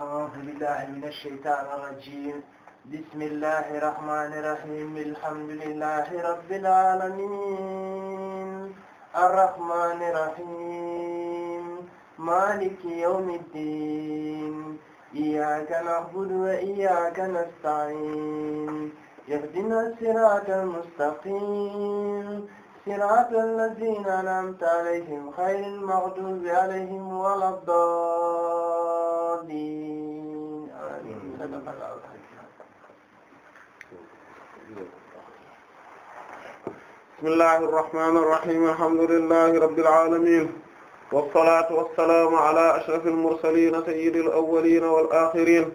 أعوذ بالله من الشيطان الرجيم بسم الله الرحمن الرحيم الحمد لله رب العالمين الرحمن الرحيم مالك يوم الدين إياك نعبد وإياك نستعين اهدنا الصراط المستقيم صراط الذين أنعمت عليهم غير المغضوب عليهم ولا الضالين آمين صدق الله بسم الله الرحمن الرحيم الحمد لله رب العالمين والصلاة والسلام على أشرف المرسلين سيد الأولين والآخرين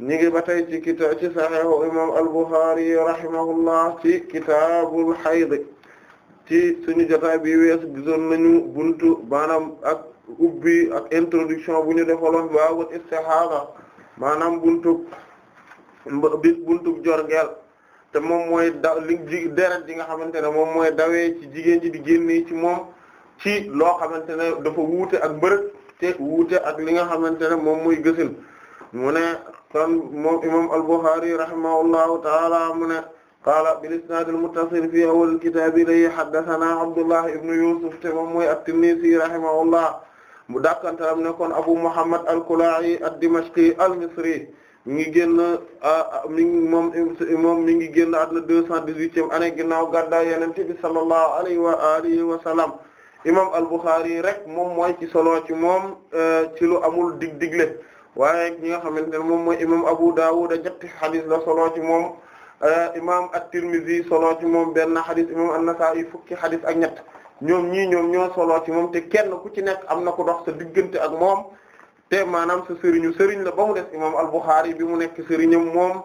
ñu ngi ba tey ci kita ci saxihu imam al-Bukhari rahimahullah ci kitaabul hayd ci suñu jotaay bi wees gisoon nañu buntu maanaam ak ubbi ak introduction bu ñu defaloon baabul istihaada maanaam buntu bis buntu jorgeel te moom mooy da li ji deret ji nga xamante ne moom mooy dawee ci jigéen ji di génnee ci moom ci loo xamante ne dafa wuute ak mbërëg te wuute ak li nga xamante ne moom mooy gësin mu ne kon moom imam al-Bukhari rahimahullahu taala mu ne qaala bil isnaad al-muttasil fii awwal al-kitaab ilayhi haddathanaa Abdullah ibn Yusuf te moom mooy at-Tinnisi rahimahullah mu dàkkantalam ne kon Abu Muhammad al-Kalaa'i ad-Dimashqi al-Misri mi ngi génn mi ngi moom mi ngi génn àdduna deux cent dix-huitième année ginnaaw gàddaay Yonent bi sallallahu alayhi wa alihi wa sallam imam al-Bukhari rek moom mooy ci solo ci moom e, ci lu amul dig waaye ñi nga xamante ne moom mooy imam Abu Dawud ñetti xadis la solo ci moom euh, imam at-Tirmidhi solo ci moom benn xadis imam an-Nasa'i fukki xadis ak ñett ñoom ñii ñoom ñoo solo ci moom te kenn ku ci nekk am na ko dox sa diggante ak moom te maanaam sa sëriñu sëriñ la ba mu des imam al-Bukhari bi mu nekk sëriñam moom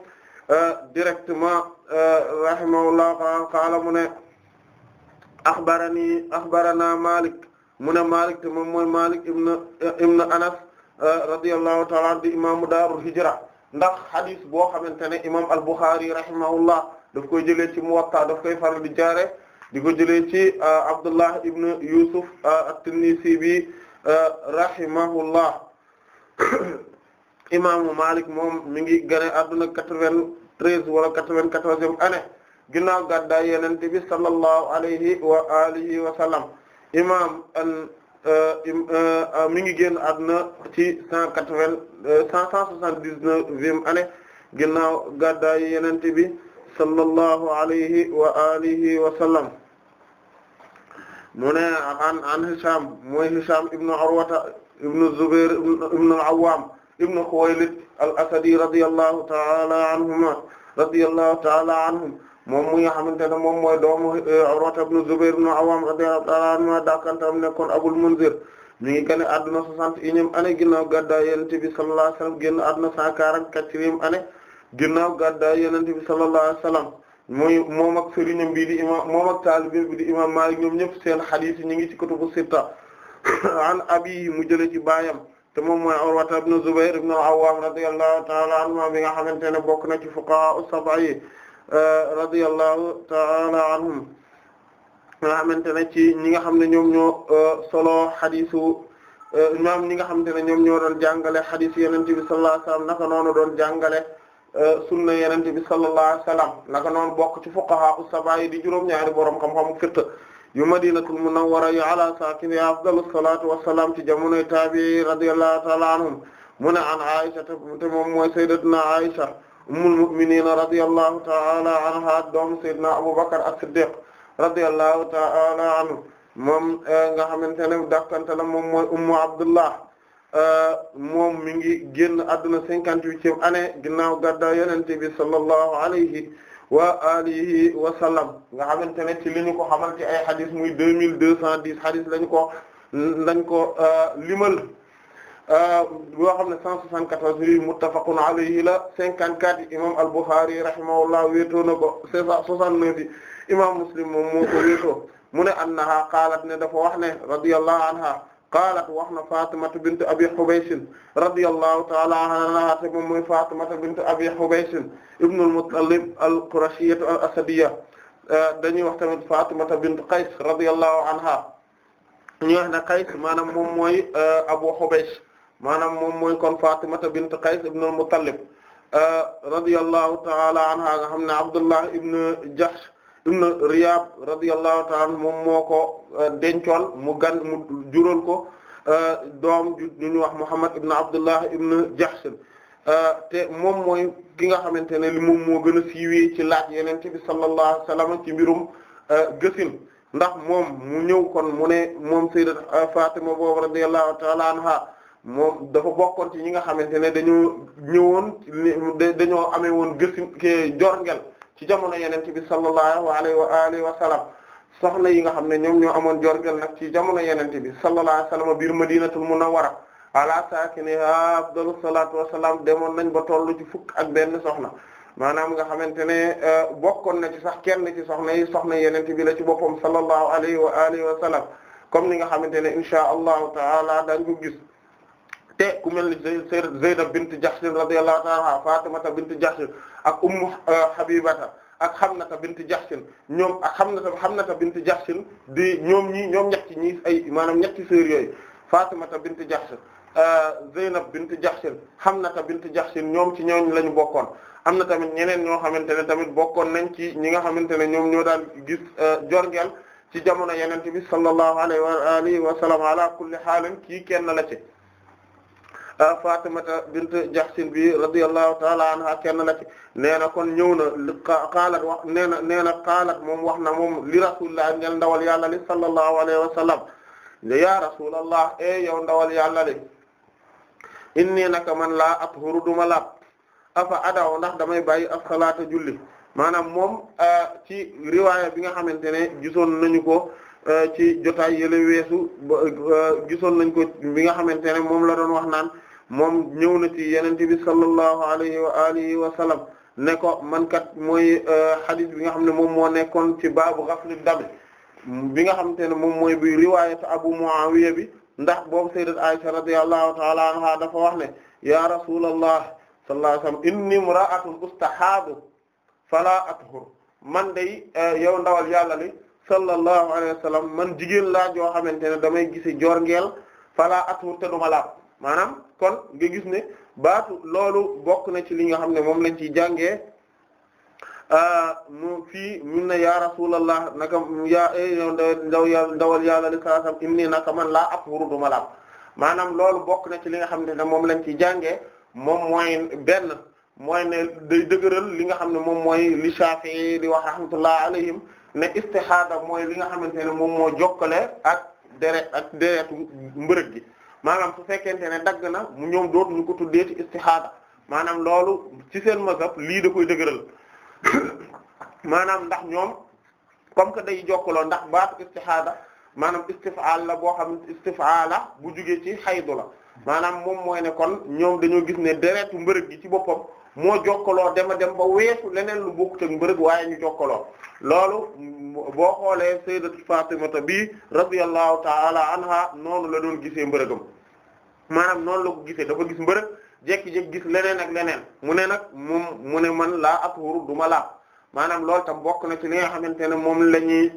euh, directement euh, rahimahullahu ta'ala mu ne akhbarani akhbarana Malik mu ne Malik te moom mooy Malik ibn ibn Anas Euh, radiyallahu ta'ala di imaamu daarul hijra ndax hadis boo xamante ne imaam al-Bukhari rahimahullah daf koy jëlee ci Muwatta daf koy faral di jaare di ko jëlee ci euh, Abdullah ibn Yusuf euh, at-Tinnisi bi rahimahullah imaamu Malik moom mi ngi gane adduna quatre-vingt-treize wala quatre-vingt-quatorzième année ginnaaw gàddaay Yonent bi sallallahu alayhi wa alihi wa sallam Euh, euh, euh, mi ngi génn àdduna ci cent quatre-vingt cent soixante-dix-neuvième année ginnaaw gàddaay yenente bi sallallahu alayhi wa alihi wa sallam mu ne an an Hisham mooy Hisham ibnu Urwata ibnu Zubair ibnu al-Awwam ibnu Khuwaylid al-Asadi radiyallahu ta'ala anhuma radiyallahu ta'ala anhum moom mu nga xamante ne moom mooy doomu euh, Urwata ibn Zubayr ibn Awwam radiyallahu ta'ala anhu daakantam nekkoon Abul Munzir mi ngi génn àdduna 61eem année ginnaaw gàddaay Yonent bi sallallahu alayhi wasallam génn àdduna 144eem année ginnaw gàddaay Yonent bi sallallahu alayhi wasallam muy moom ak sëriñam bii di imam moom ak taalibe bi di imam Maalik ñoom ñëpp seen hadith yi ñu ngi ci kutubu sitta an abiy mu jëlee ci baayam te moom mooy Urwata ibn Zubayr ibn al-Awwam radiyallahu ta'ala anhu nga xamante ne bokk na ci fuqaha as Euh, radiyallahu ta'ala anhum nga xamante ne ci ñi nga xam ne ñoom ñoo euh, solo xadisu euh, ñoom ñi nga xamante ne ñoom ñoo doon jàngale xadisu yenente bi sallallahu alayhi wasallam naka noonu doon jàngale sunna yenente bi sallallahu alayhi wasallam naka noonu bokk ci fuqaha usaba yi di juróom-ñaari borom xam-xamu fiqh yu madinatul munawwara yu ala saakiniha afdalus salatu wassalam ci jamonoy tabi'i radiyallahu ta'ala anhum mu ne an Aisha te moom mooy sayyidatuna Aisha ummul mu'minin radiyallahu ta'ala anha doom sayyidina Abubakar as-Siddiq radiyallahu ta'ala anhu moom eh, nga xamante ne dàqantala moom mooy ummu Abdullah eh, moom mi ngi génn àdduna cinquante-huitième année ginnaaw gàddaa yonent bi sallallahu alayhi wa alihi wa sallam nga xamante ne ci li ñu ko xamal ci ay hadith muy deux mille deux cent dix hadith lañ ko lañ ko eh, limal boo euh, xam ne 174 bi muttafaqun alayhi la 54 yi imam al-Bukhari rahimahullah wéetoo na ko 69 yi imam Muslim moom moo ko wéetoo mu ne annaha qaalat ne dafa wax ne radiyallahu anha qaalat wax na Fatimatu bint Abi Hubaysh radiyallahu ta'ala anha te moom mooy Fatimatu bint Abi Hubaysh ibn al-Muttalib al-Qurashiyya al-Asadiyya euh, dañuy wax tamit Fatimatu bint Qays radiyallahu anha ñu wax ne Qays maanaam moom mooy euh, Abu Hubaysh maanaam moom mooy kon Fatimata bint Qays ibn al-Muttalib euh, radiyallahu ta'ala anha nga xam ne Abdullah ibn Jahsh ibn Riyab radiyallahu ta'ala moom moo ko euh, dencoon mu gan mu jural ko euh, doom ju ñu wax Muhammad ibn Abdullah ibn Jahsh te moom mooy ki nga xamante ne li moom moo gën a siiwee ci laaj yenente bi sallallahu alayhi wasallam ci mbirum gësin ndax moom mu ñëw kon mu ne moom sayyidat Fatima boobu radiyallahu ta'ala anha moom dafa bokkoon ci ñi nga xamante ne dañoo ñëwoon dañoo amee woon gëstu ke jorngel ci jamono yenente bi sallallahu alayhi wa alihi wa sallam soxna yi nga xam ne ñoom ñoo amoon jorngel nag ci jamono yenente bi sallallahu alayhi wa sallam biir madinatul munawwara ala saakiniha afdalu salatu wasalaam demoon nañ ba tollu ci fukk ak benn soxna maanaam nga xamante ne euh, bokkoon na ci sax kenn ci soxna yi soxna yenente bi la ci boppam sallallahu alayhi wa alihi wa sallam comme ni nga xamante ne inshaa allahu taala dañ ko gis te ku mel ni Zayda bint Jahsh radiyallahu anha Fatimata bint Jahsh ak Ummu euh, Habibata ak Hamnata bint Jahsh ñoom ak Hamnata Hamnata bint Jahsh di ñoom ñi ñoom ñetti ñi ay maanaam ñetti sœurs yooyu Fatimata bint Jahsh euh, Zeynab bint Jahsh Hamnata bint Jahsh ñoom ci ñooñ lañu bokkoon am na tamit ñeneen ñoo xamante ne tamit bokkoon nañ ci ñi nga xamante ne ñoom ñoo daan gis euh, jorngeel ci jamono yenente bi sallallahu alayhi wa alihi wa sallam ala kulli xaalin kii kenn la ci Ah, Fatimata bint Jahsh bi radiyallahu ta'ala anha kenn la ci nee na kon ñëw na qaalat wax moom wax na moom li rasulillah ñel ndawal yàlla li sallallahu alayhi wa sallam ya rasulallah e yow ndawal yàlla li inni naka man laa athuru duma laab afa adaw ndax damay bàyyi as-salaata julli maanaam moom ah, ci riwaaya bi nga xamante ne gisoon nañu ko ah, ci jotaay yële weesu gisoon nañ ko bi nga xamante ne moom la doon wax naan moom ñëw na ci yenente bi sallallahu alayhi wa alihi wa sallam ne ko man kat mooy hadith euh, bi nga xam ne moom moo nekkoon ci baabu ghasli dam bi nga xamante ne moom mooy bi riwaayatu Abu Muawiya bi ndax boobu sayyidat Aisha radiyallahu ta'ala anha dafa wax ne ya rasulullah inni imra'atun ustahaadu fala athur man day euh, yow ndawal yàlla li sallallahu alayhi wa man jigéen laa joo xamante ne damay gisi joor ngeel fala athur te duma laab maanaam kon nga gis ne baatu loolu bokk na ci li nga xam ne moom lañ ciy jàngee mu fii mun na ya rasulallah naka yaa eh, ndaw ya ndawal yàlla li saasam im nii man laa ab wuru duma maanaam loolu bokk na ci li nga xam ne moom lañ ciy jàngee moom mooy benn mooy ne day dëgëral nga xam ne moom mooy li Shafi'i di wax rahmatullah alayhim ne istihada mooy li nga xamante ne moom moo jokkale ak deret ak deretu mbërëg gi maanaam su fekkente ne dagg na mu ñoom ñu ko tuddee tuddeeti istihada maanaam loolu ci seen mazhab lii da koy dëgëral maanaam ndax ñoom comme que day jokkaloo ndax baatu istihada maanaam istifaal la boo xam istifaala bu jugee ci xaydu la maanaam moom mooy ne kon ñoom dañoo gis ne deretu mbërëg gi ci boppam moo jokkaloo dema dem ba weesu leneen lu bokkut ak mbërëg waaye ñu jokkaloo loolu boo xoolee sayyidatu Fatimata bi radiyallahu ta'ala anha noonu la doon gisee mbërëgam maanaam noonu la gisee dafa gis mbërëg jekki-jekki gis leneen ak leneen mu ne nag moom mu ne man laa atuuru du ma laab maanaam loolu tam bokk na ci li nga xamante ne moom la ñuy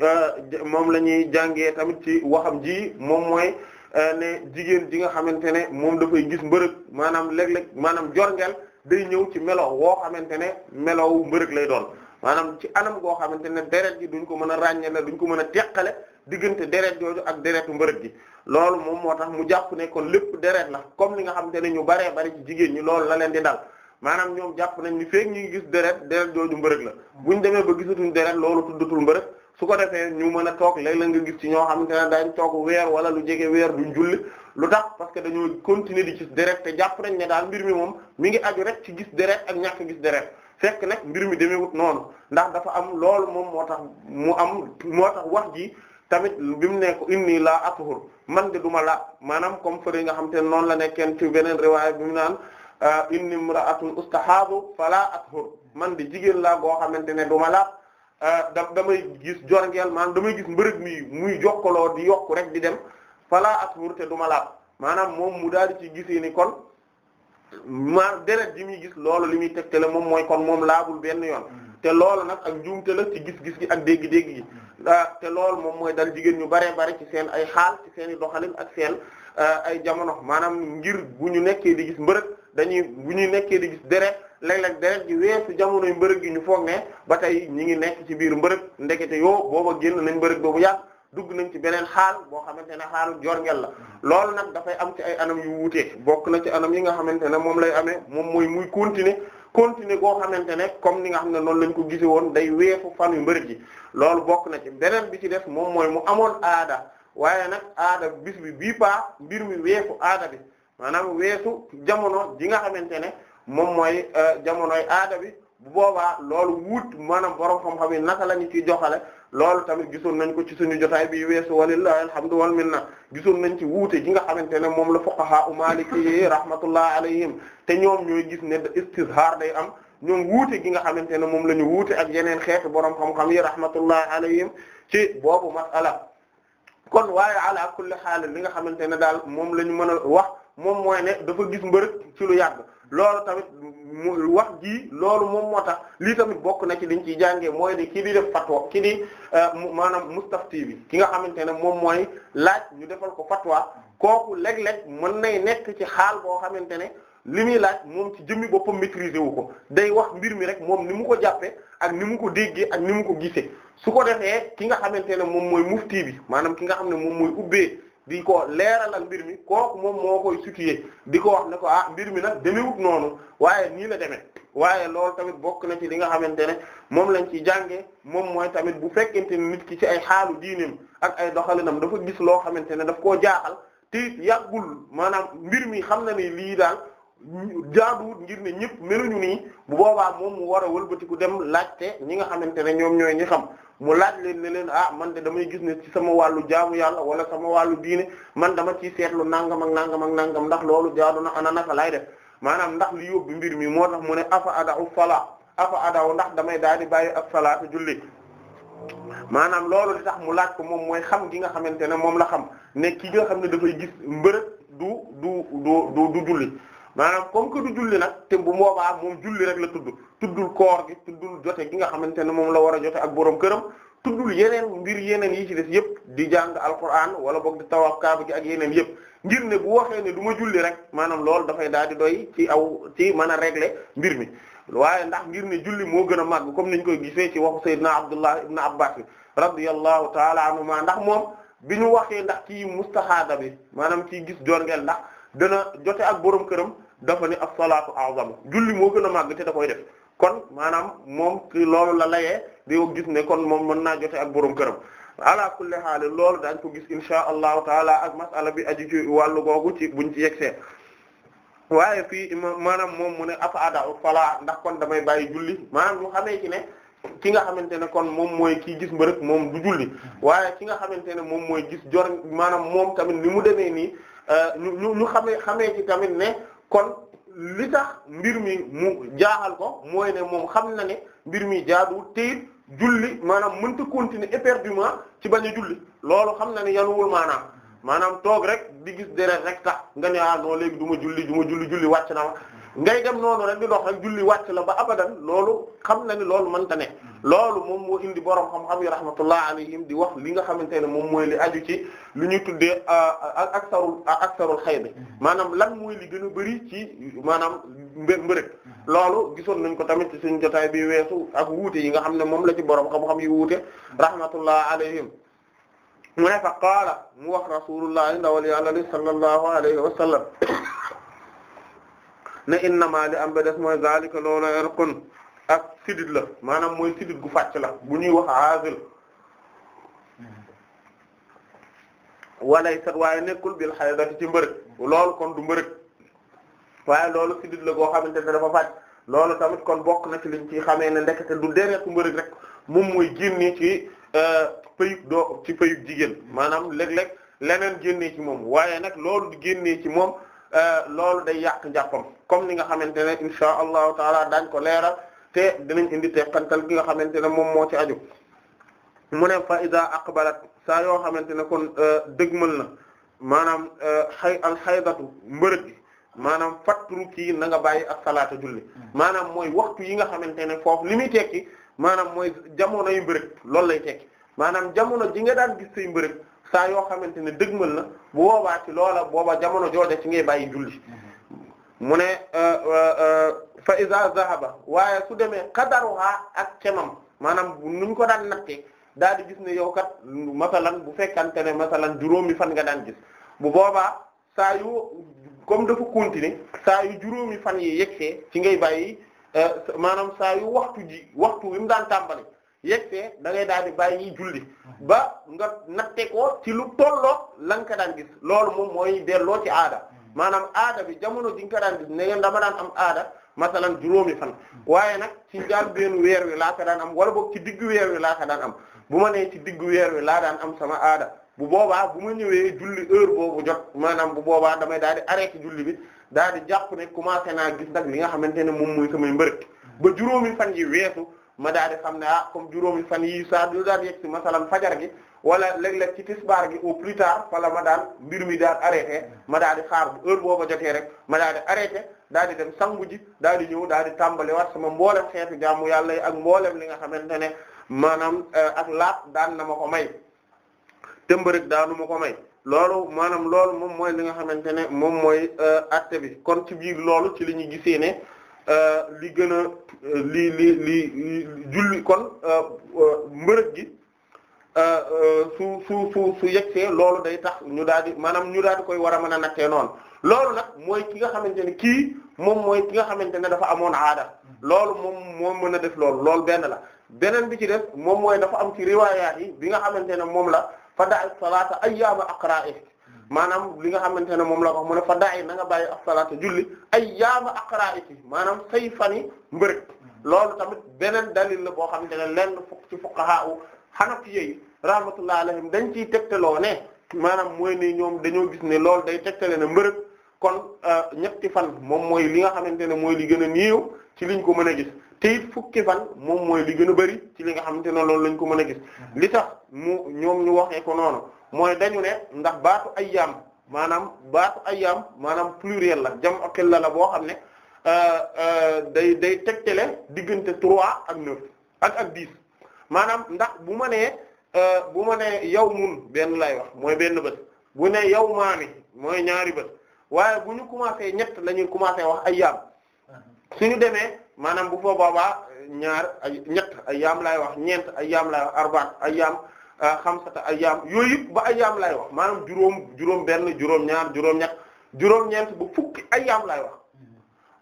euh, moom la ñuy jàngee tamit ci waxam ji moom mooy euh, ne jigéen ji nga xamante ne moom dafay gis mbërëg maanaam léeg-léeg maanaam jorngeel day ñëw ci melo woo xamante ne melow mbërëg lay doon maanaam ci anam goo xamante ne deret gi duñ ko mën a ràññale ñu ko mën a teqale diggante deret jooju ak deretu mbërëg gi loolu moom moo tax mu jàpp ne kon lépp deret la comme li nga xam xamante ne ñu baree bari ci jigéen ñi loolu la leen di dal maanaam ñoom jàpp nañ ñu feek ñu ngi gis deret deret jooju mbërëg la buñ demee ba gisatuñ deret loolu tuddatul mbërëg su ko defee ñu mën a toog léeg-léeg nga gis ci ñoo xamante ne daañ toog weer wala lu jege weer duñ julli lu tax parce que dañoo continuer di gis deret te jàpp nañ ne daal mbir mi moom mi ngi aju rek ci gis deret ak ñàkk gis deret fekk nag mbir mi demeewut noonu ndax dafa am lool moom moo tax mu am moo wax ji tamit bi mu nekk inni laa atuhur man de duma la maanaam comme fëri nga xam te ne noonu la nekkeen ci beneen riwaaya bi mu naan inni imra'atun ustahaadu falaa atuhur man de jigéen laa goo xamante ne duma la Ah, da damay gis jorngeel maanaam damay gis mbërëg mi muy jokkaloo di yokku rek di dem falaa asbur te du ma laab maanaam moom mu daal di ci gisee ni kon ma deret ji muy gis loolu li muy tegtale moom mooy kon moom laabul benn yoon mm. te lool nag ak njuumte ci gis-gis gi ak dégg-dégg gi mm. ah, te loolu moom mooy dal jigéen ñu baree bare ci seen ay xaal ci seeni i doxalin ak seen ah, ay jamono maanaam ngir bu ñu nekkee di gis mbërëg dañuy bu ñuy nekkee di gis deret léeg-léeg deret ji weesu jamonoy mbërëg gi ñu foog ne ba tey ñi ngi nekk ci biir mbërëg ndekete yoo booba génn nañ mbërëg boobu yàgg dugg nañ ci beneen xaal boo xamante ne xaalu jorngel la loolu nag dafay am ci ay anam yu wuutee bokk na ci anam yi nga xamante ne moom lay amee moom mooy muy continuer continuer goo xamante ne comme ni nga xam ne noonu lañ ko gise woon day weesu fan yu mbërëg yi loolu bokk na ci beneen bi ci des moom mooy mu amoon aada waaye nag aada bis bi bii paa mbir mi weesu aada bi maanaam weesu jamono ji nga xamante ne moom mooy euh, jamonoy aada bi bu boobaa loolu wut maanaam borom xam-xam yi naka lañu ñu ciy joxale loolu tamit gisoon nañ ko ci suñu jotaay bi weesu walillahi alhamdu wal minna gisoon nañ ci wuute gi xamante ne moom la fuqaha u maliki yi rahmatullah alayhim te ñoom ñooy gis ne istizhar day am ñoom wuute gi nga xamante ne moom la ñu wuute ak yeneen xeetu borom xam-xam yi rahmatullah alayhim ci boobu masala kon waaye ala kulli xaal li nga xamante ne daal moom la ñu mën a wax moom mooy ne dafa gis mbërëg ci lu yàgg loolu tamit wax gi loolu moom moo tax lii tamit bokk na ci liñ ciy jàngee mooy de kii di def fatwa kii di euh, maanaam mustafti bi ki nga xamante ne moom mooy laaj ñu defal ko fatwa kooku léeg-léeg mën nay nekk ci xaal boo xamante ne li muy laaj moom ci jëmmi boppam maîtriser wu ko day wax mbir mi rek moom ni mu ko jàppee ak ni mu ko déggee ak ni mu ko gisee su ko defee ki nga xamante ne moom mooy mufti bi maanaam ki nga xam ne moom mooy ubbee. di ko leeralal mbir mi kooku moom moo koy situé di ko wax ne ko ah mbir mi nag demewut noonu waaye nii la demee waaye loolu tamit bokk na ci li nga xamante ne moom lañ ci jànge moom mooy tamit bu fekkente ne nit ki ci ay xaalu diineem ak ay doxalinam dafa gis loo xamante ne daf koo jaaxal te yàggul maanaam mbir mi xam na ni lii daal jaaduwut ngir ne ñëpp meluñu nii bu boobaa moom mu war a wëlbatiku dem laajte ñi nga xamante ne ñoom ñooy ñi xam mu laaj leen ne leen ah man de damay gis ne ci sama wàllu jaamu yàlla wala sama wàllu diine man dama ciy seetlu nangam ak nangam ak nangam ndax loolu jaadu na ana naka laay def maanaam ndax li yóbbu mbir mi moo tax mu ne afa adaw fala afa adaw ndax damay daal di bàyyi ak salaatu julli maanaam loolu li tax mu laaj ko moom mooy xam gi nga xamante ne moom la xam ne ki nga xam ne dafay gis mbërëg du du du du du julli maanaam comme que du julli nag te bu boobaa moom julli rek la tudd tuddul koor gi tuddul jote ki nga xamante ne moom la war a jote ak boroom këram tuddul yeneen mbir yeneen yi ci des yëpp di jàng alquran wala boog di tawaaf kaabu gi ak yeneen yëpp ngir ne bu waxee ne du ma julli rek maanaam loolu dafay daal di doy ci aw ci mën a regle mbir mi waaye ndax ngir ne julli moo gën a màgg comme niñ koy gisee ci waxu sayyidina Abdullah ibn Abbas radiyallahu ta'ala anhuma ndax moom bi ñu waxee ndax ci mustahaada bi maanaam ci gis jorngeel ndax dana jote ak borom këram dafa ni a salaatu a'zamu julli moo gën a màgg te da koy def kon maanaam moom ci loolu la layee di gis ne kon moom mën naa jote ak boroom këram ala kulli haal loolu daañ ko gis insha allahu taala ak mas'ala bi aju ci googu ci buñ ci yegsee waaye fii maanaam moom mu ne afaada fala ndax kon damay bàyyi julli maanaam mu xamee ki ne ki nga xamante ne kon moom mooy kii gis mbërëg moom du julli waaye ki nga xamante ne moom mooy gis jor maanaam moom tamit ni mu demee nii euh, ñu ñu xamee xamee ci tamit ne kon li tax mbir mi mu jaaxal ko mooy ne moom xam na ne mbir mi jaaduwul te it julli maanaam mënta continuer éperdument ci bañ a julli loolu xam na ne yanuwul maanaam maanaam toog rek di gis deret rek tax nga ne ah non léegi du ma julli du ma julli julli wàcc na ma ngay dem noonu rek di dox rek julli wàcc la ba abadan loolu xam na ni loolu mënta ne loolu moom moo indi borom xam-xam yi rahmatullah alayhim di wax li nga xamante ne moom mooy li aju ci lu ñuy tuddee ak aksarul aksarul xay bi maanaam lan mooy li gën a bëri ci maanaam mbër loolu gisoon nañ ko tamit ci suñu bi weesu ak wuute yi nga xam ne moom la ci borom xam-xam yi wuute rahmatullah alayhim mu ne fa qaala mu wax rasulullah ndawal yàlla li sallallahu alayhi wa ne innama li am ba def mooy zalika loolu irqun ak sidit la maanaam mooy sidit gu fàcc la bu ñuy wax azil walay sax waaye nekkul bil haydati ci mbërëg loolu kon du mbërëg waaye loolu sidit la goo xamante ne dafa fàcc loolu tamit kon bokk na ci liñ ci xamee ne ndekete du deretu mbërëg rek moom mooy génne ci euh, pëyug doo ci pëyug jigéen maanaam léeg-léeg leneen génnee ci moom waaye nag loolu di génnee ci moom Euh, loolu day yàq njàppam comme ni nga xamante ne insha allahu taala daañ ko leeral te danañ indi te teqantal gi nga xamante ne moom moo ci aju mu ne fa ida aqbalat saa yoo xamante ne kon euh, dëgmal na maanaam euh, xay al xaydatu mbërëg gi maanaam fattru kii na nga bàyyi ak salaata julli maanaam mooy waxtu yi nga xamante ne foofu li muy tekki maanaam mooy jamono yu mbërëg loolu lay tekki maanaam jamono ji nga daan gis say mbërëg saa yoo xamante ne dëgmal na bu boobaa ci loola booba jamono jooja ci ngay bàyyi julli mu ne euh, euh, euh, fa iza zahaba waaye su demee qadaruha ak cemam maanaam nu ñu ko daan nattee daal di gis ne yow kat masalan bu fekkante ne masalan juróomi fan nga daan gis bu boobaa saa yu comme dafa continuer saa yu juróomi fan yi yegsee ci ngay bàyyi maanaam saa yu waxtu ji waxtu wi mu daan tàmbali yegsee da ngay daal di bàyyi julli ba nga natte ko ci lu tolloo la daan gis loolu moom mooy delloo ci aada maanaam aada bi jamono ji nga ko daan gis ne ngeen dama daan am aada masalan juróomi fan waaye nag ci njaal benn weer wi laa ko daan am wala boog ci diggu weer wi laa ko daan am bu ma nee ci diggu weer wi laa daan am sama aada bu boobaa bu ma ñëwee julli heure boobu jot maanaam bu boobaa damay daal di arrêté julli bi daal di jàpp ne commencé naa gis nag li nga xamante ne moom mooy samay mbërëk ba juróomi fan yi weesu ma daal di xam ne ah comme juróomi fan yi saa du daan yegg si masalan fajar gi wala léeg-léeg ci tisbaar gi au plus tard fala ma daan mbir mi daal arrêté ma daal di xaar bu boo booba jotee rek ma daal di arrêté daal di dem sangu ji daal di ñëw daal di tàmbaliwaat sama mboolem xeetu jaamu yàlla yi ak mboolem li nga xamante ne maanaam eh, ak laat daan na ma ko may tëmbarig daanu ma ko may loolu maanaam loolu moom mooy li nga xamante ne moom mooy eh, acte bi kon ci biir loolu ci li ñu gisee ne Euh, li gën a euh, li li li julli kon euh, mbërëg gi su su su su yegsee loolu day tax ñu daal di maanaam ñu daal di koy war a mën a nattee noonu loolu nag mooy ki nga xamante ne kii moom mooy ki nga xamante ne dafa amoon aada loolu moom moo mën a def loolu lool benn la beneen bi ci def moom mooy dafa am ci riwaayaat yi bi nga xamante ne moom la fa da'i salaata ayyaama aqra'i maanaam li nga xamante ne moom la wax mu ne fa daay na nga bàyyi as-salaata julli ay yaama aqraa'iki maanaam say fan yi mbërëg loolu tamit beneen dalil la boo xamante ne lenn fukk ci fuqahaa u hanafiyyi rahmatullahi alayhim dañ ciy tegtaloo ne maanaam mooy ne ñoom dañoo gis ne loolu day tegtale ne mbërëg kon euh, ñetti fan moom mooy li nga xamante ne mooy li gën a néew ci liñ ko mën a gis te it fukki fan moom mooy li gën a bari ci li nga xamante ne loolu lañ ko mën a gis mm-hmm. li tax mu ñoom ñu waxee ko noonu mooy dañu ne ndax baatu ay ayyaam maanaam baatu ayyaam maanaam pluriel la jam ak xilla la boo xam ne euh, euh, day day tegtale diggante trois ak neuf ak ak dix maanaam ndax bu ma nee euh, bu ma nee yawmun benn lay wax mooy benn bët bu ne yawmaani mooy ñaari bët waaye bu ñu commencé ñett la ñuy commencé wax ayyaam suñu demee maanaam bu fa boobaa ñaar ay ñett ayyaam laay wax ñeent ayyaam laay wax arbaat ayyaam Ah, xamsata ayyaam yooyu yëpp ba ayyaam lay wax maanaam juróom juróom benn juróom ñaar juróom ñett juróom bu fukki ayyaam lay wax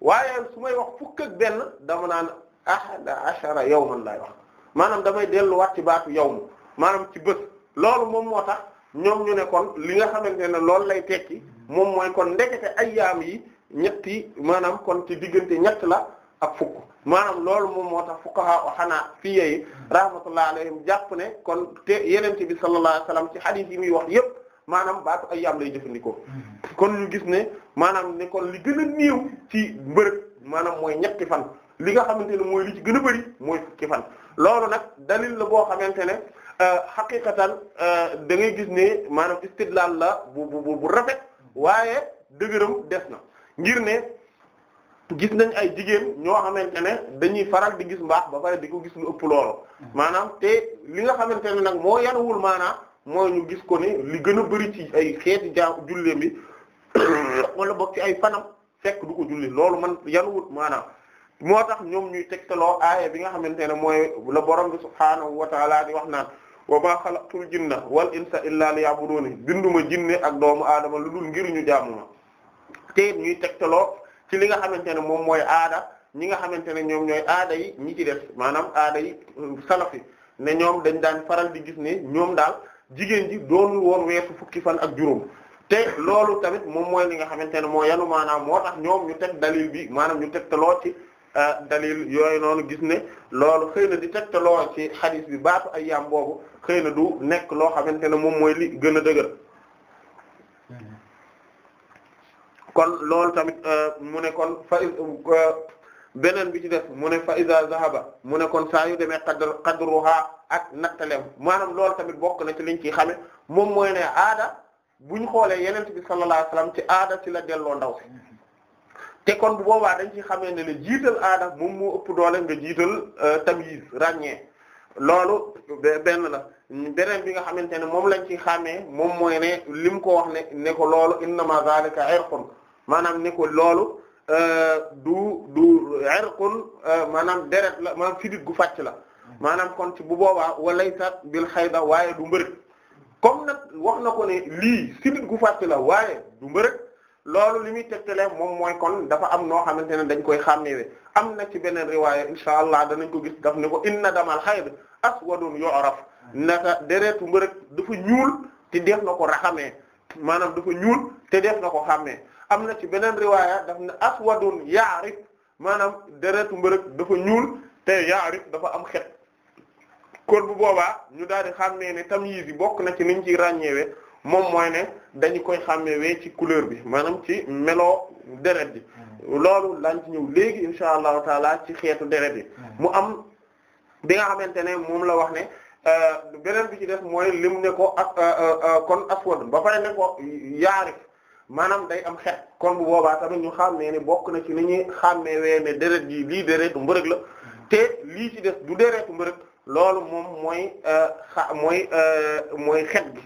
waaye su may wax fukk ak benn dama naan ahada ashara man lay wax maanaam damay delluwaat ci baatu yow yawm maanaam ci bës loolu moom moo tax ñoom ñu ne kon li nga xamante ne loolu lay tekki moom mooy kon ndekete ayyaam yi ñetti maanaam kon ci diggante ñett la ak fukk maanaam loolu moom moo tax fuqaha o xanaa fii yeeyi rahmatullah alayhim jàpp ne kon te yenente bi sallallahu alayhi wasallam ci hadith yi muy wax yépp maanaam baat a ayyaam lay jëfandikoo hmm. kon ñu gis ne maanaam ne kon li gën a ci mbërëg maanaam mooy ñetti fan li nga xamante ne mooy li ci gën a bëri mooy fukki fan loolu nag dalil la boo xamante ne euh, xaqiqatan euh, da ngay gis ne maanaam istidlaal la bu bu bu rafet waaye dëgëram des na ngir ne gis nañ ay jigéen ñoo xamante ne dañuy faral di gis mbaax ba pare di ko gis lu ëpp loolu mm-hmm. maanaam te li nga xamante ne nag moo yanuwul maanaam mooy ñu gis ko ni li gën a bari ci ay xeeti jaa julleem bi wala bokk ay fanam fekk loolu man yanuwul maanaam moo tax ñoom ñuy tegtaloo aaya bi nga xamante ne mooy la borom bi subhaanahu wa ta'ala di wax naan wa ma xalaqtul jinna wal insa illa liya'buduni binduma jinne ak doomu aadama lu dul ngir ñu jaamu te ñuy tegtaloo ci li nga xamante ne moom mooy aada ñi nga xamante ne ñoom ñooy aada yi ñi ci def maanaam aada yi mm, salaf yi ne ñoom dañ daan faral di gis ne ñoom daal jigéen ji doonul woon fukki fan ak juróom te loolu tamit moom mooy li nga xamante ne moo yanu maanaam moo tax ñoom ñu teg dalil bi maanaam ñu tegtaloo ci euh, dalil yooyu noonu gis ne loolu xëy na di tegtaloo ci xadis bi baatu ay yaam boobu xëy du nekk loo xamante ne moom mooy li gën a dëgër kon loolu tamit euh, mu ne kon fa euh, bi ci def mu ne fa iza zahaba mu ne kon saa yu demee qadr qadruha ak nattaleem maanaam loolu tamit bokk na ci liñ ciy xame moom mooy ne aada buñ xoolee yeneen bi sallallahu alayhi ci aada ci la delloo ndaw te kon bu boobaa dañ ci xamee ne le jiital aada moom moo ëpp doole nga jiital euh, tamyiz ràññee loolu la beneen bi nga xamante ne moom lañ ci xamee moom mooy ne lim ko ne ne ko loolu innama zalika irqun maanaam ne ko loolu euh, du du irqun euh, maanaam deret la maanaam sidit gu fàcc la maanaam kon ci bu boobaa walaysa bil xayda waaye du mbërëg comme nag wax na ko ne lii sidit gu fàcc la waaye du mbërëg loolu li muy tegtale moom mooy kon dafa am noo xamante ne dañ koy xàmmewe am na ci beneen riwaaya insha allah nañ ko gis daf ne ko inna damal xayd aswadun yu'raf naka deretu mbërëg dafa ñuul te def na ko raxamee maanaam dafa ñuul te def na ko xàmmee am na ci beneen riwaaya daf ne aswadun yaarif maanaam deretu mbërëg dafa ñuul te yaarif dafa am xet kon bu boobaa ñu daal di xàmmee ne tamyiz yi bokk na ci niñ ciy ràññeewee moom mooy ne dañu koy xàmmewee ci couleur bi maanaam ci melo deret bi hmm. loolu lañ ci ñëw léegi insha allahu taala ci xeetu deret bi hmm. mu am bi nga xamante ne moom la wax ne euh, beneen bi ci def mooy lim ne ko ak euh, euh, kon aswad ba pare ne ko yaarif maanaam day am xet kon bu boobaa tamit ñu xàmmee ne bokk na ci ni ñuy xàmmee wee ne deret gi lii deretu mbërëg la te lii ci des du deretu mbërëg loolu moom mooy euh, xa mooy euh, mooy xet gi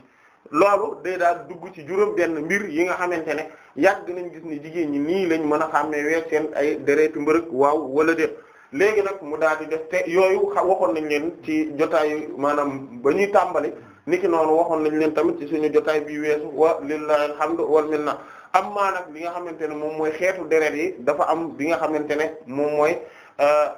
loolu day daal dugg ci juróom benn mbir yi nga xamante ne yàgg nañ gis ni jigéen ñi nii lañ mën a xàmmee wee seen ay deretu mbërëg waaw wala déet léegi nag mu daal di def te yooyu waxoon nañ leen ci jotaayu maanaam ba ñuy tàmbali niki noonu waxoon nañ leen tamit ci suñu jotaay bi weesu wa lillahi alhamdu wal minna amma nag li nga xamante ne moom mooy xeetu deret yi dafa am bi nga xamante ne moom mooy euh,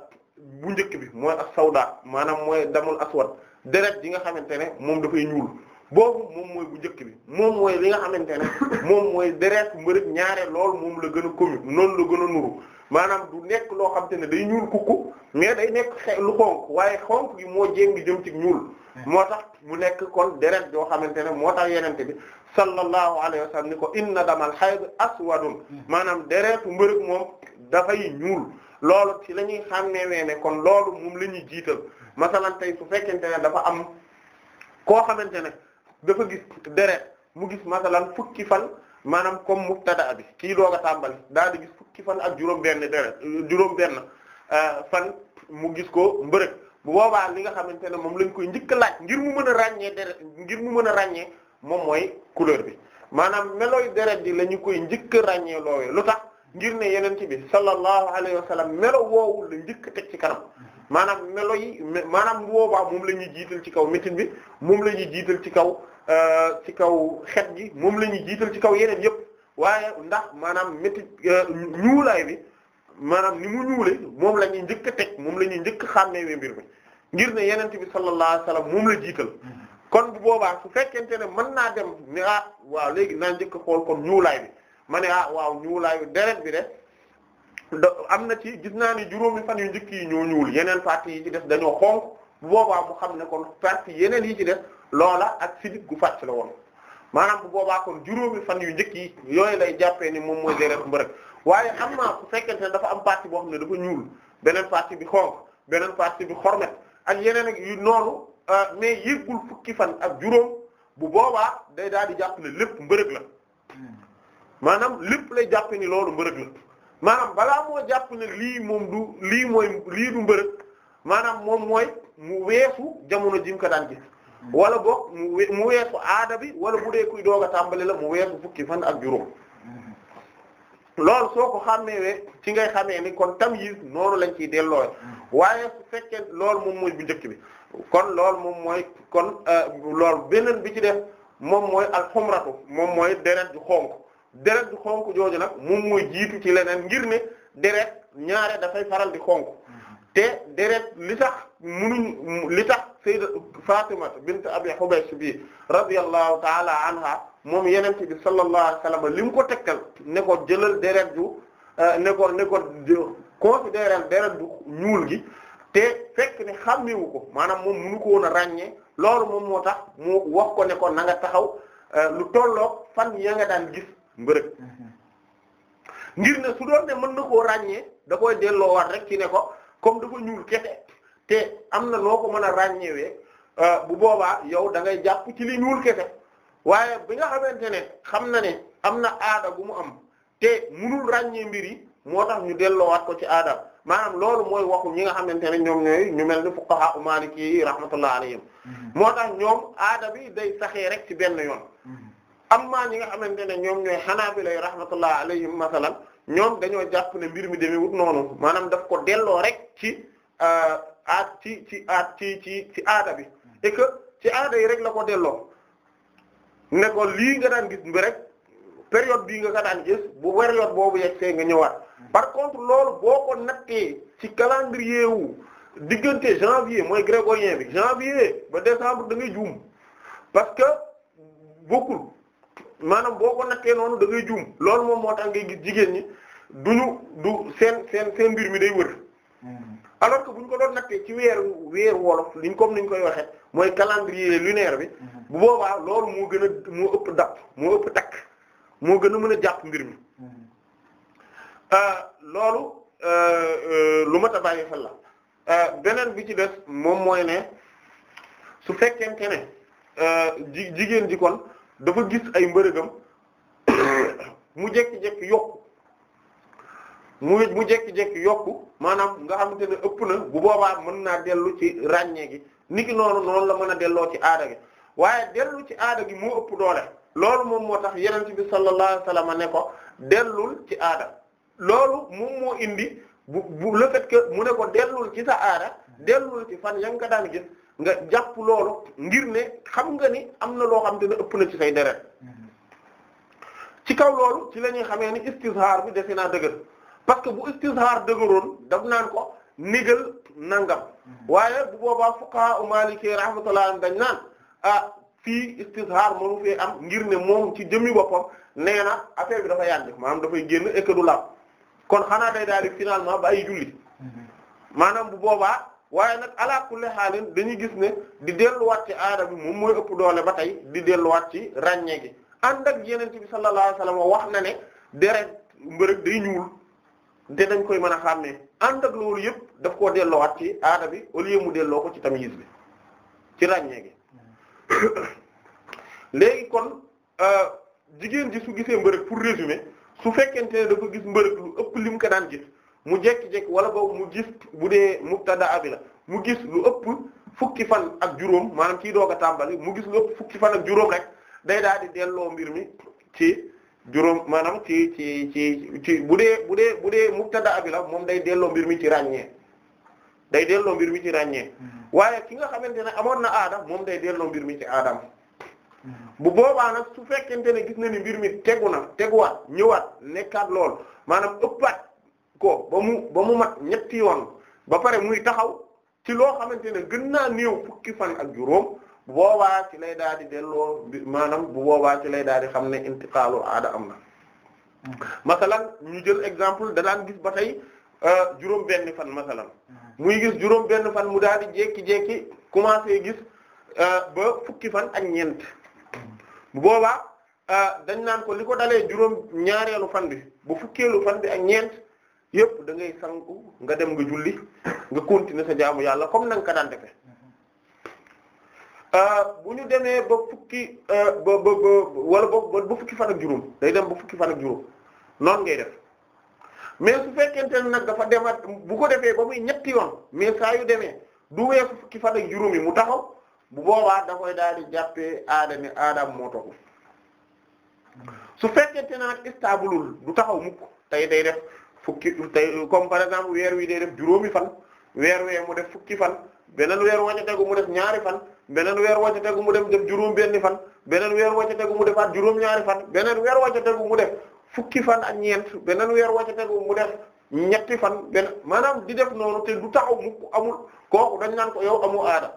bu njëkk bi mooy as-sawda maanaam mooy damul aswad deret yi nga xamante ne moom dafay ñuul boobu moom mooy njëkk bi moom mooy li nga xamante ne moom mooy deret mbërëg ñaare lool moom la gën a commu noonu la gën a nuru maanaam du nekk loo xam te ne day ñuul kukku mais day nekk lu xonk waaye xonk gi moo ngi jëm ci ñuul Eh. moo tax mu nekk kon deret joo xamante ne moo tax yenente bi sallallahu alayhi wa sallam ni ko inna damal hayd aswadun hmm. maanaam deretu mbërëg moom dafay ñuul loolu ci lañuy ñuy xàmmee ne kon loolu moom la ñuy jiital masalan tey su fekkente ne dafa am koo xamante ne dafa gis deret mu gis masalan fukki fan maanaam comme mubtada bi kii doog a tàmbali daal di gis fukki fan ak juróom benn deret juróom benn eh, fan mu gis ko mbërëg bu boobaa li nga xamante ne moom lañ koy njëkk laaj ngir mu mën a ràññee deret ngir mu mën a ràññee moom mooy couleur bi maanaam yi deret bi la ñu koy njëkk a ràññee loowee lu tax ngir ne yeneen ci bi sallallahu alayhi wa sallam melo woowu la njëkk teg ci kanam maanaam melo yi maanaam bu boobaa moom la ñuy jiital ci kaw métit bi moom la ñuy jiital ci kaw euh, ci kaw xet gi moom lañuy jiital ci kaw yeneen yëpp waaye ndax maanaam métit euh, ñuulaay bi maanaam ni mu ñuule moom lañuy njëkk a teg moom la ñuy njëkk a xàmmee mbir mi ngir ne yenente bi sallallahu alayhi wasallam moom la jiital kon bu boobaa su fekkente ne mën naa dem ni ah waaw léegi naa njëkk a xool kon ñuulaay bi ma ne ah waaw ñuulaayu deret bi de da am na ci gis naa ni juróomi fan yu njëkk yi ñoo ñuul yeneen parties yi ci def dañoo xonq bu boobaa mu xam ne kon parties yeneen yi ci def loola ak sidik gu fàcc la woon maanaam bu boobaa kon juróomi fan yu njëkk yi yooyu lay jàppee ni moom mooy deret mbërëk waaye am naa bu fekkente ne dafa am partie boo xam ne dafa ñuul beneen partie bi xonq beneen partie bi xormet ak yeneen ak yu noonu euh, mais yëggul fukki fan ak juróom bu boobaa day daal di jàpp ne lépp mbërëg la maanaam lépp lay jàpp ni loolu mbërëg la maanaam balaa moo jàpp ne lii moom du lii mooy lii du mbërëg maanaam moom mooy mu weesu jamono jim ko daan gis wala boog mu weesu aada bi wala bu dee kuy doog a tàmbali la mu weesu fukki fan ak juróom loolu soo ko xàmmee ci ngay xamee ni kon tam tamyiz noonu lañ ciy delloo waaye su fekkee loolu moom mooy bu njëkk bi kon loolu moom mooy kon euh, loolu beneen bi ci def moom mooy alxumratu moom mooy deret ju xonk deret ju xonk jooju nag moom mooy jiitu ci leneen ngir ne deret ñaare dafay faral di xonk te deret litax tax munuñ li tax bint Abi Hubaysh bi radiyallahu ta'ala anha moom yeneen bi sallallahu alayhi wasallam li ko tekkal ne ko jëlal deret ju euh, ne ko ne ko deret ju ñuul gi te fekk ne xàmmewu ko maanaam moom munu ko woon a ràññee loolu moom moo tax mu wax ko ne ko na nga taxaw euh, lu tolloog fan ya nga daan gis mbërëg mhm. ngir ne su ne mën na koo ràññee da koy delloowaat rek ci ne ko comme dafa ñuul kese te am na noo ko mën a ràññeewee euh, bu boobaa yow da ngay jàpp ci li ñuul kese waaye bi nga xamante ne xam na ne am na aada bu mu am te munul ràññee mbir yi moo tax ñu delloo wat ko ci aada maanaam loolu mooy waxu ñi nga xamante ne ñoom ñooy ñu mel ni fuqaha maliki yi rahmatullah alayhim mm-hmm. moo tax ñoom aada bi day saxee rek ci benn yoon mm-hmm. amma ñi nga xamante ne ñoom ñooy xanaabila rahmatullah alayhim masalan ñoom dañoo jàpp ne mbir mi demewut noonu maanaam daf ko delloo rek ci euh, aat ci ci aat ci ci ci aada bi et ci aada yi rek la ko delloo ne ko lii nga daan gis bi rek période bii nga ko daan gis bu période boobu yegsee nga ñëwaat par contre lool boo ko nattee ci calendrier wu diggante janvier mooy grégorien bi janvier ba décembre da ngay juum parce que bokkul maanaam boo ko nattee noonu da ngay juum loolu moom moo tax ngay gis jigéen ñi duñu du seen seen seen mbir mi day wër hmm. alors que bu ñu ko doon nattee ci weer weer wolof liñ ni ñu koy waxee mooy calendrier lunaire bi hmm. bu boobaa loolu moo gën a moo ëpp dàpp moo ëpp takk moo gën a mën a jàpp mbir mi hmm. euh, loolu euh, euh, lu mat a bàyyi xel la beneen bi ci des moom mooy ne su fekkente ne ji jigéen ji kon dafa gis ay mbërëgam mu jékki-jékki yokku mu mu jékki-jékki maanaam nga xamante ne ëpp na bu boobaa mën naa dellu ci ràññee gi ki noonu noonu la mën a delloo ci aada gi waaye dellu ci aada gi moo ëpp doole loolu moom moo tax yenent bi sallallahu alayhi wasallam ne ko dellul ci aada loolu moom moo indi bu bu le fait mu ne ko dellul ci sa aada dellul ci fan ya nga daan gis nga jàpp loolu ngir ne xam nga ni am na loo xam te ne ëpp na ci say deret ci kaw loolu ci la ñuy xamee ni istizhaar bi defe naa dëgër parce que bu istizhaar dëgëroon daf naan ko nigal nangam waaye bu boobaa fuqaha maliki rahmatullah dañ naan ah fii istizhaar mënu fee am ngir ne moom ci jëmmi boppam nee na affaire bi dafa yàgg maanaam dafay génn et que kon xanaa day daal di finalement ba ay julli mm-hmm. maanaam bu boobaa. waaye nag ala kulli xaalin dañuy gis ne di delluwaat ci aada bi moom mooy ëpp doole ba tey di delluwaat ci ràññee gi ànd ak yeneen bi sallallahu alayhi wasallam wax na ne deret mbërëg day ñuul te dañ koy mën a xàmmee ànd ak loolu yëpp daf koo delloowaat ci aada bi au mu delloo ko ci tamyiz bi ci ràññee gi léegi kon euh, jigéen ji su gisee mbërëg pour résumer su fekkente ne dafa gis mbërëg lu ëpp li mu ko daan gis mu jékki-jékki wala boobu mu gis bu dee mubtada bi la mu gis lu ëpp fukki fan ak juróom maanaam kii doog a tàmbali mu gis lu ëpp fukki fan ak juróom rek day daal di delloo mbir mi ci juróom maanaam ci ci ci ci bu dee bu dee bu dee mubtada bi la moom day delloo mbir mi ci ràññee day delloo mbir mi ci ràññee mm-hmm. waaye ki nga xamante ne amoon na aada moom day delloo mbir mi ci aadam mm-hmm. bu boobaa nag su fekkente ne gis na ni mbir mi tegu na teguwaat ñëwaat nekkaat lool maanaam ëppaat. ko ba mu ba mu mat ñetti yoon ba pare muy taxaw ci loo xamante ne gën naa néew fukki fan ak juróom bu boobaa ci lay daal di delloo maanaam bu boobaa ci lay daal di xam ne intiqaalu aada am na masalan ñu jël exemple da daan gis ba tey euh, juróom benn fan masalan muy gis juróom benn fan mu daal di jékki-jékki commencé gis euh, ba fukki fan ak ñeent bu boobaa euh, dañ naan ko li ko dalee juróom ñaareelu fan bi bu fukkeelu fan bi ak ñeent yëpp da ngay sanku nga dem nga julli nga continuer sa jaamu yàlla comme na nga ko daan defee euh, bu ñu demee ba fukki euh, ba wala ba ba fukki fan juróom day dem ba fukki fan juróom noonu ngay def mais su fekkente ne nag dafa demaat bu ko defee ba muy ñetti yoon mais demee du weesu fukki fan ak juróom mu taxaw bu boobaa da daal di jàppee aada ne aadaam moo taxaw su fekkente ne nag istaabulul du taxaw mukk tey day def. fukki tey comme weer wi day juróomi fan weer wee mu def fukki fan beneen weer wàcc tegu mu def ñaari fan beneen weer wàcc tegu mu def def juróom benni fan beneen weer wàcc tegu mu defaat juróom ñaari fan beneen weer wàcc tegu mu def fukki fan ak ñeent beneen weer wàcc tegu mu def ñetti fan benn maanaam di def noonu te du taxaw mu amul kooku dañ naan ko yow amu aada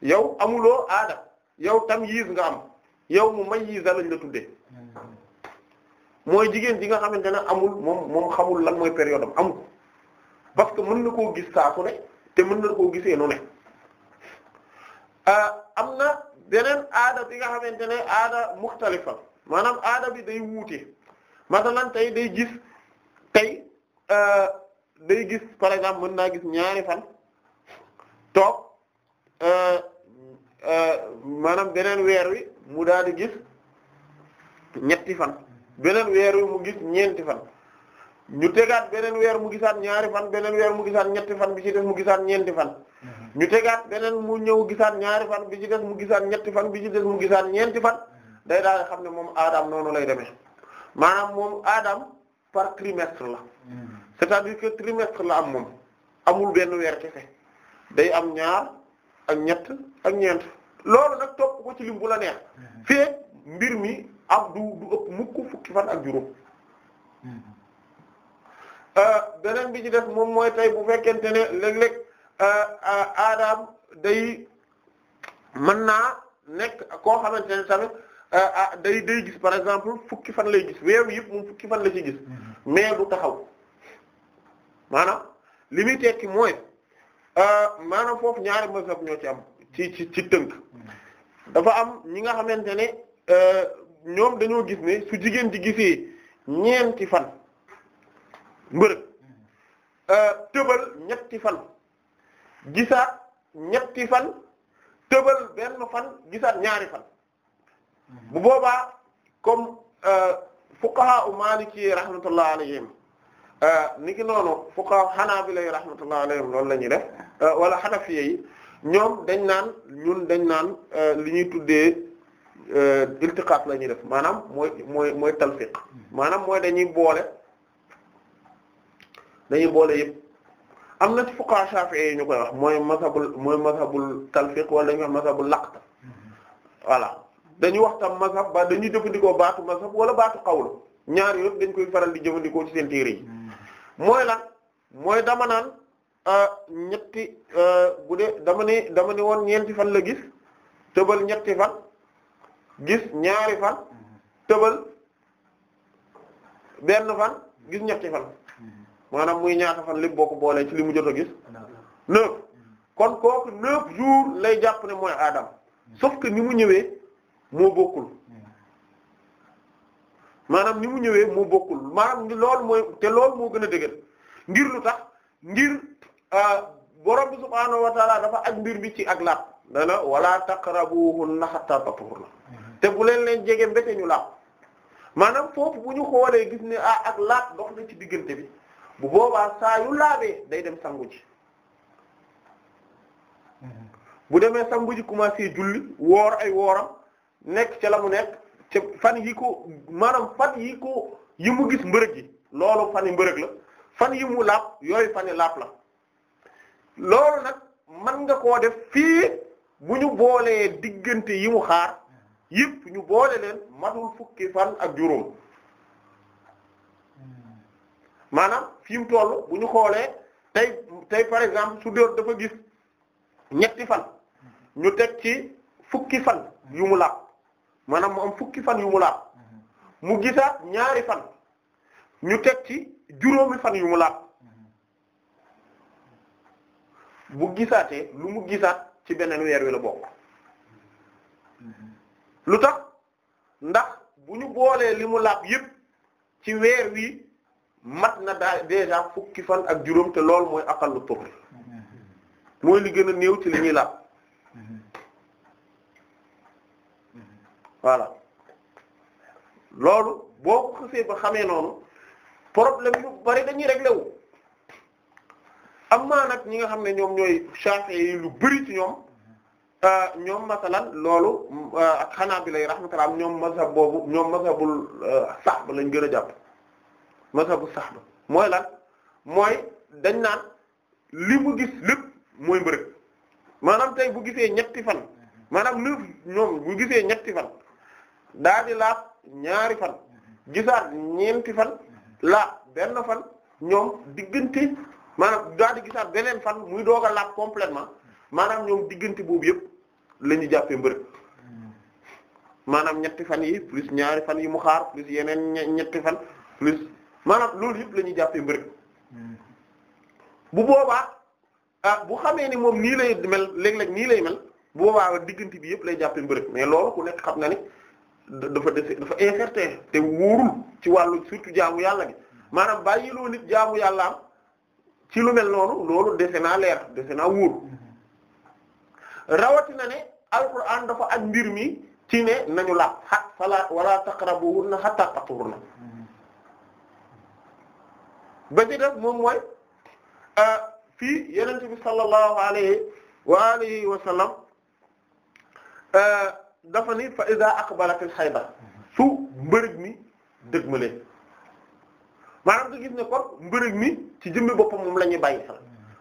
yow amuloo aada yow tam yiis nga am yow mu may yiisa lañ la tuddee mooy jigéen ji nga xamante ne amul moom xamul lan mooy période am amul parce que mën na koo gis saa ne te mën na koo gisee nu ne euh, am na beneen aada bi nga xamante ne aada muxtalifa maanaam aada bi day wuute masalan tey day gis tey euh, day gis par exemple mën naa gis ñaari fan toog euh, maanaam beneen weer wi mu daal di gis ñetti fan beneen weer wi mu gis ñeenti fan ñu tegaat beneen weer mu gisaat ñaari fan beneen weer mu gisaat ñetti fan bi ci des mu gisaan ñeenti fan mhm. ñu tegaat beneen mu ñëw gisaat ñaari fan bi ci des mu gisaat ñetti fan bi ci des mu gisaat ñeenti fan day daal xam ne moom aadam noonu lay demee maanaam moom aadam par trimestre la mhm. c'est-à-dire que trimestre la am moom amul benn weer kese day am ñaar ak ñett ak ñeent loolu nag topp ko ci lim bu la neex mhm. fii mbir mi ab du du ëpp mukk fukki fan ak juróom hmm. euh, beneen bi ci def moom mooy tey bu fekkente ne léeg-léeg euh, aadaam day mën naa nekk koo xamante ne tamit euh, day day gis par exemple fukki fan lay gis weeru yëpp moom fukki fan la ci gis hmm. mais du taxaw maanaam li muy tekki mooy maanaam foofu ñaari mazhab ñoo ci am ci ci tënk hmm. dafa am ñi nga ne ñoom dañoo gis ne su jigéen di gisee ñeenti fan mbërëg euh, tëbal ñetti fan gisaat ñetti fan tëbal benn fan gisaat ñaari fan bu boobaa comme euh, fuqaha u maliki ki alayhim euh, ni ki noonu fuqaha hanabila rahmatullah alayhim loolu la ñuy def wala hanafiya yi ñoom dañ naan ñun dañ naan li ñuy tuddee Euh, iltiqaat la ñuy def maanaam mooy mooy mooy talfiq maanaam mooy dañuy boole dañuy boole yëpp am na ci fuqaha shafi'i yi ñu koy wax mooy mazhabul mooy mazhabul talfiq wala dañuy wax mazhabul laqt voilà dañuy wax tam mazhab ba jëfandikoo baatu mazhab wala baatu qawlu ñaar yëpp dañ koy faral di jëfandikoo ci seen téere yi mooy lan mooy dama naan euh, ñetti euh, bu dee dama ne dama ne woon ñeenti fan la gis tëbal ñetti fan. gis ñaari fan tëbal benn fan gis ñetti fan maanaam muy ñaata fan lim boo ko boolee ci li mu jot a gis neuf kon kooku neuf jours lay jàpp ne mooy Adam sauf que ni mu ñëwee moo bokkul maanaam ni mu ñëwee moo bokkul maanaam loolu mooy te lool moo gën a dëgër ngir lu tax ngir euh, borom bi subhaanahu wa aj mbir bi ci ak laat dana wala taqrabuhunna hatta tathurna te bu leen leen jege mbete ñu làpp maanaam foofu bu ñu xoolee gis ni ah ak laab dox na ci diggante bi bu boobaa saa yu laabee day dem sangu ji bu demee sangu ji commencé julli woor ay wooram nekk ca la mu nekk ca fan yi ko maanaam fan yi ko yi mu gis mbërëg yi loolu fan yi mbërëg la fan yi mu laab yooyu fan yi laab la loolu nag man nga koo def fii bu ñu boolee diggante yi mu xaar yëpp ñu boole leen matul fukki fan ak juróom maanaam fi mu toll bu ñu xoolee tey tey par exemple su dóor dafa gis ñetti fan ñu teg ci fukki fan yu mu laab maanaam mu am fukki fan yu mu laab mu gisaat ñaari fan ñu teg ci juróomi fan yu mu laab bu gisaatee lu mu gisaat ci beneen weer wi la bokk. lu tax ndax bu ñu boolee li mu laab yëpp ci weer wi mat na daa déjà fukki fan ak juróom te loolu mooy aqallu tuhri mooy li gën a néew ci li ñuy laab voilà loolu boo ko xasee ba xamee noonu problème yu bari dañuy réglé wu am naa nag ñi nga xam ne ñoom ñooy Shafi'i yi lu bari ci ñoom Euh, ñoom masalan loolu euh, ak Hanaabila rahmatullah ñoom mazhab boobu ñoom mazhabul euh, sahb lañ gën a jàpp mazhabul sahb mooy lan mooy dañ naan li mu gis lépp mooy mbërëg maanaam tey bu gisee ñetti fan maanaam neuf ñoom bu gisee ñetti fan daa di laat ñaari fan gisaat ñeenti fan laat benn fan ñoom diggante maanaam daa di gisaat beneen fan muy doog a laat complètement maanaam ñoom diggante boobu yëpp la ñu jàppee mbërëg maanaam ñetti fan yi plus ñaari fan yi mu xaar plus yeneen ñetti fan plus maanaam loolu yëpp la ñuy jàppee mbërëg hmm. bu boobaa ah bu xamee ni moom nii lay mel léeg-léeg nii lay mel bu boobaa diggante bi yëpp lay jàppee mbërëg mais loolu ku nekk xam na ni dafa dese dafa incertain te wóorul ci wàllu surtout jaamu yàlla gi maanaam bàyyiloo nit jaamu yàllaam ci lu mel noonu loolu dese naa leer dese naa wóor hmm. rawatina ne alquran dafa ak mbir mi ci ne nañu laab xat fala wala taqrabuhunna hatta taqhurna ba ci def moom mooy euh, fii yenente bi sallallahu alayhi wa alihi wa sallam euh, dafa ni fa iza aqbalat al hayda su mbërëg mi dëgmalee maanaam nga gis ne kon mbërëg mi ci jëmmi boppam moom la ñuy bàyyi xel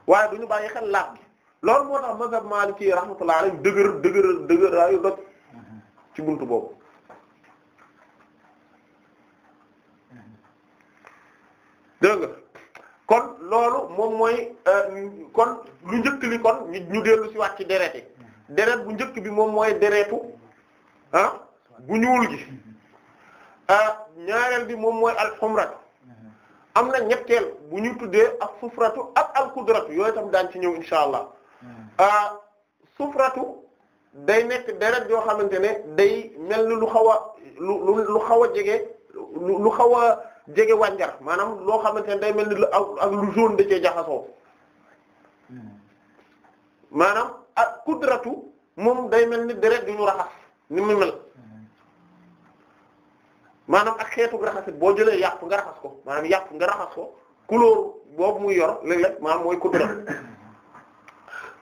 waaye du ñu bàyyi xel laab loolu moo tax mazhab Maliki rahmatullah alayhi dëgër dëgër dëgër raayu dog ci bunt boobu dégg nga kon loolu moom mooy euh, kon lu njëkk li kon ñu dellu ci wax ci deret yi deret bu njëkk bi moom mooy deretu ah bu ñuul gi euh, ñaareel bi moom mooy alxumrat am na ñetteel bu ñu tuddee ak sufratu ak alkudratu yooyu tam daan ci ñëw insha allah Euh, sufratu day nekk deret yoo xamante ne day mel ni lu xaw a lu lu xaw a jege lu xaw a jege wànjar maanaam loo xamante ne day mel ni lu ak lu jaune da cee jaxasoo maanaam ak kudratu moom day mel ni deret yu ñu raxas ni mu mel maanaam ak xeetu raxasit boo jëlee yàpp nga raxas ko maanaam yàpp nga raxas ko couleur boobu mu yor léeg-léeg maanaam mooy kudra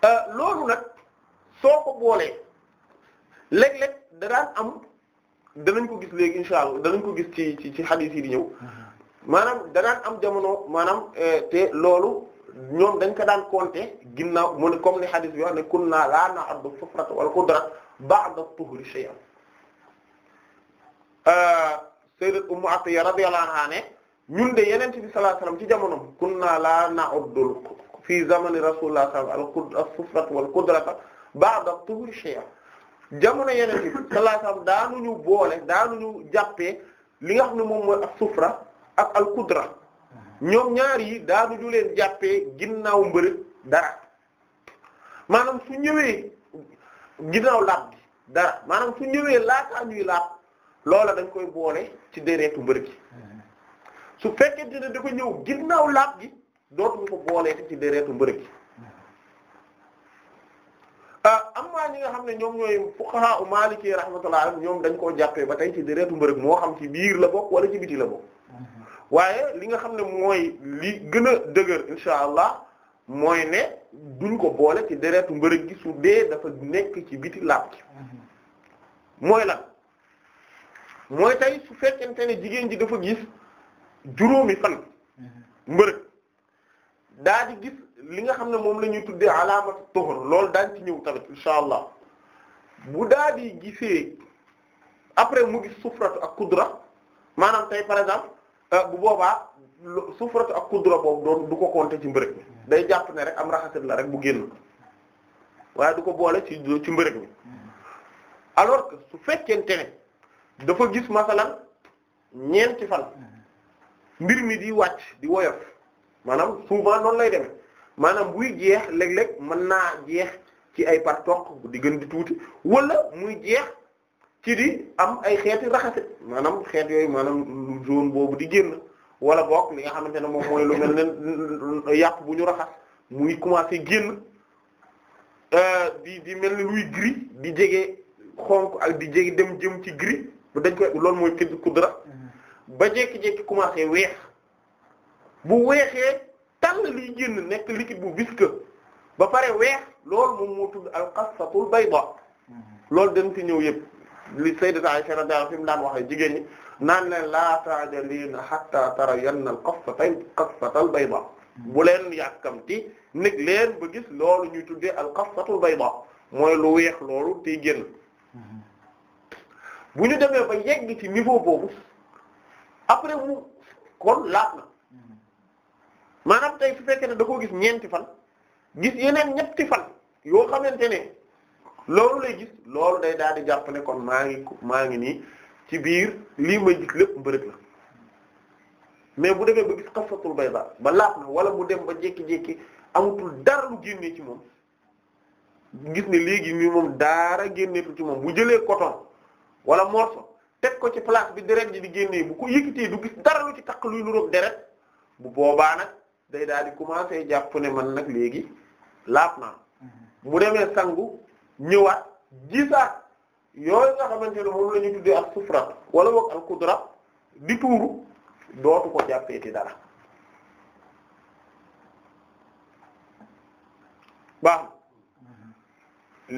Euh, loolu nag soo ko boolee léeg lekk da am danañ ko gis léegi insha allah danañ ko gis ci ci ci hadith yi di ñëw mm-hmm. maanaam da am jamono maanaam euh, te loolu ñoom dañ ko daan compter ginnaaw mu ne comme ni hadith bi wax ne kunna laa na'uddu sufrata wal qudrat ba'da tuhri shay'an euh, sayyidat ummu atiya radiyallahu anha ne ñun de yeneen bi sallallahu alayhi ci jamono kunna laa na'uddu fii zamani rasulullah sallallahu alayhi wasallam as-sufrat wal qudrata ba'da tuhur shay'a jamono yeneen bi sallallahu alayhi wasallam daanuñu boole daanuñu jàppee li nga xam ne moom mooy ak sufra ak al qudra ñoom ñaar yi daanuñu leen jàppee ginnaaw mbërëg dara maanaam su ñëwee ginnaaw laab bi dara maanaam su ñëwee laataa ñuy laab loola dañ koy boole ci déreetu mbërëg su fekkente ne dafa ñëw ginnaaw laab gi dootuñu ko booleeti ci deretu mbërëg ah, am na ñi nga xam ne ñoom ñooy fuqaha u maliki rahmatullah alayhim ñoom dañ koo jàppee ba tey ci deretu mbërëg moo xam ci biir la bokk wala ci biti la bokk waaye li nga xam ne mooy li gën a dëgër insha allah mooy ne duñ ko boole ci deretu mbërëg gi su dee dafa nekk ci biti laab gi mooy lan mooy tey su fekkente ne jigéen ji dafa gis juróomi fan mm-hmm. mbërëg daa di gis li nga xam ne moom la ñuy tuddee alaamatu tuhur lool daañ ci ñëw tamit insha allah bu daa di gisee après mu gis sufratu ak kudra maanaam tey par exemple euh, bu boobaa sufratu ak kudra boobu doon du ko compter ci mbërëg mi day jàpp ne rek am raxasit la rek bu génn waaye du ko boole ci ci mbërëg mi alors que su fekkente ne dafa gis masalan ñeenti fan mbir mi di wàcc di woyof maanaam souvent noonu lay demee maanaam buy jeex léeg-léeg mën naa jeex ci ay par toq di gën di tuuti wala muy jeex ci di am ay xeeti raxasit maanaam xeet yooyu maanaam zone boobu di génn wala boog li nga xamante ne moom mooy lu mel ne yàpp bu ñu raxas muy commencé génn euh, di di mel ni luy gris di jege xonq ak di jege dem jëm ci gris dañ koy loolu mooy kudra mhm. ba jékki-jékki commencé weex bu weexee tan liy génn nekk liquide bu visqueux ba pare weex loolu moom moo tudd al-qassatul bayda loolu dañ ci ñëw yëpp li sayyidati Aisha radiyallahu anha fi mu daan waxee jigéen naan leen laa ta'jalina hatta tarayanna al-qassatayn qassatal bayda bu leen yàkkamti nekk leen ba gis loolu ñuy tuddee al-qassatul bayda mooy lu weex loolu tey génn bu ñu demee ba yegg ci niveau boobu après mu kon laat na maanaam tey su fekkee ne da gis ñeenti fan gis yeneen ñetti fan yoo xamante ne loolu lay gis loolu day daal di jàpp ne kon maa ngi maa ngi nii ci biir lii may gis lépp mbërëg la mais bu demee ba gis xafatul bayda ba laat na wala mu dem ba jékki-jékki amatul dara lu génnee ci moom gis ne léegi nii moom daara génneetu ci moom bu jëlee coton wala morceau teg ko ci place bi deret ji di génnee bu ko yëkkitee du gis dara lu ci takk luy lu roog deret bu boobaa day daal di commencer jàpp ne man nag léegi laab naa mu demee sangu ñëwaat gisaat yooyu nga xamante ne moom lañuy ñu tuddee ak sufra wala boog al kudra di tuuru dootu ko jàppeeti dara baax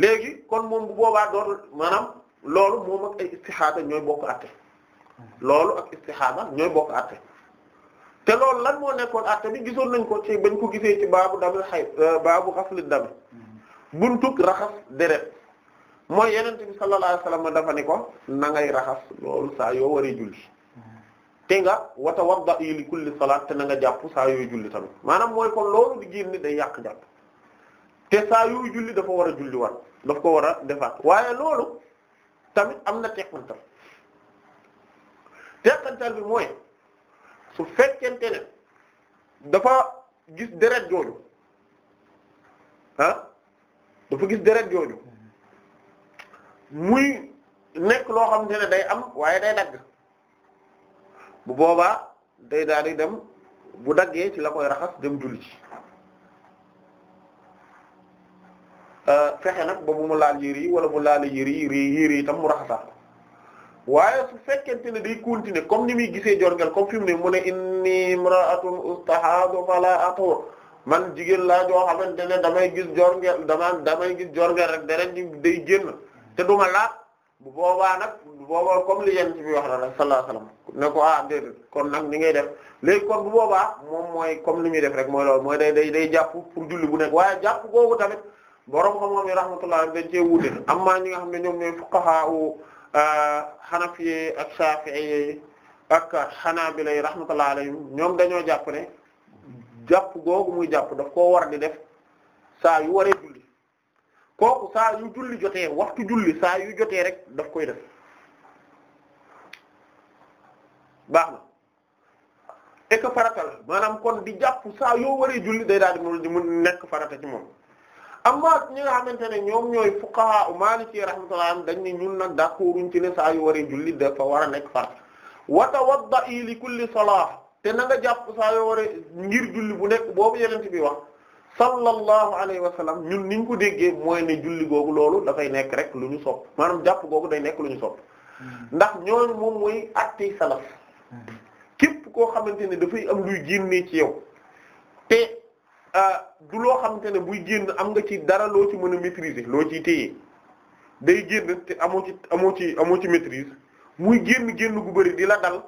léegi kon moom bu boobaa dootul maanaam loolu moom ak ay istixaada ñooy bokk àtte mm-hmm. loolu ak istixaada ñooy bokk àtte te loolu lan moo nekkoon atte bi gisoon nañ ko ci bañ ko gisee ci baabu damil xay euh, baabu xaflit dami mm-hmm. buntuk raxas deret mooy yeneen bi sallallahu alayhi wasallam dafa saa yoo waree julli mm-hmm. te nga wata wadda yi li kulli salaat te na nga jàpp saa yoo julli tamit maanaam mooy kon loolu di génn day yàq jàpp te saa yoo julli dafa war a julli waat daf ko war a defaat waaye loolu tamit am na teqantal teqantal bi mooy su fekkente ne dafa gis deret jooju ah dafa gis deret jooju muy nekk loo xamante ne day am waaye day dagg bu boobaa day daal di dem bu daggee ci la koy raxas dem julli ci euh, fexe nag ba mu laal yére yi wala mu laal yére yi yére yi tam mu raxasaat waaye su fekkente ne day continuer comme ni muy gisee jorngel comme fi mu ne mu ne inni imra'atun ustahaadu fala athur man jigéen laa joo xamante ne damay gis jorngel dama damay gis jorngel rek deret ji day génn te duma laa bu boobaa nag bu boobaa comme li yent bi wax la rek sallallahu alayhi wasallam ne ko ah déedéet kon nag ni ngay def léegi kon bu boobaa moom mooy comme li muy def rek mooy loolu mooy day day day jàpp pour julli bu nekk waaye jàpp kooku tamit borom xam-xam yi rahmatullah dañ cee wuute am na ñi nga xam ne ñoom ñooy fuqahaa xanafiye ak saafiiye ak xanaabila yi rahmatullahi alayhim ñoom dañoo jàpp ne jàpp googu muy jàpp daf koo war di def saa yu waree julli kooku saa yu julli jotee waxtu julli saa yu jotee rek daf koy def baax na et que farata kon di jàpp saa yoo waree julli day daal di mun nekk farata ci moom amma ñi nga xamante ne ñoom ñooy fuqaha u maliki rahmatullah dañ ne ñun nag d'accorduñ ci ne saa yu waree julli dafa war a nekk wata wat wa tawadda'i li kulli salah te na nga jàpp saa yoo waree ngir julli bu nekk boobu yeneen bi wax sallallahu alayhi wa sallam ñun niñ ko déggee mooy ne julli googu loolu dafay nekk rek lu ñu sopp maanaam jàpp googu day nekk lu ñu sopp hmm. ndax ñooñu moom mooy atti salaf hmm. képp koo xamante ne dafay am luy génnee ci yow Euh, du loo xamante ne buy génn am nga ci dara loo ci mën a maîtriser loo ciy téye day génn te amoo ci amoo ci amoo ci maîtrise muy génn génn gu bëri di la dal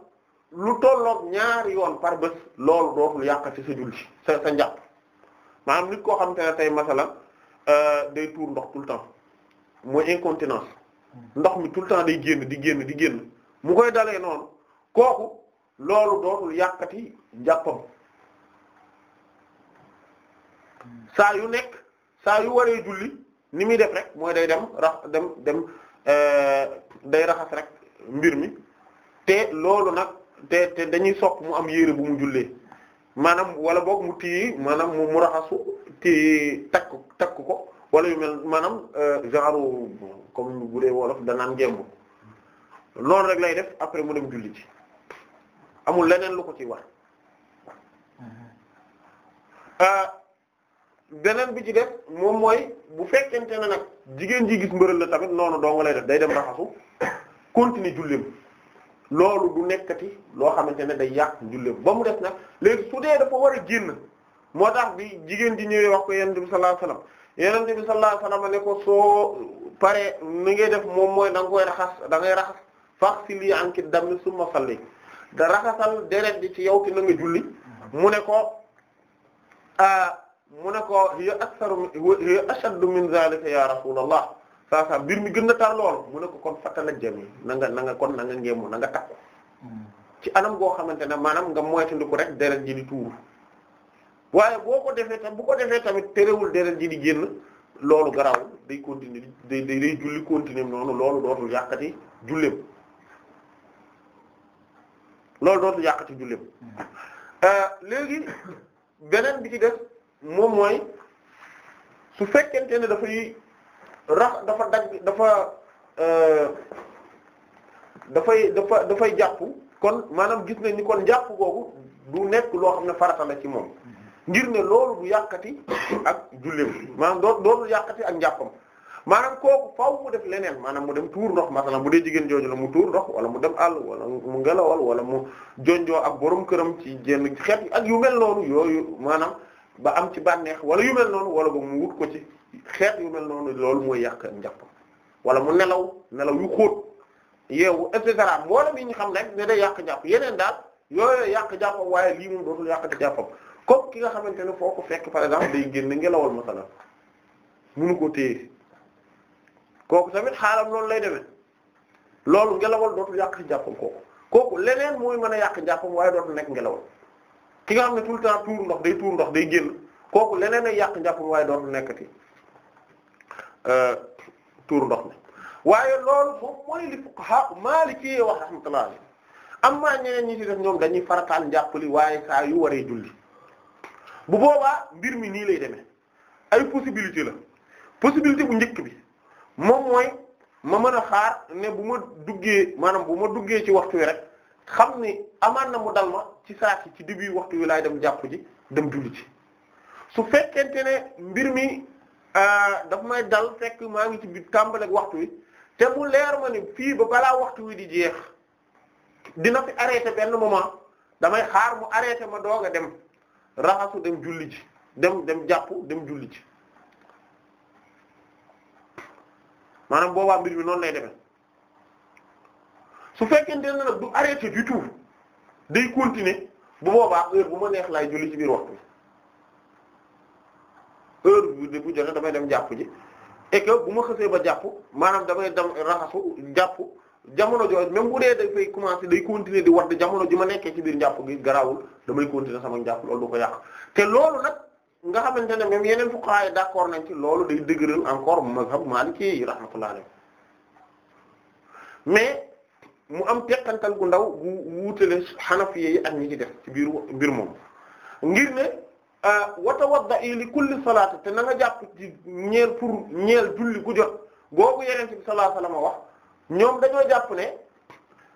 lu tolloog ñaari yoon par bés loolu dootul yàq ci sa julli sa sa njàpp maanaam nit koo xamante ne tey masala euh, day tuur ndox tout le temps mooy incontinence ndox mi tout le temps day génn di génn di génn mu koy dalee noonu kooku loolu dootul yàqati njàppam saa yu nekk saa yu waree julli ni muy def rek mooy day dem dem dem euh, day raxas rek mbir mi te loolu nag te te dañuy sopp mu am yére bu mu jullee maanaam wala boog mu tii maanaam mu mu raxasu tii takk takk ko wala yu mel maanaam euh, genre comme bu dee wolof danaan ngemb loolu rek lay def après mu dem julli ci amul leneen lu ko ci war mm-hmm. euh, beneen bi ci def moom mooy bu fekkente ne nag jigéen ji gis mbërël la tamit noonu doo nga lay def day dem raxasu continuer julleem loolu du nekkati loo xamante ne day yàq julleem ba mu def nag léegi su dee dafa war a génn moo tax bi jigéen ji ñëwee wax ko yonent bi sallallahu alayhi wasallam yonent bi sallallahu alayhi wasallam ne ko soo paree ni ngay def moom mooy da nga koy raxas da ngay raxas faxsili anki dammi summa salli da raxasal deret bi ci yow ki na nga julli mu ne ko ah, mu ne ko hiya aktharu hiya ashaddu min zalika ya rasulullah saa saa mbir mi gën na tar lool mu ne ko kon fatalajjami na nga nanga nga kon na nga ngémmu na nga takku ci anam goo xamante ne maanaam nga moytandiku rek deret ji di tuuru waaye boo ko defee tam bu ko defee tamit terewul deret ji di génn loolu garawul day continuer day day julli continuer noonu loolu dootul yàqati julleem loolu dootul yàqati julleem hmm. euh, léegi beneen bi ci def moom mooy su fekkente ne dafay rax dafa dagg dafa euh, dafay dafa dafay jàpp kon maanaam gis nañ ni kon jàpp googu du nekk loo xam ne farata a ci moom ngir ne loolu du yàqati ak julleem maanaam doo dootul yàqati ak njàppam maanaam kooku faaw mu def leneen maanaam mu dem tuur ndox masalan bu dee jigéen jooju la mu tuur ndox wala mu dem àll wala mu ngelawal wala mu jonjoo ak borom këram ci jenn xeet ak yu mel noonu yooyu maanaam ba am ci bànneex wala yu mel noonu wala ba mu wut ko ci xeet yu mel noonu loolu mooy yàq njàpp wala mu nelaw nelaw yu xóot yeewu et cetera mboolem yi ñu xam rek ne day yàq njàpp yeneen daal yooyu yàq jàppam waaye lii moom dootul yàq jàppam comme ki nga xamante ne foo ko fekk par exemple day génn ngelawal masala munu ko téye kooku tamit xaalam noonu lay demee loolu ngelawal dootul yàq njàppam kooku kooku leneen mooy mën a yàq njàppam waaye dootul nekk ngelawal ki nga xam ne tout le temps tuur ndox day tuur ndox day génn kooku leneen yàq njàppam waaye dootul nekkati euh, tuur ndox mi waaye loolu moom mooy li fuqaha maliki wax rahmatullah alayhi amma ñeneen ñi ci def ñoom dañuy farataal njàppali waaye saa yu waree julli bu boobaa mbir mi nii lay deme ay possibilité la possibilité bu njëkk bi moom mooy ma mën a xaar ne bu ma duggee maanaam bu ma duggee ci waxtu wi rek xam ni amaan na mu dal ma ci saa si ci début waxtu wi laay dem jàpp ji dem julli ci su fekkente ne mbir mi euh, dafa may dal fekk maa ngi ci biir tàmbaleeg waxtu wi te mu leer ma ni fii ba balaa waxtu wi di jeex dina fi arrêté benn moment damay xaar mu arrêté ma doog a dem raxasu dem julli ci dem dem jàpp dem julli ci maanaam boobaa mbir mi noonu lay demee su fekkente nag du arrêté du tout. day continuer bu boobaa heure bu ma neex laay julli ci biir waxtu bi heure bu bu jotee damay dem jàpp ji et bu ma xasee ba jàpp maanaam damay dam raxasu jàpp jamono jooju même bu dee dafay commencer day continuer di wadd jamono ji ma nekkee ci biir njàpp gi garaawul damay continuer sama njàpp loolu du ko yàq te loolu nag nga xamante ne même yeneen fuqaha d'accord nañ ci loolu day dëgëral encore mazhab maliki rahmatullah alayh mais mu am teqantal gu ndaw bu wuutale xanafiye ak ñi ci def ci biir mbir moom ngir ne euh, watawadda i li kulli salaati te na nga jàpp ci ñeel pour ñeel julli gu jot boobu yeneen ci la ma wax ñoom dañoo jàpp ne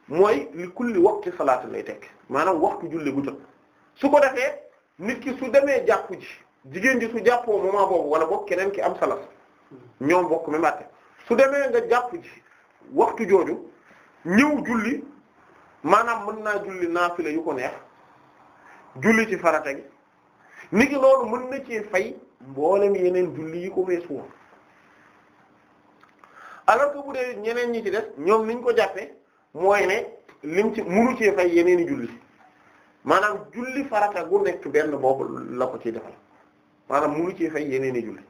mooy li kulli waqti salaati lay tekk maanaam waxtu julli gu jot su ko defee nit ki su demee jàpp ji jigéen ji su jàppoo moment boobu wala boog keneen ki am salas ñoom bokk même àtte su demee nga jàpp ji waxtu jooju ñëw julli maanaam mën na julli naafila yu ko neex julli ci farata gi niki loolu mën na ci fay mboolem yeneen julli yi ko weesu woon alors que bu dee ñeneen ñi ci def ñoom niñ ko jàppe mooy ne lim ci munu ci fay yeneen i julli maanaam julli farata gu nekk benn boobu la ko ciy defal maanaam munu ci fay yeneen i julli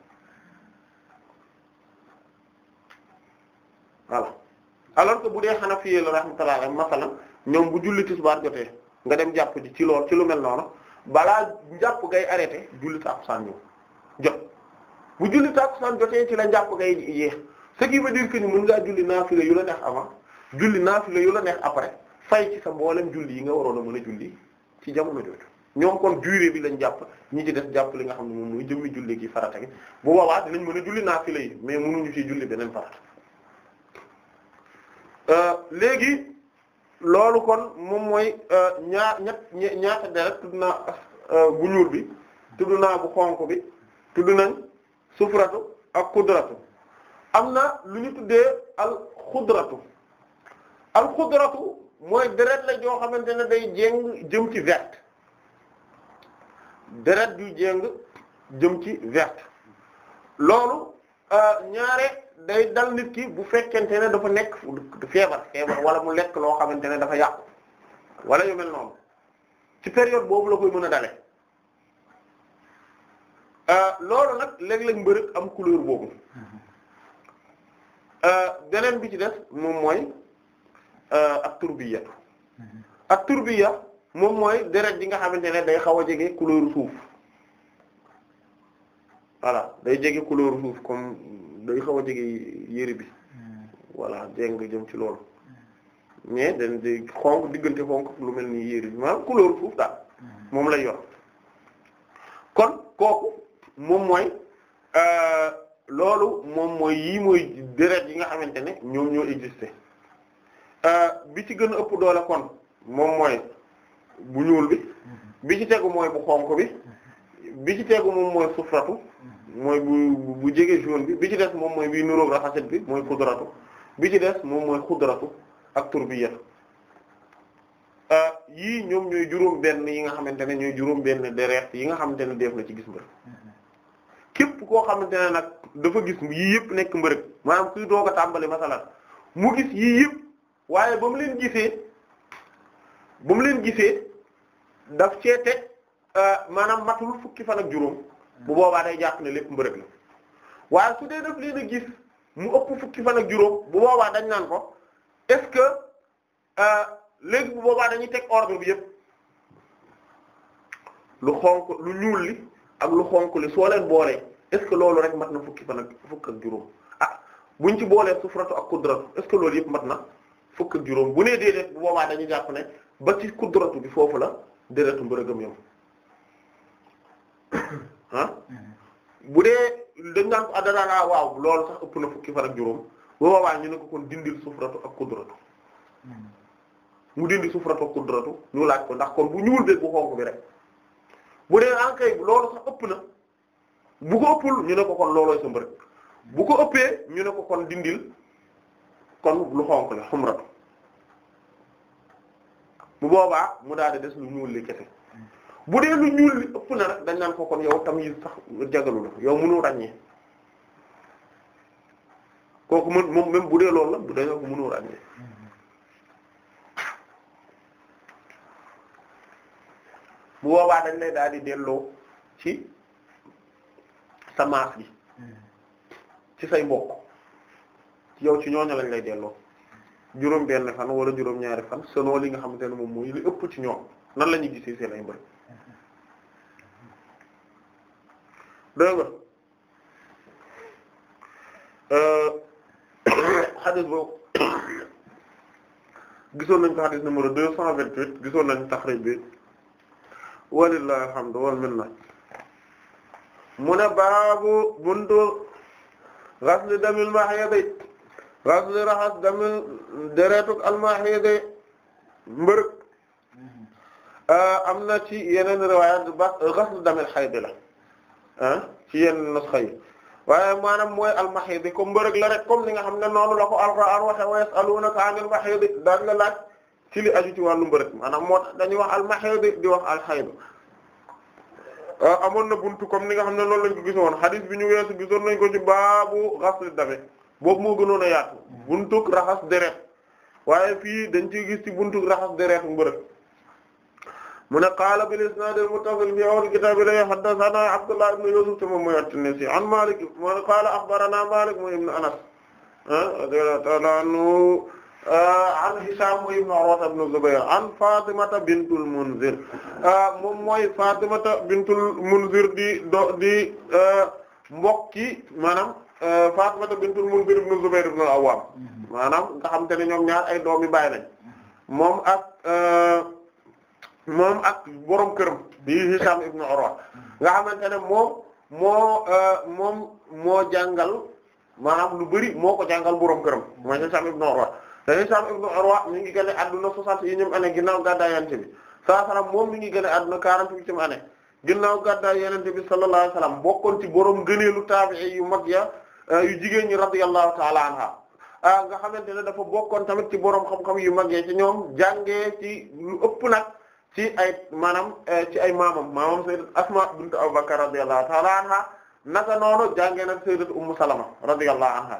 alors que bu dee Hanafi la rahmatullahi alayhi masalan ñoom bu julli tisbaar jotee nga dem jàpp ji ci lool ci lu mel noonu balaa njàpp ngay arrêté julli tàkkusaan ñëw jot bu julli tàkkusaan jotee ci la jàpp ngay yéex ce qui veut dire que ni mën ngaa julli naafila yu la neex avant julli naafila yu la neex après fay ci sa mboolem julli yi nga waroon a mën a julli ci jamono jooju ñoom kon durée bi lañ jàpp ñi ci def jàpp li nga xam ne moom mooy jëmmi julli gi farata gi bu boobaa mën a julli naafila yi mais mënuñu ci julli beneen farata Euh, léegi loolu kon moom mooy euh, ñaar ñett ñaata deret tudd naa euh, bu ñuul bi tudd na bu xonq bi tudd nañ sufratu ak xudratu am na lu ñu tuddee al xudratu al xudratu mooy deret la joo xamante ne day jéng jëm ci vert deret yu jéng jëm ci vert loolu ñaare day dal nit ki bu fekkente ne dafa nekk feebar feebar wala mu lekk loo xamante ne dafa yàqu wala yu mel noonu ci période boobu la koy mën a dale euh, loolu nag léeg-léeg mbërëg am couleur boobu mm-hmm. euh, beneen bi ci def moom mooy euh, ak turbiya mm-hmm. ak turbiya moom mooy deret ji nga xamante ne day xaw a jege couleur suuf voilà day jege couleur suuf comme day xaw a jege yére bi voilà jéng jëm ci loolu mais dañ di xonk diggante xonk lu mel ni yére bi maa couleur foofu moom lay yor kon kooku moom mooy euh, loolu moom mooy yii mooy deret yi nga xamante ne ñoom ñoo existé euh, bi ci gën a ëpp doole kon moom mooy bu ñuul bi mm-hmm. bi ci tegu mooy bu xonq bi bi ci tegu moom mooy sufratu mooy bu bu jege jaune bi bi ci des moom mooy bii niroog raxasit bi mooy xudratu bi ci des moom mooy xudratu ak turbiya euh, yii ñoom ñooy juróom benn yi nga xamante ne ñooy juróom benn deret yi nga xamante ne def na ci gis mbër képp koo xamante ne nag dafa gis yii yëpp nekk mbërëg maanaam kuy doog a tàmbali matalaan mu gis yii yëpp waaye ba mu leen gisee ba mu leen gisee daf ceete euh, maanaam matul fukki fan ak juróom bu boobaa day jàpp ne lépp mbërëg la waaye su dee daf leen a gis mu ëpp fukki fan ak juróom bu boobaa dañ naan ko est-ce que euh, léegi bu boobaa dañuy teg ordre bi yëpp lu xonq lu ñuul li ak lu xonk li soo leen boolee est-ce que loolu rek mat na fukki fan ak fukk ak juróom ah buñ ci boolee sufratu ak kudratu est-ce que loolu yëpp mat na fukk ak juróom bu nee déedéet bu boobaa dañuy jàpp ne ba ci kudratu bi foofu la déretu mbërëgam yam Mm-hmm. bu dee dañ naan ko addanaanaa waaw loolu sax ëpp na fukki fan ak juróom boobaa ñu ne ko kon dindil sufratu ak kudratu mm-hmm. mu dindi sufratu ak kudratu ñu laaj ko ndax kon bu ñuul beeg bu xonk bi rek bu dee encay loolu sax ëpp na bu ko ëppul ñu ne ko kon loolooy sa mbërëk bu ko ëppee ñu ne ko kon dindil kon lu xonq la xumratu bu boobaa mu daal di des lu ñuul li kese bu dee lu ñuul li ëpp na rek dañ naan ko kon yow tamyiz sax jagalu la yow mënu ràññee kooku mën moom même bu dee loolu la dañ ko mënu ràññee bu boobaa dañ lay daal di delloo ci sa maas gi ci say mbokk yaw ci ñooñu lañ lay delloo juróom benn fan wala juróom ñaari fan selon li nga xamante ne moom mooy li ëpp ci ñoom nan la ñuy gisee seen ay mbir dégg nga xadis boobu gisoon nañ ko xadis numéro deux cent vingt-huit gisoon nañ taxrib bi walillahi alhamdu wal minna mu ne baabu buntu ghasl damil mahyidi ghasl raxas damil deretuk al mahyidi mbërëg mm-hmm. ah, am na ci yeneen riwaayat ba ghasl damil hayd la ah ci yenn nusxa yi waaye maanaam mooy almaxiid bi comme mbërëg la rek comme ni nga xam ne noonu la ko alxuraan waxe wa yasaluunaka anil maxiid daan la laaj ci li aju ci wàllu mbërëg maanaam moo tax dañuy wax almaxiid di wax alxaydu ah, amoon na buntu comme ni nga xam ne noonu lañ ko gisoon hadith bi ñu weesu gisoon nañ ko ci baabu xasli dame boobu moo gënoon a yaatu buntuk raxas deret waaye fii dañ ciy gis ci buntuk raxas deret mbërëg mu ne qaala bil isnaad al muttasil fi awwal kitaab la haddathanaa Abdullah ibn Yusuf moom mooy at-Tinnisi an Maalik mu ne Anas ah, radiyallahu ah, an Hishaam mooy ibn Urwa ibn Zubayr an Faatimata bintul Munzir ah, moom di do di mbokki maanaam Faatimata bintul Munzir ibn Zubayr ibn al maanaam nga xam te ne ñoom ñaar ay doomi baay lañ moom moom ak borom kër di Hisham ibn Urwa nga xamante ne moom moo euh, moom moo jàngal maanaam lu bari moo ko jàngal borom këram mooy Hisham ibn Urwa te Hisham ngi gën a adduna soixante yi ñoom année ginnaaw gàddaay Yonent bi sallallahu moom mi ngi gën a adduna quarante-huitième année ginnaaw gàddaay Yonent bi sallallahu alayhi bokkoon ci borom gëneelu taabi'i yu mag ya euh, yu jigéen ñi radiyallahu ta'ala anha euh, nga xamante ne dafa bokkoon tamit ci borom xam-xam yu mag ya ci ñoom jàngee ci ëpp nag ci ay maanaam eh, ci ay maamam maamam sayyidat Asma bint Abu Bakr radiyallahu ta'ala anha naka noonu jàngee nag sayyidat Ummu Salama radiyallahu anha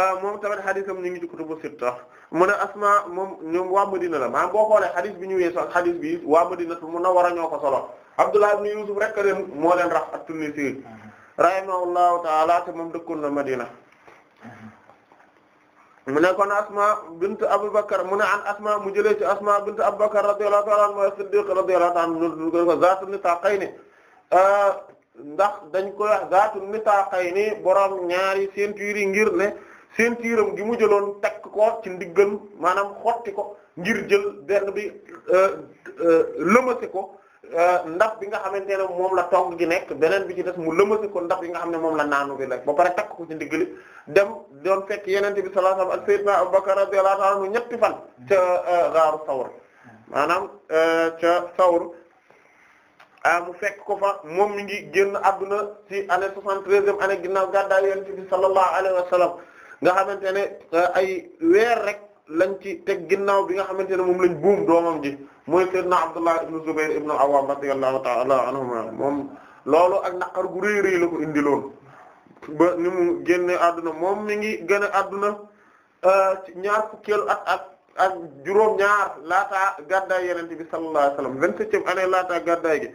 eh, moom tamit xadisam ñu ngi ci kutubu sitta mu ne Asma moom ñoom waa Madina la maanaam boo xoolee xadis bi ñu weesu ak xadis bi waa Madina Munawwara ñoo ko solo Abdullah ibn Yusuf rek moo leen rax at-Tunisi mm-hmm. rahimahullahu ta'ala te moom dëkkoon na Madina mu ne kon asma bint abubakar mu ne an asma mu jëlee ci asma bint abubakar radiyallahu ta'ala anhu wa siddiq radiyallahu ta'ala anhu ko zaatu nitaaqayni euh, ndax dañ koy wax zaatu nitaaqayni borom ñaari ceinture yi ngir ne ceinture am gi mu jëloon takk ko ci ndiggal maanaam xotti ko ngir jël benn bi euh, euh, lëmase ko Euh, ndax bi nga xamante ne moom la togg gi nekk beneen bi ci des mu lëmasi ko ndax bi nga xam ne moom la naanu bi lekk ba pare takk ko ci ndiggali dem doon fekk yeneen bi sallallahu alayhi wasallam ak sayyidna Abubakar radiyallahu anhu ñetti fan ca euh, gaaru maanaam euh, ca Sawr mu fekk ko fa moom mi ngi génn adduna ci année soixante-treizième année ginnaaw gàddaay yenente bi sallallahu alayhi wasallam nga xamante ne ay weer rek lañ ci teg ginnaaw bi nga xamante ne moom lañ buum doomam ji mooy sayyidna Abdullah ibn Zubayr ibn al-Awwam radiyallahu ta'ala anhuma moom loolu ak naqar gu rëy rëy la ko indiloon ba ni mu génne àdduna moom mi ngi gën a àdduna euh, ñaar fukkeelu at ak ak juróom ñaar laataa gàddaay yenente bi sallallahu alayhi wasallam vingt-septième année laataa gàddaay gi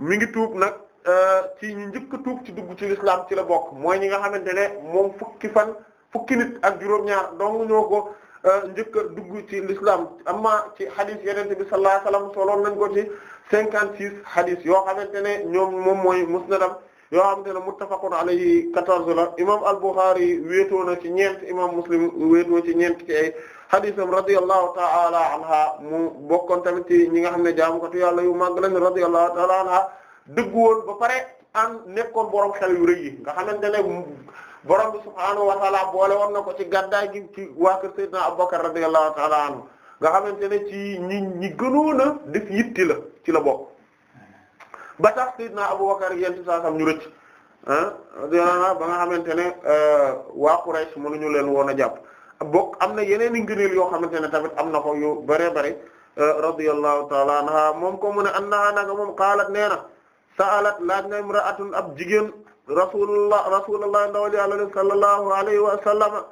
mi ngi tuub nag euh, ci ñu njëkk a tuub ci dugg ci lislaam ci la bokk mooy ñi nga xamante ne moom fukki fan fukki nit ak juróom ñaar dong ñoo ko Euh, njëkk a dugg ci l'islam amma ci hadith yenente bi sallallahu alayhi wasallam soloon nañ ko ci cinquante six hadith yoo xamante ne ñoom moom mooy musnadam yoo xamante ne muttafaqun alayhi quatorze la imam al-Bukhari wéetoo na ci ñeent imam Muslim wéetoo ci ñeent ci ay haditham radiyallahu ta'ala anha mu bokkoon tamit ci ñi nga xam ne jaamukatu yàlla yu màgg lañ radiyallahu ta'ala anha dëgg woon ba pare an nekkoon borom xel yu rëy nga xamante ne borom bi subhaanahu wa boole woon na ko ci gàddaay gi ci waa kër Seydina Abubakar radiyallahu taala anhu nga xamante ne ci ñi ñi gënoon a def yitti la ci la bokk ba tax Seydina Abubakar yéen ci saa sam ñu rëcc ah ba nga xamante ne euh, waa Quraysh mënuñu leen woon a jàpp bokk am na yeneen i ngëneel yoo xamante ne tamit am na ko yu bëree bëri euh, radiyallahu taala anha moom ko mu ne annaha naka moom qaalat nee na sa'alat laaj na imra'atun ab jigéen rasulullah rasulullah ndawal yàlla ne sallallahu alayhi wa sallam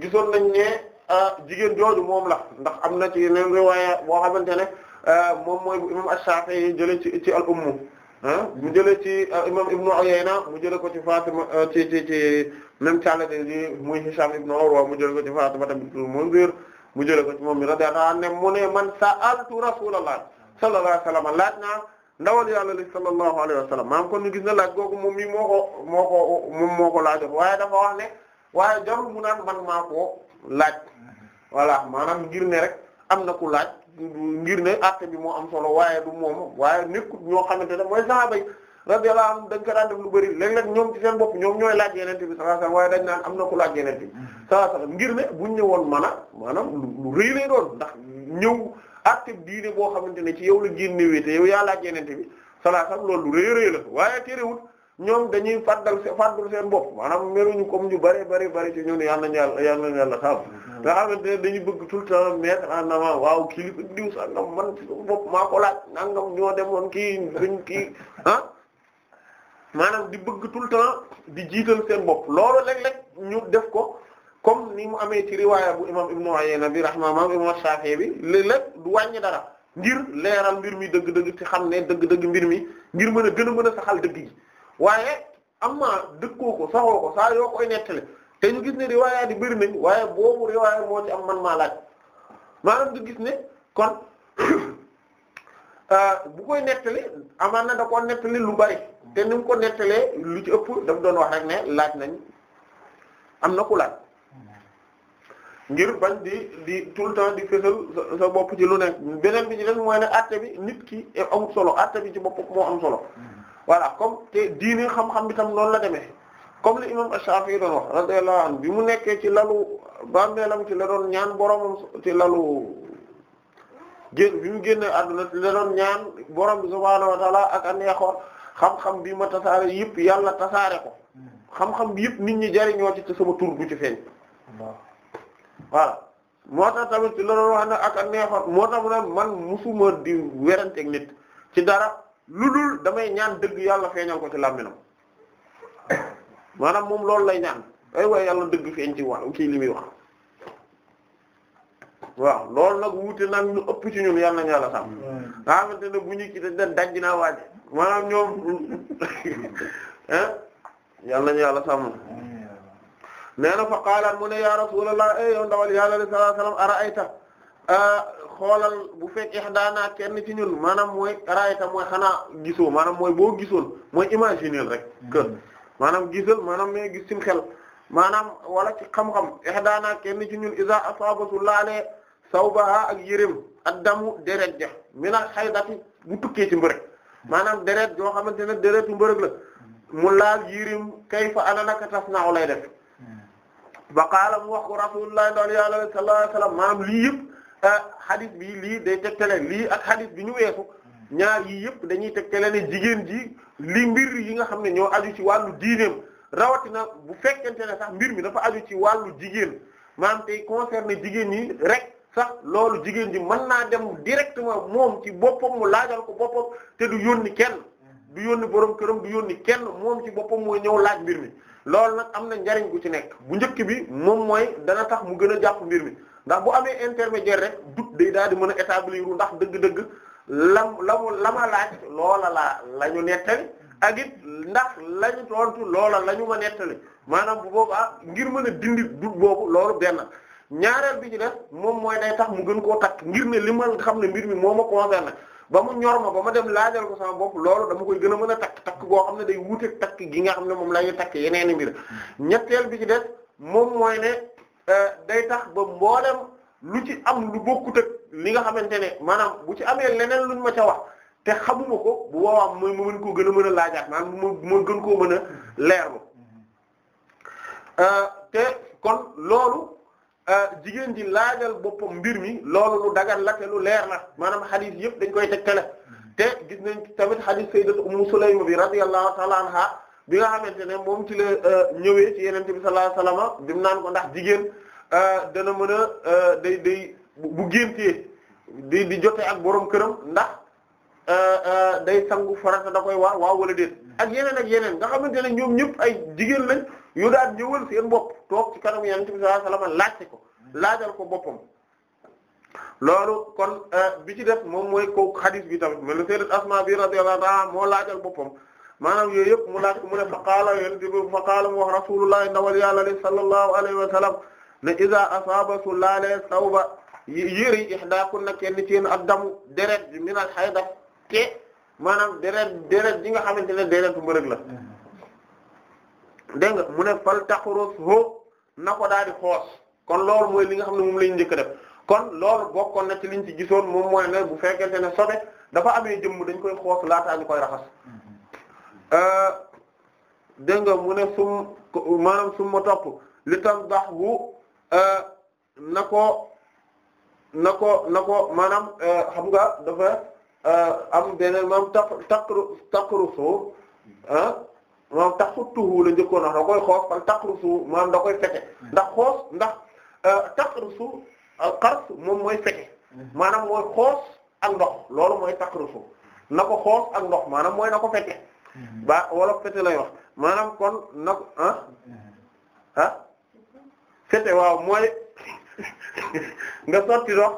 gisoon nañ ne ah, jigéen jooju moom la ndax am na ci yeneen riwaaya boo xamante ne ah, moom mooy bu imam Ash-Shafi'i jëlee ci ci al ummu ah, mu jëlee ci imam Ibnu Uyayna mu jëlee ko ci Fatima ci ci ci même càllate ji muy Hisham ibnu Urwa mu jëlee ko ci Fatima tamit Munzir mu jëlee ko ci moom mi radiyallahu anhu ne mu ne man sa'altu rasulullah sallallahu alayhi wa sallam ndawal yàlla la sallallahu alayhi wa sallam maam kon ñu na laaj googu moom mii moo ko moo ko moo ko laajoon waaye dafa wax ne waaye jarul mu naan man maa koo laaj maanaam ngir ne rek am na ku laaj ngir ne acte bi moo am solo waaye du moom waaye nekkut ñoo xamante ne mooy sahaaba yi radiyallahu anhum dañ ko daan def lu bari léeg-léeg ñoom seen bopp ñoom ñooy laaj yeneen waaye dañ naan am na ku laaj yeneen bi sallallahu alayhi wasallam ngir ne buñ ñëwoon mën a maanaam lu rëy lay doon ndax ñëw active diine boo xamante ne ci yow la génnewee te yow yaa laaj yenente bi salaa sam loolu lu réy réy la waaye terewul ñoom dañuy fàddal fàddul seen bopp maanaam meruñu comme ñu bari bari bari ci ñun yàlla nañu yàlla yàlla nañu yàlla xam mm-hmm. nga xamante ne dañuy bëgg tul le temps a en avant waaw kilifa diw sangam man bopp maa ko laaj nangam ñoo demoon kii buñ kii ah maanaam di bëgg tout le temps di jiital seen bopp loolu léeg-léeg ñu def ko comme ni mu amee ci riwaaya bu imam Ibn Uyayna bi rahimahullah imam Shafi'i bi léeg-léeg du wàññi dara ngir leeral mbir mi dëgg-dëgg ci xam ne dëgg-dëgg mbir mi ngir mën a gën a mën a saxal dëgg yi waaye am na dëkkoo ko saxoo saa yoo koy nettali te ñu gis ne riwaaya di bëri nañ waaye boobu riwaaya moo ci am man maa laaj maanaam du gis ne kon euh, bu koy nettali amaan na da koo nettali lu bari te ni mu ko nettalee lu ci ëpp daf doon wax rek ne laaj nañ am na ku laaj ngir bañ di di tout le di fësal sa bopp ci lu nekk beneen bi ci def mooy ne àtte bi nit ki amul solo àtte bi ci bopp moo am solo mm-hmm. voilà comme te diine xam-xam bi tam noonu la demee comme la imam Shafi'i doon wax radiyallahu anhu bi mu nekkee ci lalu bàmmeelam ci la ñaan boromam ci lalu bi mu génnee àdduna ci ñaan borom bi subhaanahu wa ta'ala ak aneexoor xam-xam bi ma tasaare yëpp yàlla tasaare ko mm-hmm. xam-xam bi yëpp nit ñi jariñoo ci te sama tur bu ci feeñ waa moo tax tamit ci loolu wax na ak ak neexoon moo tax mu ne man musuma di weranteeg nit ci dara lu dul damay ñaan dëgg yàlla feeñal ko ci làmminam maanaam moom loolu lay ñaan ay waaye yàlla dëgg feeñ ci wax ci li muy wax loolu nag wuute nag ñu ëpp ci ñun yàlla nañu yàlla sàmm hmm. nga xamante ne bu ñu ci da daj naa waaje maanaam ñoom ah yàlla nañu yàlla sàmm hmm. nee na fa qaalaat mu ne ya rasulallah e eh, yow ndawal yàlla ali sallallahu alayhi wasallam ah, xoolal bu fekk ihdaana kenn ci ñun maanaam mooy ara'ayta mooy xanaa gisoo maanaam mooy boo gisoon mooy imaginer rek maanam maanaam gisal maanaam mais gis ci xel maanaam wala ci xam-xam ihdaana kenn ci ñun iza asabatu laale a ak yërëm addamu deret ja minal haydati bu tukkee ci mbërëg maanaam deret joo xamante ne deretu mbërëg la mu laal yërëm kayfa ana naka tasna'u lay def ba mu wax ko rasulullah sallallahu alayhi wasallam maanaam lii yëpp hadith ah, bi lii day tegtale lii ak hadith bi ñu weesu ñaar yii yëpp dañuy tegtale ne jigéen ji lii mbir yi nga xam ne ñoo aju ci wàllu diineem rawatina bu fekkente ne sax mbir mi dafa aju ci wàllu jigéen maanaam tey concerné jigéen ñi rek sax loolu jigéen ji mën naa dem directement moom ci boppam mu laajal ko boppam te du yónni kenn du yónni borom këram du yónni kenn moom ci boppam moo ñëw laaj mbir mi loolu nag am na njariñ gu ci nekk bu njëkk bi moom mooy dana tax mu gën a jàpp mbir mi ndax bu amee intermédiaire rek dut day daal di mën a établir ndax dëgg-dëgg lam lamu lama laaj loola la ñu nettali ak it ndax lañu tontu loola la ñu ma nettali maanaam bu ah ngir mën a dindi dut boobu loolu benn ñaareel bi ci def moom mooy day tax mu gën koo takk ngir ne li ma xam ne mbir mi moo ma concerné ba mu ñor ma ba ma dem laajal ko sax bopp loolu dama koy gën a mën a takk takk goo xam ne day wuute takk gi nga xam ne moom la ñuy takk yeneen mbir ñetteel bi ci def moom mooy ne euh, day tax ba mbooleem lu ci am lu bokkut ak li nga xamante ne maanaam bu ci amee leneen luñ ma ca wax te xamuma ko bu boobaa mooy ma mën koo gën a mën a laajaat maanaam ma ma gën koo mën a leerlu euh, te kon loolu. Euh, jigéen ji laajal boppam mbir mi loolu lu dagan la te lu leer na maanaam xadis yëpp dañ koy tegtale te gis nañ tamit xadis sayyidat Ummu Sulaym bi radiyallahu ta'ala anha bi nga xamante ne moom ci la euh, ñëwee ci yenente bi sallallahu alayhi wasallam naan ko ndax jigéen euh, dana mën a day day bu géntee di di jote ak borom këram ndax day sangu farata da koy wa waaw wala déet ak yeneen ak yeneen nga xamante ne ñoom ñëpp ay jigéen lañ yu daan ñëwal seen bopp toog ci kanam yonent bi sallallahu alayhi wasallam laajte ko laajal ko boppam loolu kon euh, bi ci def moom mooy ko xadis bi tamit mel ni sayyidat Asma bi radiyallahu anha moo laajal boppam maanaam yooyu yëpp mu laaj ko mu ne fa qaala yonent bi fa qaala mu wax rasulullah ndawal yàlla li sallallahu alayhi wa sallam ne iza asaba su laalee sawba yëri ihdakunna kenn ci yéen ak damu deret bi min al hayda te maanaam deret deret ji nga xamante ne deretu mbërëg la dégg nga mu ne fal taxurus ho na ko daal di xoos kon loolu mooy li nga xam ne moom lañu njëkk def kon loolu bokkoon na ci liñ ci gisoon moom mooy ne bu fekkente ne sobe dafa amee jëmm dañ koy xoos laataa ñu koy raxas euh, dégg nga mu ne sum maanaam summa topp li tam bax bu euh, na ko na ko na ko maanaam euh, xam nga dafa am beneen maam taq taqru taqrusu moom tax futtuhu la njëkkoon wax da koy xoos fan taqrusu maanaam da koy feke ndax xoos ndax euh, taqrusu euh, xars moom mooy feke maanaam mooy xoos ak ndox loolu mooy taqrusu na ko xoos ak ndox maanaam mooy na ko feke ba wala fete lay wax maanaam kon na ko ah ah fete waaw mooy nga sotti ndox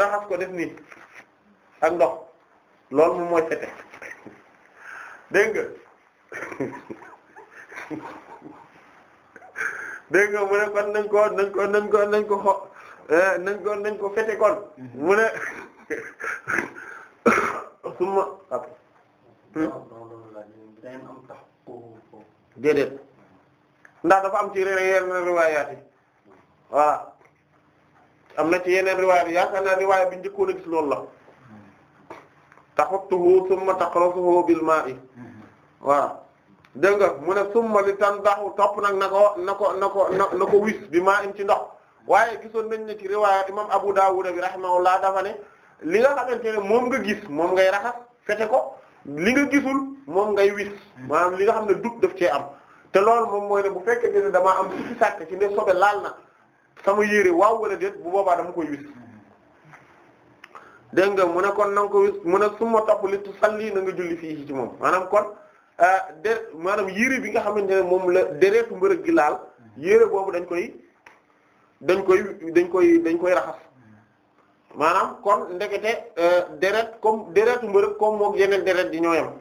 raxas ko def nii ak ndox loolu moom mooy fete dégg nga dégg nga mu ne nañ ko nañ ko nañ ko nañ ko xo eh, nañ ko nañ ko fete kon mu ne suma ap hmm? déedéet ndax dafa am ci yeneen riwaayaat yi voilà am na ci yeneen riwaayaat yi yaakaar naa riwaaya bi njëkkoon a gis loolu la hmm. taxattuhu summa bil maa'i hmm. voilà dégg nga mu ne summa li daxu topp nag na ko na ko na ko na ko wis bi maa in ci ndox waaye gisoon nañ ne ci riwaaya imam Abu Dawud bi rahimahullah dafa ne li nga xamante ne moom nga gis moom ngay raxas fete ko li nga gisul moom ngay wis maanaam li nga xam ne dug daf cee am te loolu moom mooy ne bu fekkente ne damaa am ci sàkk ci ne sobe laal na sama yére waaw wala déet bu boobaa dama koy wis dégg nga mu ne kon nan ko wis mu ne summa topp li tu salli na nga julli fii ci moom maanaam Euh, de maanaam yére bi nga xamante ne moom la dereetu mbërëg gi laal yére boobu dañ koy dañ koy dañ koy dañ koy raxas maanaam kon ndekete euh, deret comme dereetu mbërëg comme moom yeneen deret di ñooyam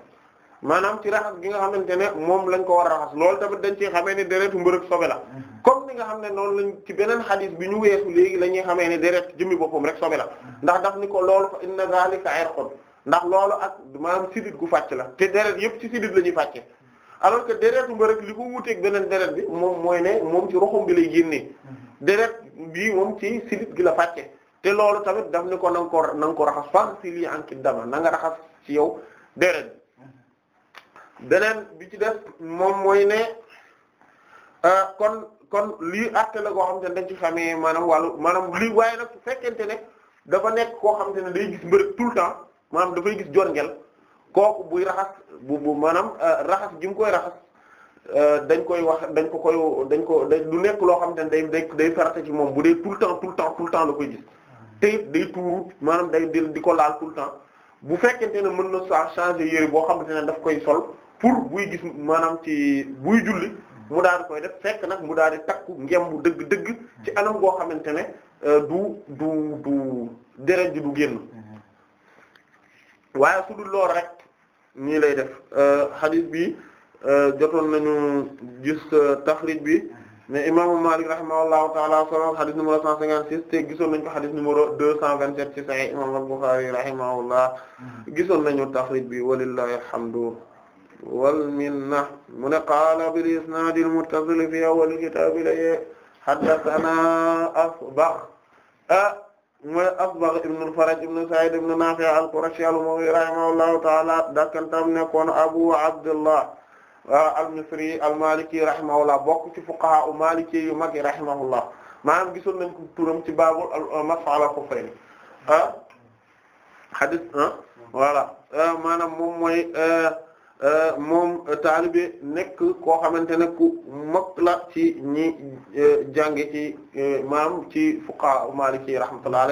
maanaam ci raxas gi nga xamante ne moom lañ ko war a raxas loolu tamit dañ ci xamee ne deretu mbërëg sobe la comme ni nga xam ne noonu lañ ci beneen xadis bi ñu weesu léegi la ñuy xamee ne deret jëmmi boppam rek sobe la ndax daf ni ko loolu fa inna zalika irqun ndax loolu ak maanaam sidit gu fàcc la te deret yëpp ci sidit la ñuy fàcce alors que deretu mbërëk li ko wuteeg beneen deret bi moom mooy ne moom ci roxum bi lay génnee mm-hmm. deret bii moom ci sidit gi la fàcce te loolu tamit daf ne ko na ko na ko raxas fax si lii ankit dama na nga raxas ci yow deret mm-hmm. beneen bi ci def moom mooy ne euh, kon kon lii acte la koo xam te ne dañ ci xamee maanaam wàllu maanaam lii waaye nag su fekkente ne dafa nekk koo xam te ne day gis mbërëk tout le temps maanaam dafay gis jorngel kooku buy raxas bu bu maanaam euh, raxas gi mu koy raxas euh, dañ koy wax dañ ko koy dañ ko du nekk loo xam te ne day day day farata ci moom bu dee toul le temps tout le temps tout temps la koy gis te it day tuuru maanaam day di di ko laal tout le temps bu fekkente ne mën na saa changer yére boo xamante ne daf koy sol pour buy gis maanaam ci buy julli mu daal koy def fekk nag mu daal di takku ngem bu dëgg-dëgg ci anam goo xamante ne euh, du du du deret ji du génn waaye su dul lool rek nii lay def euh, hadith bi euh, jotoon nañu gis euh, taxrij bi mais a Maalik rahimahullahu taala solo hadith numéro 156 te gisoon nañ ko hadith numéro 227 ci Sahih imam al-Bukhari rahimahullah gisoon nañu taxrij bi walillahi alhamdu wal minna mu ne qaala bil isnaad al muttasil fi awwal kitaab ilayhi haddathana Asbagh ah, mooy Asbagh ibn al-Faraj ibn Sa'id ibn Nafi' al-Qurashi al-Mughira rahimahullahu ta'ala dakkantam nekkoon Abu Abdullah al-Misri al-Maliki rahimahullah bokk ci fuqaha u Maliki yu mag yi rahimahullah maanaam gisoon nañ ko turam ci baabul masx ala xuffayni ah hadith ah voilà maanaam moom mooy. Euh, moom euh, taalibe nekk koo xamante ne ku mag la ci ñi euh, jànge ci maam ci fuqaha maliki rahmatullahi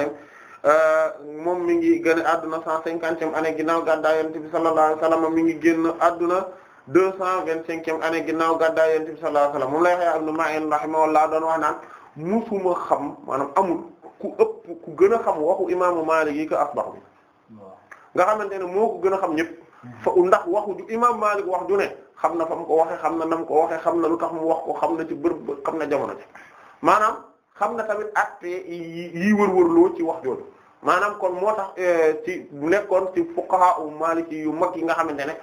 alayhim moom mi ngi génn adduna cent cinquantième année ginnaaw gàddaay yonent bi sallallahu alayhi wasallam mi ngi génn adduna deux cent vingt-cinquième année ginnaaw gàddaay yonent bi sallallahu alayhi wasallam moom doon wax naan musuma xam maanaam amul ku ëpp ku gën a xam waxu imaamu Maalik yi ko asbax bi nga xamante ne moo ko gën a xam ñëpp fa ndax waxu ju imam Malik wax ju ne xam na fa mu ko waxe xam na nam ko waxe xam na lu tax mu wax ko xam na ci bërëb xam na jamono ci maanaam xam na tamit atte yi ci wax jooju maanaam kon moo tax eh, ci nekkoon ci fuqaha u maliki yu mag yi nga xamante ne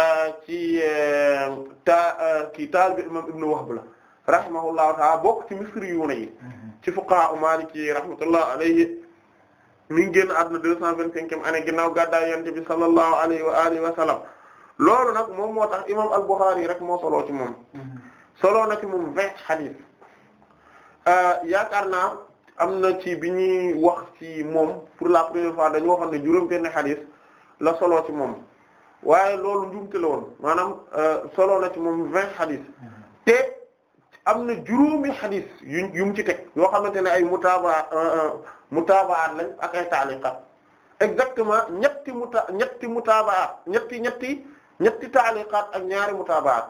eh, ci eh, ta kii taal bi imam wax Wahb la rahimahullahu ta'ala bokk ci misri yu na yi mm-hmm. ci fuqaha u maliki rahmatullah alayhi mi ngi génn àdduna deux cent vingt-cinquième année ginnaaw gàddaay yonent bi sallallahu alayhi wa alihi wa sallam loolu nag moom moo tax imam al-Bukhari rek moo soloo ci moom soloo na ci moom vingt hadith euh, yaakaar na am na ci bi ñuy wax ci moom pour la première fois dañu waxoon ne juróom benn hadith la soloo ci moom waaye loolu njuumte woon maanaam euh, solo na ci moom vingt hadith te am na juróomi hadith yu yu ci teg yoo xamante ne ay mutaaba euh, mutaabaat lañ ak ay taaliqaat exactement ñetti muta ñetti mutaabaat ñetti ñetti ñetti taaliqaat ak ñaari mutaabaat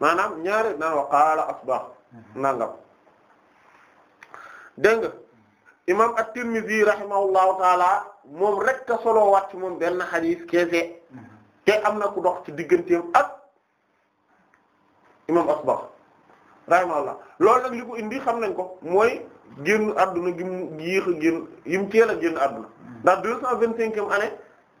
maanaam ñaari naan wa qaala asbah mhm. nangam dégg nga imam at-Tirmidhi rahimahullahu taala moom rekk ka solo waat ci moom benn xadis keese mhm. te am na ku dox ci digganteem ak imam asbah rahimahullah loolu nag li indi xam nañ ko mooy génn àdduna gi mu yéex a yi mu teel a génn adduna mm-hmm. ndax deux cent vingt cinquième année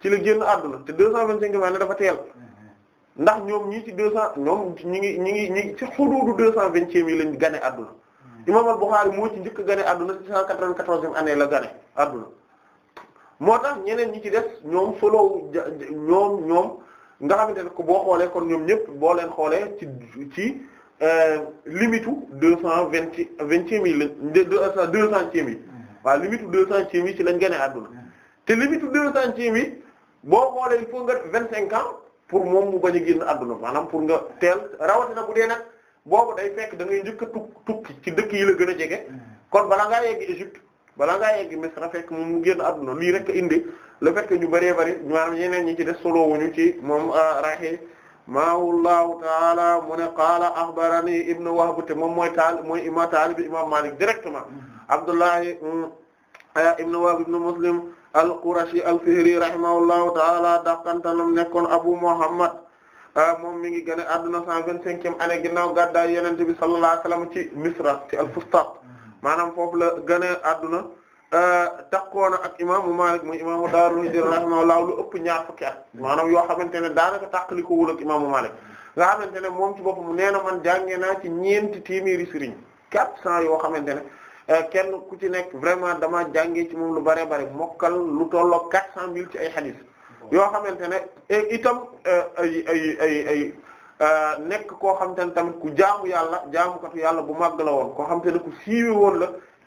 ci la génn adduna te deux cent vingt cinquième année dafa teel mm-hmm. ndax ñoom ñii ci deux cent ñoom ñi ngi ñi ngi ñi ci xuduudu deux cent vingtième yi lañ gane adduna mm-hmm. imam al-Bukhari moo ci njëkk gane adduna ci cent quatre-vingt-quatorzième année la gane adduna moo tax ñeneen ñi ci des ñoom solo ñoom ñoom nga xamante ne ko boo xoolee kon ñoom ñëpp boo leen xoolee ci ci Euh, limitu deux cent vingt vingtième yi la deux euh, centième yi mm-hmm. waaw limitu deux centième yi ci lañ gën a àdduna mm-hmm. te limitu deux centième yi boo xoolee il faut nga vingt cinq ans pour moom mu bañ a génn àdduna maanaam pour nga teel rawatina bu dee nag boobu day fekk da ngay njëkk a tukk tukki ci dëkk yi la gën a jege mm-hmm. kon balaa ngaa yegg Égypte balaa ngaa yegg Misra fekk moom mu génn àdduna lii rek indi le fait que ñu bëree bëri maanaam yeneen ñi ci def solo wuñu ci moom euh, raxe maawullahu taala mu ne qaala axbarani ibnu wahb te moom mooy taal mooy ima taalibi imam malik directement mm-hmm. abdullahi mm, ibnu wahb ibnu muslim al-qurashi al-fihri rahimahullahu taala daqantalam nekkoon abu muhammad ah, moom mi ngi gën a adduna cent vingt-cinquième année ginnaaw gàddaay yonent bi sallallahu alayhi wasallam ci misra ci al-fustat mm-hmm. maanaam foofu la gën a adduna Euh, takkoona ak imaamu Maalik muy imaamu Daaru Hijra rahimahullah lu ëpp ñaar fukki at maanaam yoo xamante ne daanaka tàqali ko wul ak imaamu Maalik nga xamante ne moom ci boppam nee na man jàngee naa ci ñeenti téeméeri sëriñ quatre cent yoo xamante ne euh, kenn ku ci nekk vraiment dama jàngee ci moom lu bare bare mokkal lu tolloo quatre cent mille ci ay xadis yoo xamante ne itam euh, ay ay ay ay nekk koo xamante ne tamit ku jaamu yàlla jaamukatu yàlla bu màgg la woon ko xamante ne ku siiwe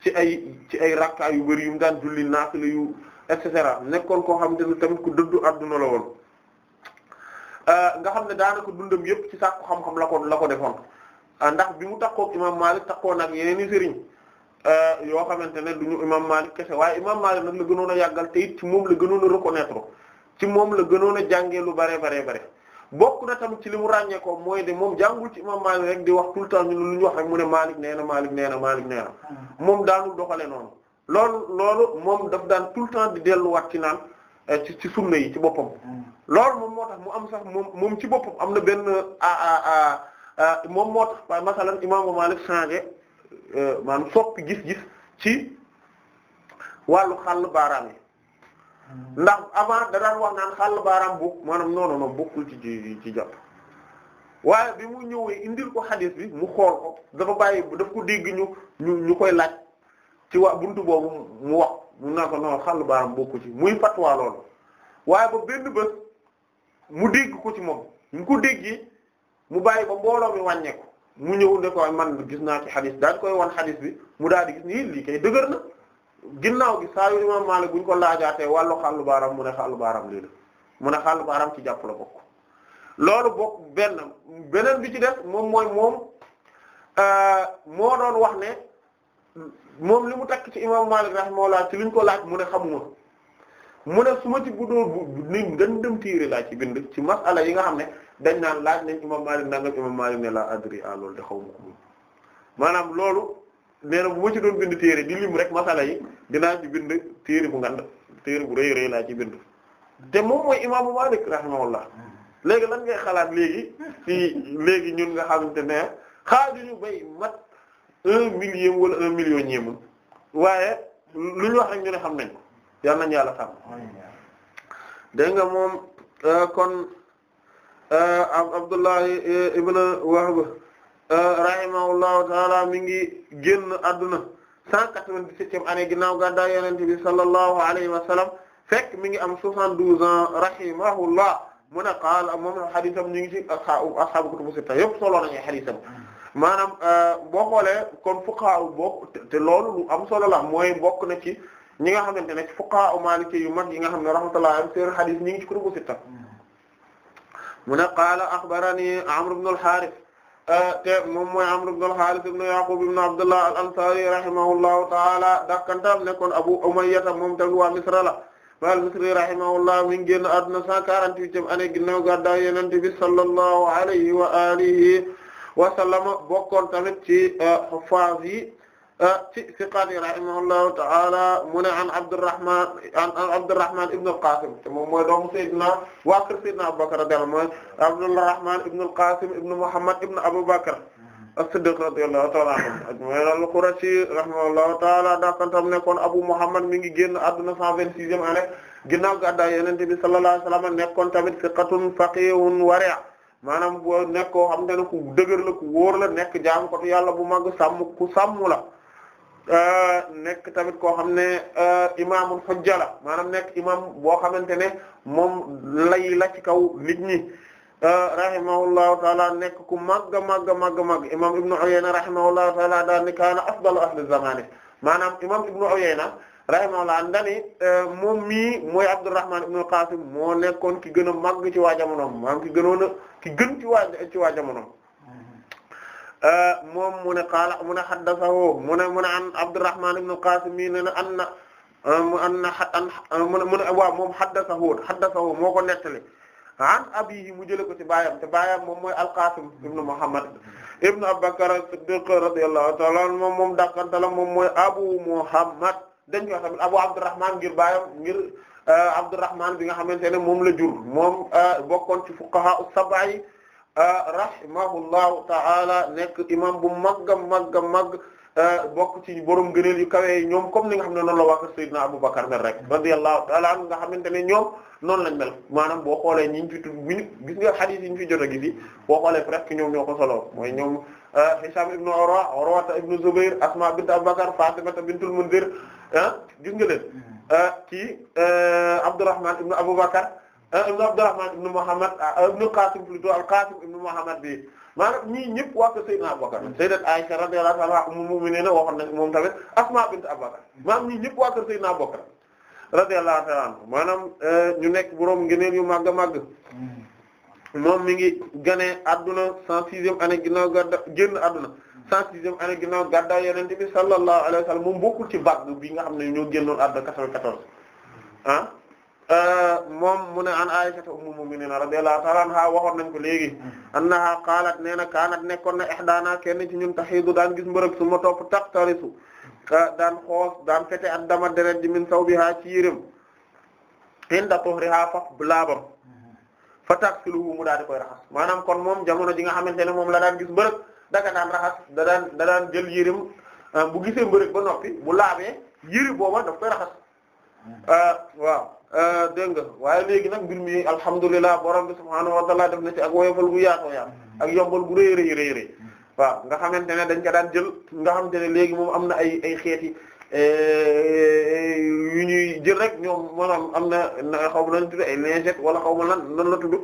ci ay ci ay rakka yu bëri yu mu daan julli naafila yu et cetera nekkoon koo xamante ne tamit ku dëddu adduna la woon euh, nga xam ne daanaka dundam yëpp ci sàkku xam-xam la ko la ko defoon euh, ndax bi mu takkook imaam Maalik takkoon yeneen i sëriñ euh, yoo xamante ne duñu imaam Maalik kese waaye imaam Maalik nag la gënoon a yàggal te ci moom la gënoon a reconnaître ci moom la gënoon a jàngee lu bare bare bare. bokk na tamit ci li mu ràññee mooy de moom jàngul ci imam Maalik rek di wax tout le temps ñu lu ñu wax mu ne Maalik nee na Maalik nee na Maalik nee hmm. moom daanul doxale noonu loolu loolu moom daf daan tout le temps di delluwaat ci naan eh, ci ci yi ci boppam hmm. loolu moom moo tax mu am sax moom moom ci boppam am na benn a a moom moo tax wa masalan imaamu Maalik changé eh, maanaam soppi gis-gis ci wàllu xàll baaraam yi ndax avant da daan wax naan xàll baaraam bu maanaam non non bokkul ci ci ci jàpp waaye bi mu ñëwee indil ko xadis bi mu xool ko dafa bàyyi daf ko dégg ñu ñu ñu koy laaj ci wax bunt boobu mu wax mu naa ko non xàll baaraam bokku ci muy fatwa loolu waaye ba benn bés mu dégg ko ci moom ñu ko déggee mu bàyyi ba mbooloo mi wàññeeku mu ñëw ne ko man gis naa ci xadis daal koy wan xadis bi mu daal di gis nii lii kay dëgër na. ginnaaw gi saa yu imam Maalik bu ñu ko laajaatee wàllu xàllu baaraam mu ne xàllu baaraam lii la mu ne xàllu baaraam ci jàpp la bokk loolu bokk benn beneen bi ci def moom mooy moom euh, moo doon wax ne moom li mu takk ci imam Maalik rahimahullah ci li ñu ko laaj mu ne xamuma mu ne suma ma ci guddoo bu ni gën dem tiiri laa ci bind ci masala yi nga xam ne dañ naan laaj nañ imam Maalik nangam imam Maalik ne laa adri a loolu de xaw ma ko maanaam loolu nee na bu ma ci doon bind téere di lim rek masala yi dinaa ci bind téere bu ngand téere bu rëy rëy laa ci bind te moom mooy imaamu Maalik rahimahullah léegi lan ngay xalaat léegi ci léegi ñun nga xamante ne xaajuñu bay mat un million wala un million ñeemul waaye lu ñu wax rek ñu ne xam nañ ko yal nañu yàlla xam nga moom kon Abdullahi ibn Wahb rahimahullahu taala mi ngi génn adduna cent quatre-vingt-dix-septième année ginnaaw gàddaay yonent bi sallallahu alayhi wa fekk mi ngi am soixante-douze ans rahimahullah mu ne qaala moom hadiisam ñu ngi ci ashaabu kutubu sitta yëpp solo nañu hadiisam maanaam euh, boo xoolee kon fuqaha bokk te loolu lu am solo la mooy bokk na ci ñi nga xamante ne fuqaha maliki yu mag yi nga xam ne rahmatullah am seen hadith ñi ngi ci kutubu sitta mu axbarani Amr ibn al te moom mooy Amr ibn al-Harith ibn Yaqub ibn Abdullah al-Ansari rahimahullahu ta'ala dakkantam nekkoon Abu Umayya moom tamit waa Misra la al-Misri rahimahullah mi ngi génn àdduna 148e année ginnaaw gàddaay Yonent bi sallallahu alayhi wa alihi wa bokkoon tamit ci huffaz euh, yi ci siqaat yi rahimahullahu ta'ala mu ne an Abdurrahman an Abdurrahman ibn al-Qasim te mooy doomu Seydina waa kër Seydina Abubakar radiyallahu mooy Abdurrahman ibn al-Qasim ibn Muhammad ibn Abubakar as-Siddiq radiyallahu ta'ala anhu mooy al-Qurashi rahimahullahu ta'ala daa tam nekkoon Abu Muhammad mi ngi génn àdduna 126e année ginnaaw gàddaay Yonent bi sallallahu alayhi wa sallam nekkoon tamit siqatun faqihun wari' maanaam boo nekk xam te ne ku dëgër la ku wóor la nekk jaamu ko yàlla bu mag sàmm ku sàmm la. Euh, nekk tamit koo xam ne euh, imaamul hujja la maanaam nekk imaam boo xamante ne moom lay la ci kaw nit ñi euh, rahimahullahu taala nekk ku màgg màgg màgg màgg imaam Ibn Uyayna rahimahullahu taala daal ni kaana afdalu ahli zamani maanaam imaam Ibn Uyayna rahimahullah ndani moom mii mooy Abdurrahman ibn al-Qasim moo nekkoon ki gën a màgg ci waa jamonoom maanaam ki gënoon a ki gën ci waa ci waa jamonoom moom mu ne qaala mu ne haddathahu mu ne mu ne an Abdurrahman ibn Qasim mii ne ne an na an na euh, an euh, mu ne mu ne waaw moom haddathahu haddathahu moo ko nettali an abihi mu jële ko ci baayam te baayam moom mooy al-Qasim ibn Muhammad ibn Abu Bakr as-Siddiq radiyallahu ta'ala anhu moom moom dàqantala moom mooy Abu Muhammad dañ ko tamit Abu Abdurrahman ngir baayam ngir euh, Abdurrahman bi nga xamante ne moom la jur moom bokkoon ci fuqaha as-sab'a rahimahullahu ta'ala nekk imam bu magga magga magg bokk ci borom gëneel yu kawe ñoom comme ni nga xam ne noonu la waa Seydina Abu mel rek radiyallahu ta'ala anhu nga xamante ne ñoom noonu lañ mel maanaam boo xoolee ñi ñu fi tudd bu gis nga hadith yi ñu fi jot a gis boo xoolee presque ñoom ñoo ko solo mooy ñoom Hisham ibn Urwa Urwa ibn Zubayr Asma bint Abu Bakar Fatima bintul Mundhir ah gis nga leen mm-hmm. kii Abdurrahman ibn ibn Abdurrahman ibn Muhammad ah, ah, ibn Qasim plutôt al-Qasim ibn Muhammad bi maanaam ñii ñëpp waa ko Seydina Abubakar Sayyidat Aisha radiyallahu anha ummul mu'minin waxoon na moom tamit Asma bint Abubakar maanaam ñii ñëpp waa ko Seydina Abubakar radiyallahu ta'ala anhu maanaam eh, ñu nekk boroom ngëneel yu màgg a màgg moom mi ngi ganee adduna cent sixième année ginnaaw gadda génn adduna cent sixième année ginnaaw gaddaa yonent bi sallallahu alayhi wa sallam moom bokkul ci bàgg bi nga xam ne ñoo génnoon adduna quatre-vingt-quatorze ah? Euh, moom mu ne an Aisha ummu mu'minin radiyallahu ta'ala anha waxoon nañ ko léegi mm-hmm. annaha qalat nee na kaanat nekkoon na ihdaana kenn ci ñun taxiidu daan gis mbërëg su ma topp taqtarisu mm-hmm. euh, daan xoos daan fete ak dama deret di min sawbiha ci yërëm inda tuhriha fa laabam mm-hmm. fa taghsiluhu mu daal di koy raxas maanaam kon moom jamono ji nga xamante ne moom la daan gis mbërëg daka daan raxas da daan da euh, bu gisee mbërëg ba noppi bu laabee yëri booba daf koy Euh, dégg nga waaye léegi nag mbir mi alhamdulilah borom bi subhaanahu wa taala def na ci a woyofal gu yaatoo yaat ak yombal gu rëy rëy rëy waaw nga xamante ne dañ ko jël nga xamante ne léegi moom am na ay ay xeeti euh, yu ñuy jël rek ñoom am na xaw ma lan ay lingette wala xaw ma lan nan la tudd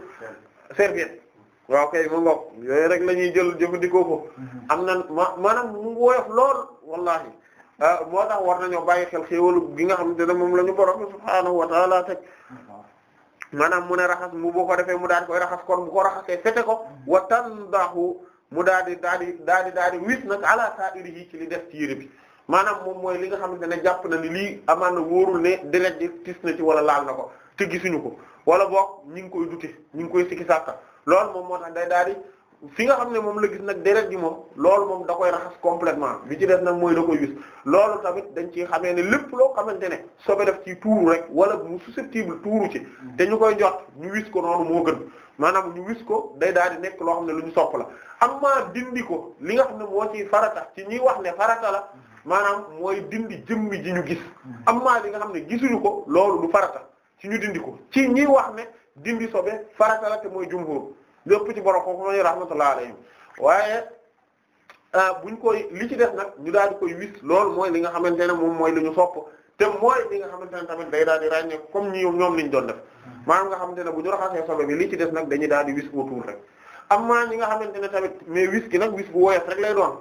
serviette rek la ñuy jël mm-hmm. am na ma maanaam mu woyof lool wallahi Ah, moo tax war nañoo bàyyi xel xéewalu gi nga xamante ne moom la ñu borom subhaanahu wa ta'ala teg maanaam mu ne raxas mu boo ko defee mu daal di koy raxas kon bu ko raxasee fete ko wa tandahu mu daal di daal di daal di daal di wis nag ala sa'irihi ci li def ci yére bi maanaam moom mooy li nga xamante ne jàpp na ni lii amaan na wóorul ne deret ji tis na ci wala laal na ko te gisuñu ko wala boog ñi ngi koy dute ñi ngi koy sikki sàkka loolu moom moo tax day daal fi nga xam ne moom la gis nag deret ji moom loolu moom da koy raxas complètement bi ci des nag mooy da koy gis loolu tamit dañ ci xamee ne lépp loo xamante ne sobe def ci tuuru rek wala mu susceptible tuuru ci te ñu koy jot ñu wis ko noonu moo gën maanaam ñu wis ko day daal di nekk loo xam ne lu ñu sopp la amma dindi ko li nga xam ne moo ci farata ci ñiy wax ne farata maanaam mooy dindi jëmmi ji ñu gis amma li nga xam ne gisuñu ko loolu du farata ci ñu dindi ko ci ñuy wax ne dindi sobe farata la te mooy jumhur lépp ci borom xam-xam yi rahmatullah alayhim euh, bu ñu koy li ci def nag ñu daal di koy wis loolu mooy li nga xamante ne moom mooy li ñu sopp te mooy li nga xamante ne tamit day daal di comme ñi ñoom liñ doon def maanaam nga xamante ne bu ñu raxasee sobe bi li ci des nag dañuy daal di wis autour rek am na xamante ne tamit mais wis gi nag wis bu woyof rek lay doon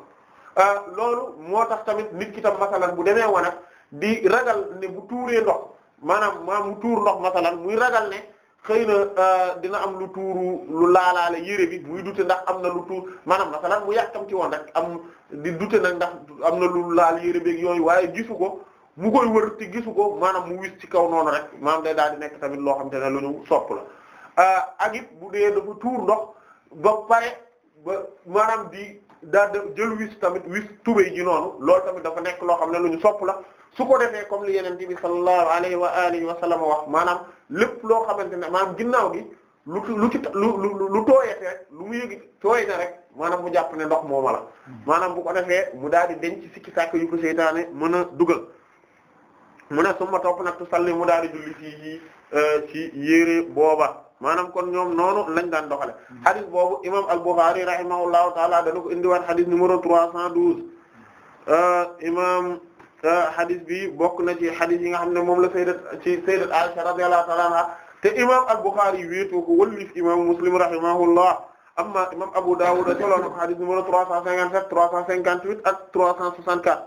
euh, loolu moo tax tamit nit ki tam masalan bu demee wana di ragal ne bu tuuree ndox maanaam maanaam mu tuur ndox masalan muy ragal ne xëy na euh, dina am lu tuuru lu laalaale yére bi muy dute ndax am na lu tuur maanaam masalan mu ci woon rek am di dute nag ndax am na lu laal yére beeg yooyu waaye gisu ko mu koy wër te gisu ko maanaam mu wis ci kaw noonu rek maanaam day daal di nekk tamit loo xamante ne lu ñu sopp la euh, ak bu dee dafa tuur ndox ba pare ba maanaam di daal di jël wis tamit wis tubéy ji noonu loolu tamit dafa nekk loo xam ne lu ñu sopp la su ko defee comme li yeneen bi sallallahu alayhi wa alihi wa sallam wax maanaam lépp loo xamante ne maanaam ginnaaw gi lu lu ci lu lu tooyee rek lu mu yëgi tooy na rek maanaam mu jàpp ne ndox mooma la maanaam bu ko defee mu daal di denc ci sàkk yu ko seytaane mën a dugal mu ne suma topp nag tu salli mu daal di julli ci euh, ci yére booba maanaam kon ñoom noonu lañ daan doxale hadith boobu imam al-Bukhari rahimahullahu taala dana ko indiwaat hadith numéro 312 euh, imam xadis bi bokk na ci xadis yi nga xam ne moom la sayyidat Aisha radiyallahu ta'ala te imam al-Bukhari y wéetoo ko wallif imam Muslim rahimahullah amma imam Abu Dawud a soloon ko xadis numéro 357 358 ak 364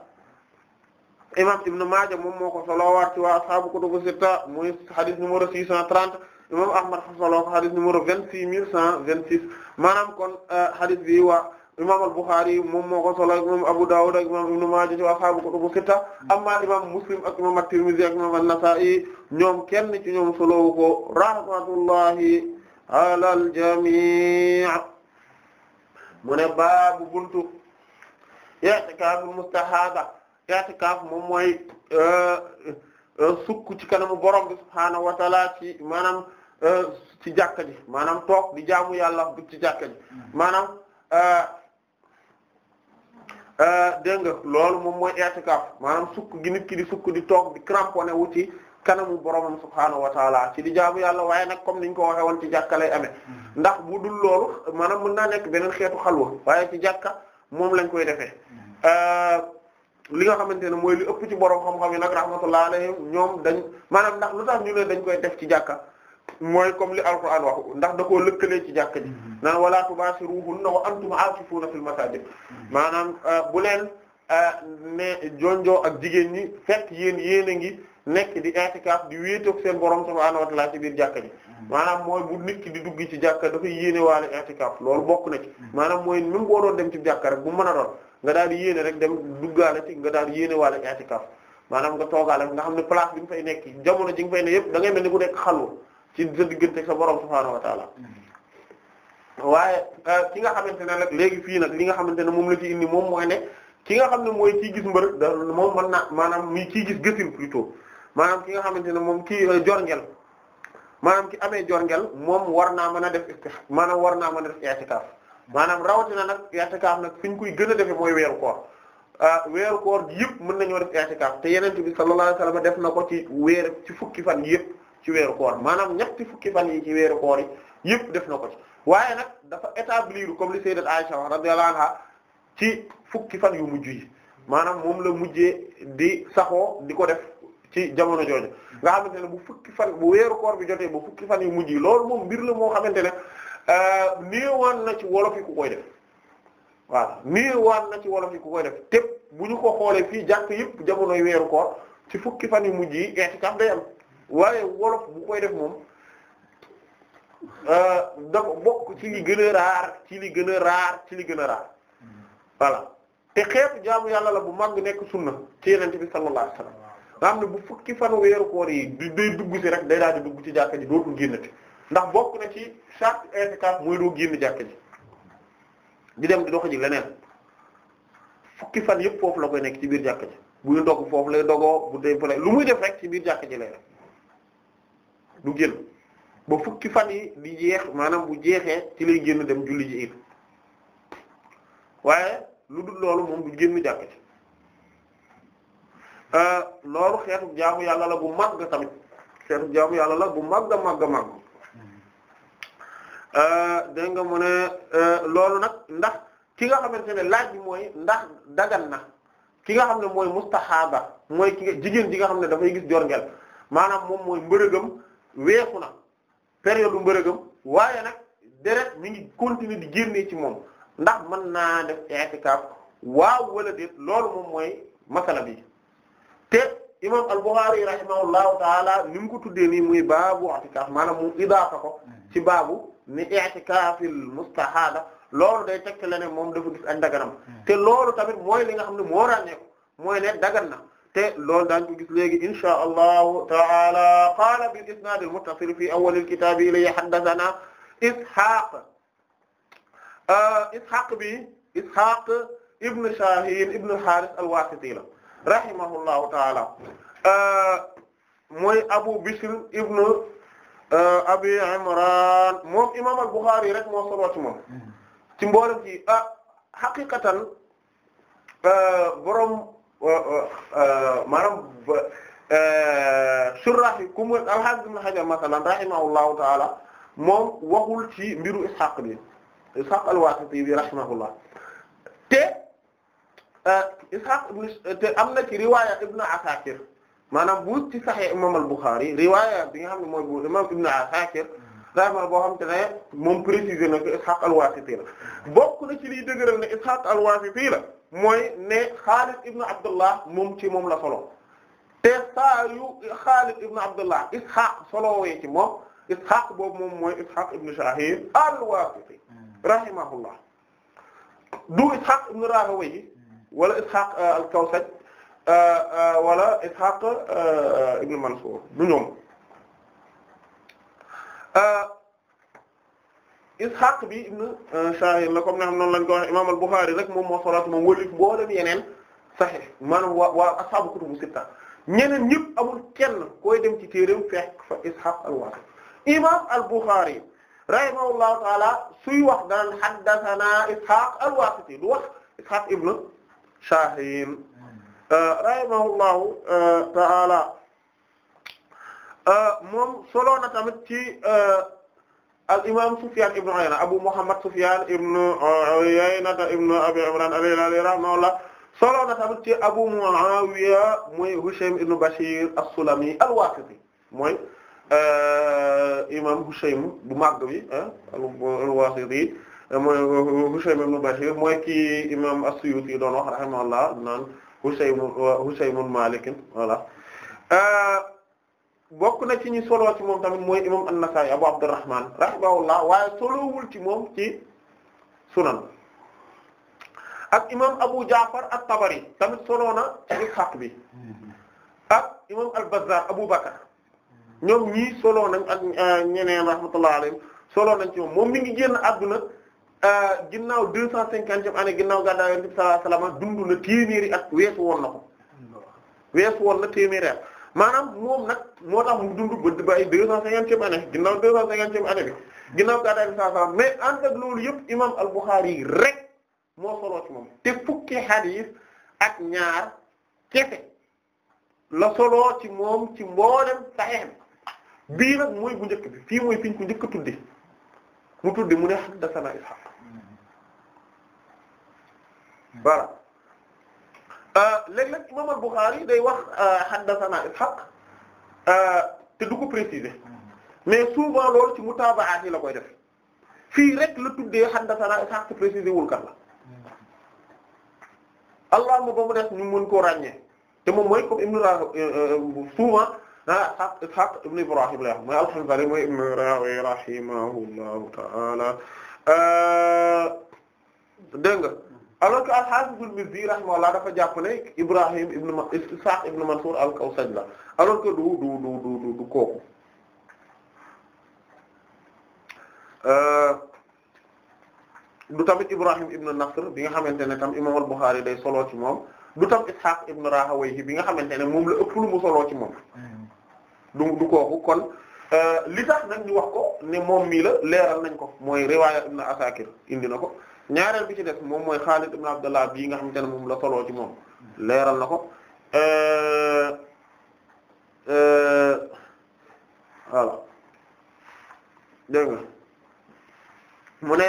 imam Ibn Maaja moom moo ko solowaat ci waa ashaabu kutubu sitta muy xadis numéro 630 imam Ahmad solo ko xadis numéro 26126 maanaam kon euh, xadis bi waa imam al-Bukhari moom moo ko solo ak imam Abu Dawud ak imam Ibn Majah ci ashaabu kutubu sitta amma imam Muslim ak imam at-Tirmidhi ak imam an-Nasa'i ñoom kenn ci ñoom solo ko rahmatullahi ala al-jami' mu ne baabu buntu i'tikaf mustahaba i'tikaf moom mooy euh, euh, sukk ci kanamu borom bi subhaanahu wa ci maanaam euh, ci jàkka ji maanaam toog di jaamu yàlla ci jàkka ji Euh, dégg nga loolu moom mooy i'tikaf maanaam sukk gi nit ki di sukk di toog di cramponné wu ci kanamu boromam subhaanahu wa taala ci di jaamu yàlla waaye nag comme niñ ko waxee woon ci jàkka lay amee hmm. ndax bu dul loolu maanaam mën naa nekk beneen xeetu xalwa waaye ci jàkka moom lañ koy defee hmm. euh, li nga xamante ne mooy li ëpp ci borom xam-xam yi nag rahmatullah alayhim ñoom dañ maanaam ndax lu tax ñu ne dañ koy def ci jàkka mooy comme li alquran wax ndax da koo lëkkalee ci jàkk ji mm-hmm. naan wala tubashiruhunna wa antum aakifuna fil mm-hmm. maanaam euh, bu leen euh, ne jonjoo ak jigéen ñi fekk yéen yéen a ngi nekk di i'tikaf di wéetoog seen borom subhaanahu wa ta'ala ci biir jàkka ji mm-hmm. maanaam mooy bu nit ki di dugg ci jàkka dafay yéene waale i'tikaf loolu bokk na maanaam mooy même boo doon dem ci jàkka rek mën a doon nga daal di yéene rek dem nga daal di yéene waale i'tikaf maanaam nga toogaale nga xam ne place bi nga nekk jamono ji nga ne yëpp da ngay mel ni ku nekk xalwa ci sa diggante sa borom subhaanahu wa waaye euh, ki nga xamante na nag léegi fii nag li nga xamante ne moom la ci indi moom mooy ne ki nga xam ne mooy kii gis mbër da moom mën na maanaam muy kii gis gësin plutôt maanaam ki nga xamante ne moom kii euh, jorngel maanaam ki amee jorngel moom war naa mën a def maanaam war naa mën a def i'tikaaf maanaam rawatina nag i'tikaaf nag fi ñu koy gën a defee mooy weeru koor euh, weeru koor yëpp mën nañoo def i'tikaaf te yeneen bi sallallahu alayhi def na ko ci weer ci fukki fan yëpp ci weeru koor maanaam ñetti fukki fan yi ci weeru koor yi yëpp def na ko ci waaye nag dafa établir comme li sayyidat Aisha radiyallahu anha ci fukki fan yu mujj yi maanaam moom la mujjee di saxoo di ko def ci jamono jooju nga xamante ne bu fukki fan bu weeru koor bi jotee ba fukki fan yu mujj yi loolu moom mbir la moo xamante ne euh, néewaan na ci wolof yi ku koy def waaw néewaan na ci wolof yi ku koy def te bu ñu ko xoolee fii jàkk yëpp jamonoy weeru koor ci fukki fan yu mujj yi i'tikaf day am waaye wolof bu koy def moom euh, dafa bokk ci li gën a raar ci li gën a raar ci li gën a te xeetu jaamu yàlla la bu mag nekk sunna ci yenente bi sallallahu alayhi wasallam nga xam ne bu fukki fan weeru koor yi du day dugg ci rek day daal di dugg ci jàkka ji dootul génnati ndax bokk na ci chaque i'tikaf mooy doo génn jàkka ji di dem di dox ji leneen fukki fan yëpp foofu la koy nekk ci biir jàkka ji buy dog foofu lay dogoo bu dee fa lu muy def rek ci biir jàkka ji lay du génn ba fukki fan yi di jeex maanaam bu jeexee ci lay génn dem julli ji it waaye lu dul loolu moom du génn jàkk ci euh, loolu xeetu jaamu yàlla la bu màgg tamit xeetu jaamu yàlla la bu màgg màgg màgg euh, dégg nga mu ne euh, loolu nag ndax ki nga xamante ne laaj bi mooy ndax dagan na ki nga xam ne mooy mustahaaba mooy ki jigéen ji nga xam ne dafay gis jorngel maanaam moom mooy mbërëgam weexu na période mbërëgam waaye nag deret mi ngi continuer di génnee ci moom ndax mën naa def i'tikaf waaw wala déet loolu moom mooy masala bi te imam al-Bukhari rahimahullahu taala ni mu ko tuddee nii muy baabu i'tikaf maanaam mu idaafa ko ci baabu ni i'tikafil mustahada loolu day tekk la ne moom dafa gis ak daganam hmm. te loolu tamit mooy li nga xam ne moo ràññeeku mooy ne dagan na te loolu daañu ko gis léegi insha allahu taala qaala bil isnaad al muttasil fi awwal al kitaab ilayhi haddathana Ishaq Ishaq bi Ishaq ibn Shahin ibn al-Harith al-Wasiti la rahimahullahu taala mooy Abu Bishr ibn Abi Imran moom imaam al-Bukhari rek moo solo ci moom ci mboolem ci ah haqiqatan ah, borom. maanaam eh, surah yi ku mu al-Hafiz Ibn Hajar masalan rahimahullahu taala moom waxul ci mbiru Ishaq bi Ishaq al-Wasiti bi rahimahullah te eh, Ishaq te am na ci riwaaya Ibn Asakir maanaam bu ci Sahih imam al-Bukhari riwaaya bi nga xam ne mooy bu imam Ibn Asakir rahma boo xam te ne moom préciser na ko Ishaq al-Wasiti la bokk na ci liy dëgëral ne Ishaq al-Wasiti la mooy ne Xaalid ibn Abdullah moom ci moom la solo te saa yu Xaalid ibn Abdullah Ishaq solo wee ci moom Ishaq boobu moom mooy Ishaq ibn Shahir al-Wasiti rahimahullah du Ishaq ibn Rahawayh wala Ishaq euh, al-Kawsaj euh, euh, wala Ishaq ibn Mansur du ñoom. Ishaq bi ibn euh, Shahir la comme ne xam noonu lañ ko wax imam al-Bukhari rek moom moo solaatu moom wëlif mboolem yeneen sahih maanaam waa waa ashaabu kutubu sitta ñeneen ñëpp amul kenn koy dem ci téereem fekk fa Ishaq al-Wasiti imam al-Bukhari rahimahullahu taala suy wax daan haddathana Ishaq al-Wasiti du wax Ishaq ibn Shahir euh, rahimahullahu euh, taala moom solo na tamit ci al imam Sufyan ibn Uyayna Abu Muhammad Sufyan ibn uh, Uyayna ibn Abi Imran al-Hilali rahimahullah solo na tamit ci Abu Muawiya mooy Hushaym ibn Bashir as-Sulami al-Waqidi mooy uh, imam Hushaym bu màgg bi ah, al-Waqidi mooy Hushaym ibn Bashir mooy kii imam as-Suyuti doon wax rahimahullah naan Hushaym uh, Hushaym Malik voilà bokk na ci ñu solo ci moom tamit mooy imam an-Nasa'i Abu Abdurrahman rahimahullah waaye solowul ci moom ci sunan ak imam Abu Ja'far at-Tabari tamit solo na ci Ishaq bi ak imam al-Bazzar Abu Bakr ñoom ñii solo nañ ak euh, ñeneen rahmatullah alayhim solo nañ ci moom moom mi ngi génn àdduna euh, ginnaaw deux cent cinquantième année ginnaaw gàddaay Yonent bi sallallahu alayhi wasallam dund at weesu woon na ko weesu maanaam moom nag moo tax mu dund ba bàyyi deux cent cinquantième année ginnaaw deux cent cinquantième année bi ginnaaw gàddaay bi saa saa mais ànd ak loolu yëpp imam al-Bukhari rek moo solo moom te fukki hadith ak ñaar kese la solo ci moom ci mboolem saxeex bii nag mooy bu njëkk bi fii mooy fiñ ko njëkk a tudde mu tudde mu ne haddathana Ishaq voilà Euh, léeg-léeg imam al-Bukhari day wax euh, a Ishaq euh, te du ko préciser mais souvent loolu ci mutaabaat yi la koy def fii rek la tuddee haddathana Ishaq te préciser wul kan la allahumma ba mu def ñu mën koo ràññee te moom mooy comme ibnu Rahawayh ah, Ibrahim la mooy al-Hanzali mooy ibnu Rahawayh rahimahullahu ta'ala dégg nga alors que al-Hafiz al-Mizzi rahimahullah dafa jàpp ne Ibrahim ibn Ishaq ibn Mansur al-Kawsaj la alors que du du du du du kooku euh, du tamit Ibrahim ibn Nasr bi nga xamante ne tam imam al day solo ci moom du tam Ishaq ibn Rahawayhi bi nga xamante ne moom la ëpp lu mu solo ci moom du du kooku kon euh, li tax nag wax ko ne moom mii leeral nañ ko mooy riwaaya ibn Asakir indi na ko ñaareel bi ci def moom mooy Xaalid ibn Abdullah bii nga xamante ne moom la soloo ci moom leeral na ko euh, euh, voilà dégg nga mu ne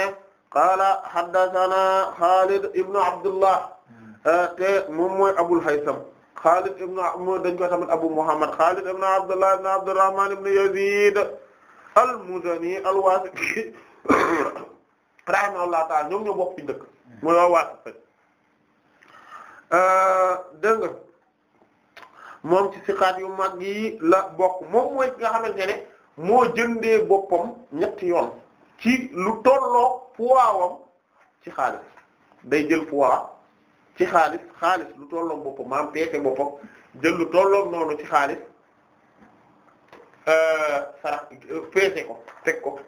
qaala haddathana Abdullah euh, moom mooy Abul Haytham Xaalid ibn Abu Muhammad Xaalid ibn Abdullah ibn Abdurrahman ibn Yazid al-Muzani rahimahullahu taala ñoom ñoo bokk ci dëkk mooy hmm. waa waasaf euh, dégg nga moom ci siqaat yu mag yi la bokk moom mooy nga xamante ne moo jëndee boppam ñetti yoon ci lu tolloo poids ci xaalis day jël poids ci xaalis xaalis lu tolloo boppam maam peese boppam jël lu tolloo noonu ci xaalis euh, sarax euh, peese ko teg ko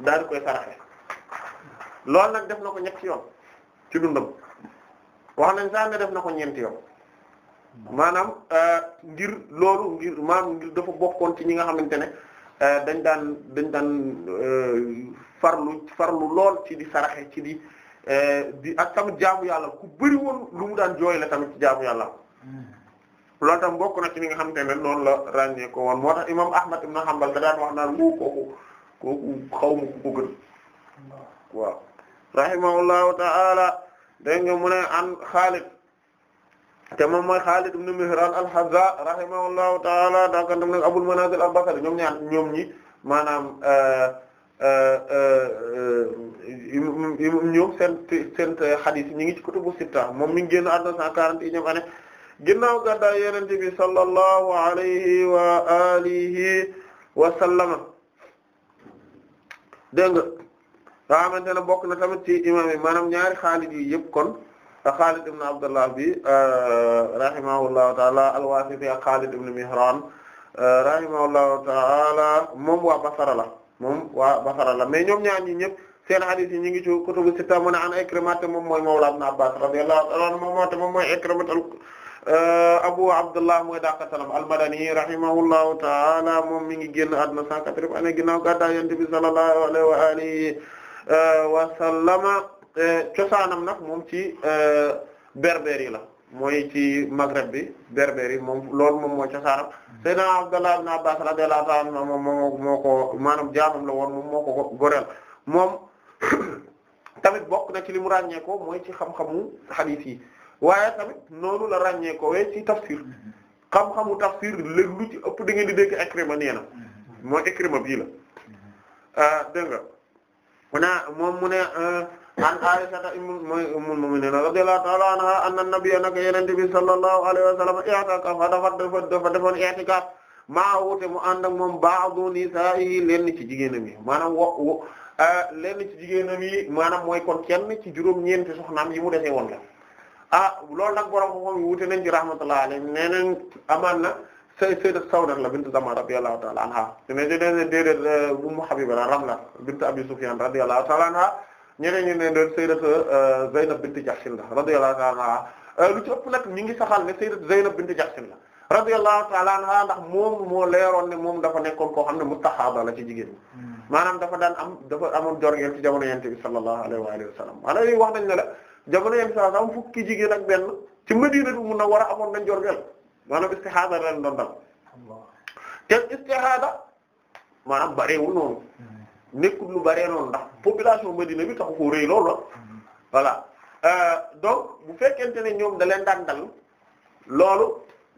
daal koy saraxe loolu nag def na ko ñetti yoon ci dundam wax nañ sax ne def na ko ñeenti yoon maanaam euh, ngir loolu ngir maanaam ngir dafa bokkoon ci ñi nga xamante ne euh, dañ daan dañ daan euh, farlu farlu lool ci di saraxe ci di di ak tamit jaamu yàlla ku bëri woon lu mu daan jooy la tamit ci jaamu yàlla loolu tam bokk na ci li nga xamante ne noonu la ràññee ko woon moo tax imam Ahmad ibn Hanbal da daan wax naan mu kooku kooku xaw ma ku ko gën waaw rahimahullahu ta'ala dégg nga mu ne an Xaalid te moom mooy Xaalid ibn Mihran al-Hazza rahimahullahu ta'ala daa kan tam nag Abul Manazil al-Basri ñoom ñaar ñoom ñi maanaam euh, euh, euh, ñoom seen xadiis ñi ngi ci kutubu sitta moom mi ngi génn àdduna cent quarante et unième année ginnaaw gàddaay Yonent bi sallallahu alayhi wa alihi wa sallama dégg nga nga xamante bokk na tamit ci imam yi maanaam ñaari Xaalid yi yëpp kon Xaalid ibn Abdullah bi euh, rahimahullahu taala al a ak Xaalid ibn Mihran euh, rahimahullahu taala moom waa Basra la moom waa Basra la mais ñoom ñaar ñi ñëpp seen hadith yi ñu ngi ci kutubu sitta mu ne an Ikrima te moom mooy mawla Ibn Abbas radiyallahu ta'ala anhu moom mooy Ikrima Euh, Abu Abdullah mooy daqatalam al rahimahullahu ta'ala moom mi ngi génn àdduna 180 ane ginnaaw gàddaay Yonent euh, euh, cosaanam nag moom ci berber yi la mooy ci Maghreb bi berber yi moom loolu moom mooy cosaanam Seydina Abdullah ibn Abbas radiyallahu ta'ala moom moom moo ko maanaam jaamam la woon moom moo ko moom tamit bokk na ci li mu ràññee ko ci xam-xamu hadith waaye tamit noonu la ràññee ko wee ci tafsir xam-xamu tafsir léegi lu ci ëpp da ngeen di dégg Ikrima nee na mooy bii la ah, dégg moom mu ne ah, an Aisha mooy ummul mu'minin radiyallahu ta'ala anha anna nabiyya nag yonent bi sallallahu alayhi wa sallam i'takafa dafa dafa dafa defoon maa wuute mu ànd ak moom ba'du nisa'ihi lenn ci jigéenam yi maanaam wo wo ah, lenn ci jigéenam yi maanaam mooy kon kenn ci juróom-ñeenti soxnaam yi mu defee woon la ah loolu nag borom moom wute nañ ci rahmatullah alayhim nee nañ amaan na say sayyidat Sawda la bint Zaman radiyallahu ta'ala anha ne deen déedéet euh, Ummu Habiba la Ramla bint Abi Sufyan radiyallahu ta'ala anha ñeneen ñu ne doon sayyidat euh, Zaynab bint Jahsh la radiyallahu ta'ala anha euh, lu ëpp nag ñi ngi saxal ne sayyidat Zaynab bint Jahsh la radiyallahu ta'ala anha ndax moom moo leeroon ne moom dafa nekkoon koo xam ne mustahada la ci jigéen ñi hmm. maanaam dafa daan am dafa amoon jorngeel ci jamono yente bi sallallahu alayhi wa alihi wa sallam wax nañ ne la jamono yenn saa am fukki jigéen ak benn ci mun a war a amoon nañ jorgel maanaam istihaada ren doon dal te istihaada maanaam bareewul noonu nekkul lu baree noonu ndax population Madina bi taxu ko rëy loolu voilà euh, donc bu fekkente ne ñoom da leen daan dal loolu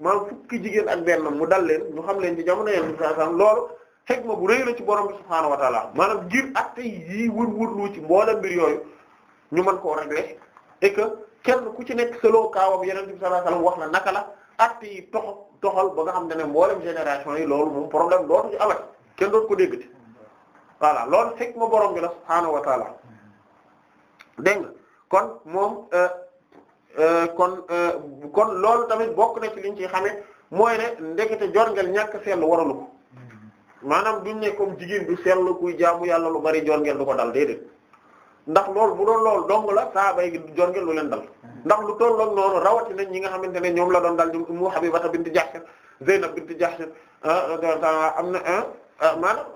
maanaam fukki jigéen ak benn mu dal leen ñu xam leen ci jamono yenn saa am loolu xëj ma bu rëy la ci borom bi subhaanahu wa taala maanaam ngir atte yii wër-wër lu ci mboolem mbir yooyu ñu mën koo régler et que kenn ku ci nekk selon kaawam yeneen bi sa alayhi wasallam wax na naka la acte yi tox ba nga xam ne mboolem génération yi loolu moom problème dootu ci amat kenn doon ko déggati voilà lool fekk ma borom bi la subhaanahu wa taala kon moom euh, euh, kon euh, kon loolu tamit bokk na ci liñ ci xamee mooy ne ndekete jorngel ñàkk seetlu waralu ko mm-hmm. maanaam duñ ne comme jigéen du seetlu kuy jaamu yàlla lu bari jorngel du ko dal déedéet. ndax loolu bu doon loolu dong la saaba yi jorge lu leen dal hmm. ndax lu toll ak noonu rawatina nañ ñi nga xamante ne ñoom la doon dal Ummu Habibata bint Jahsh Zaynab bint Jahsh ah, am na ah, ah, maanaam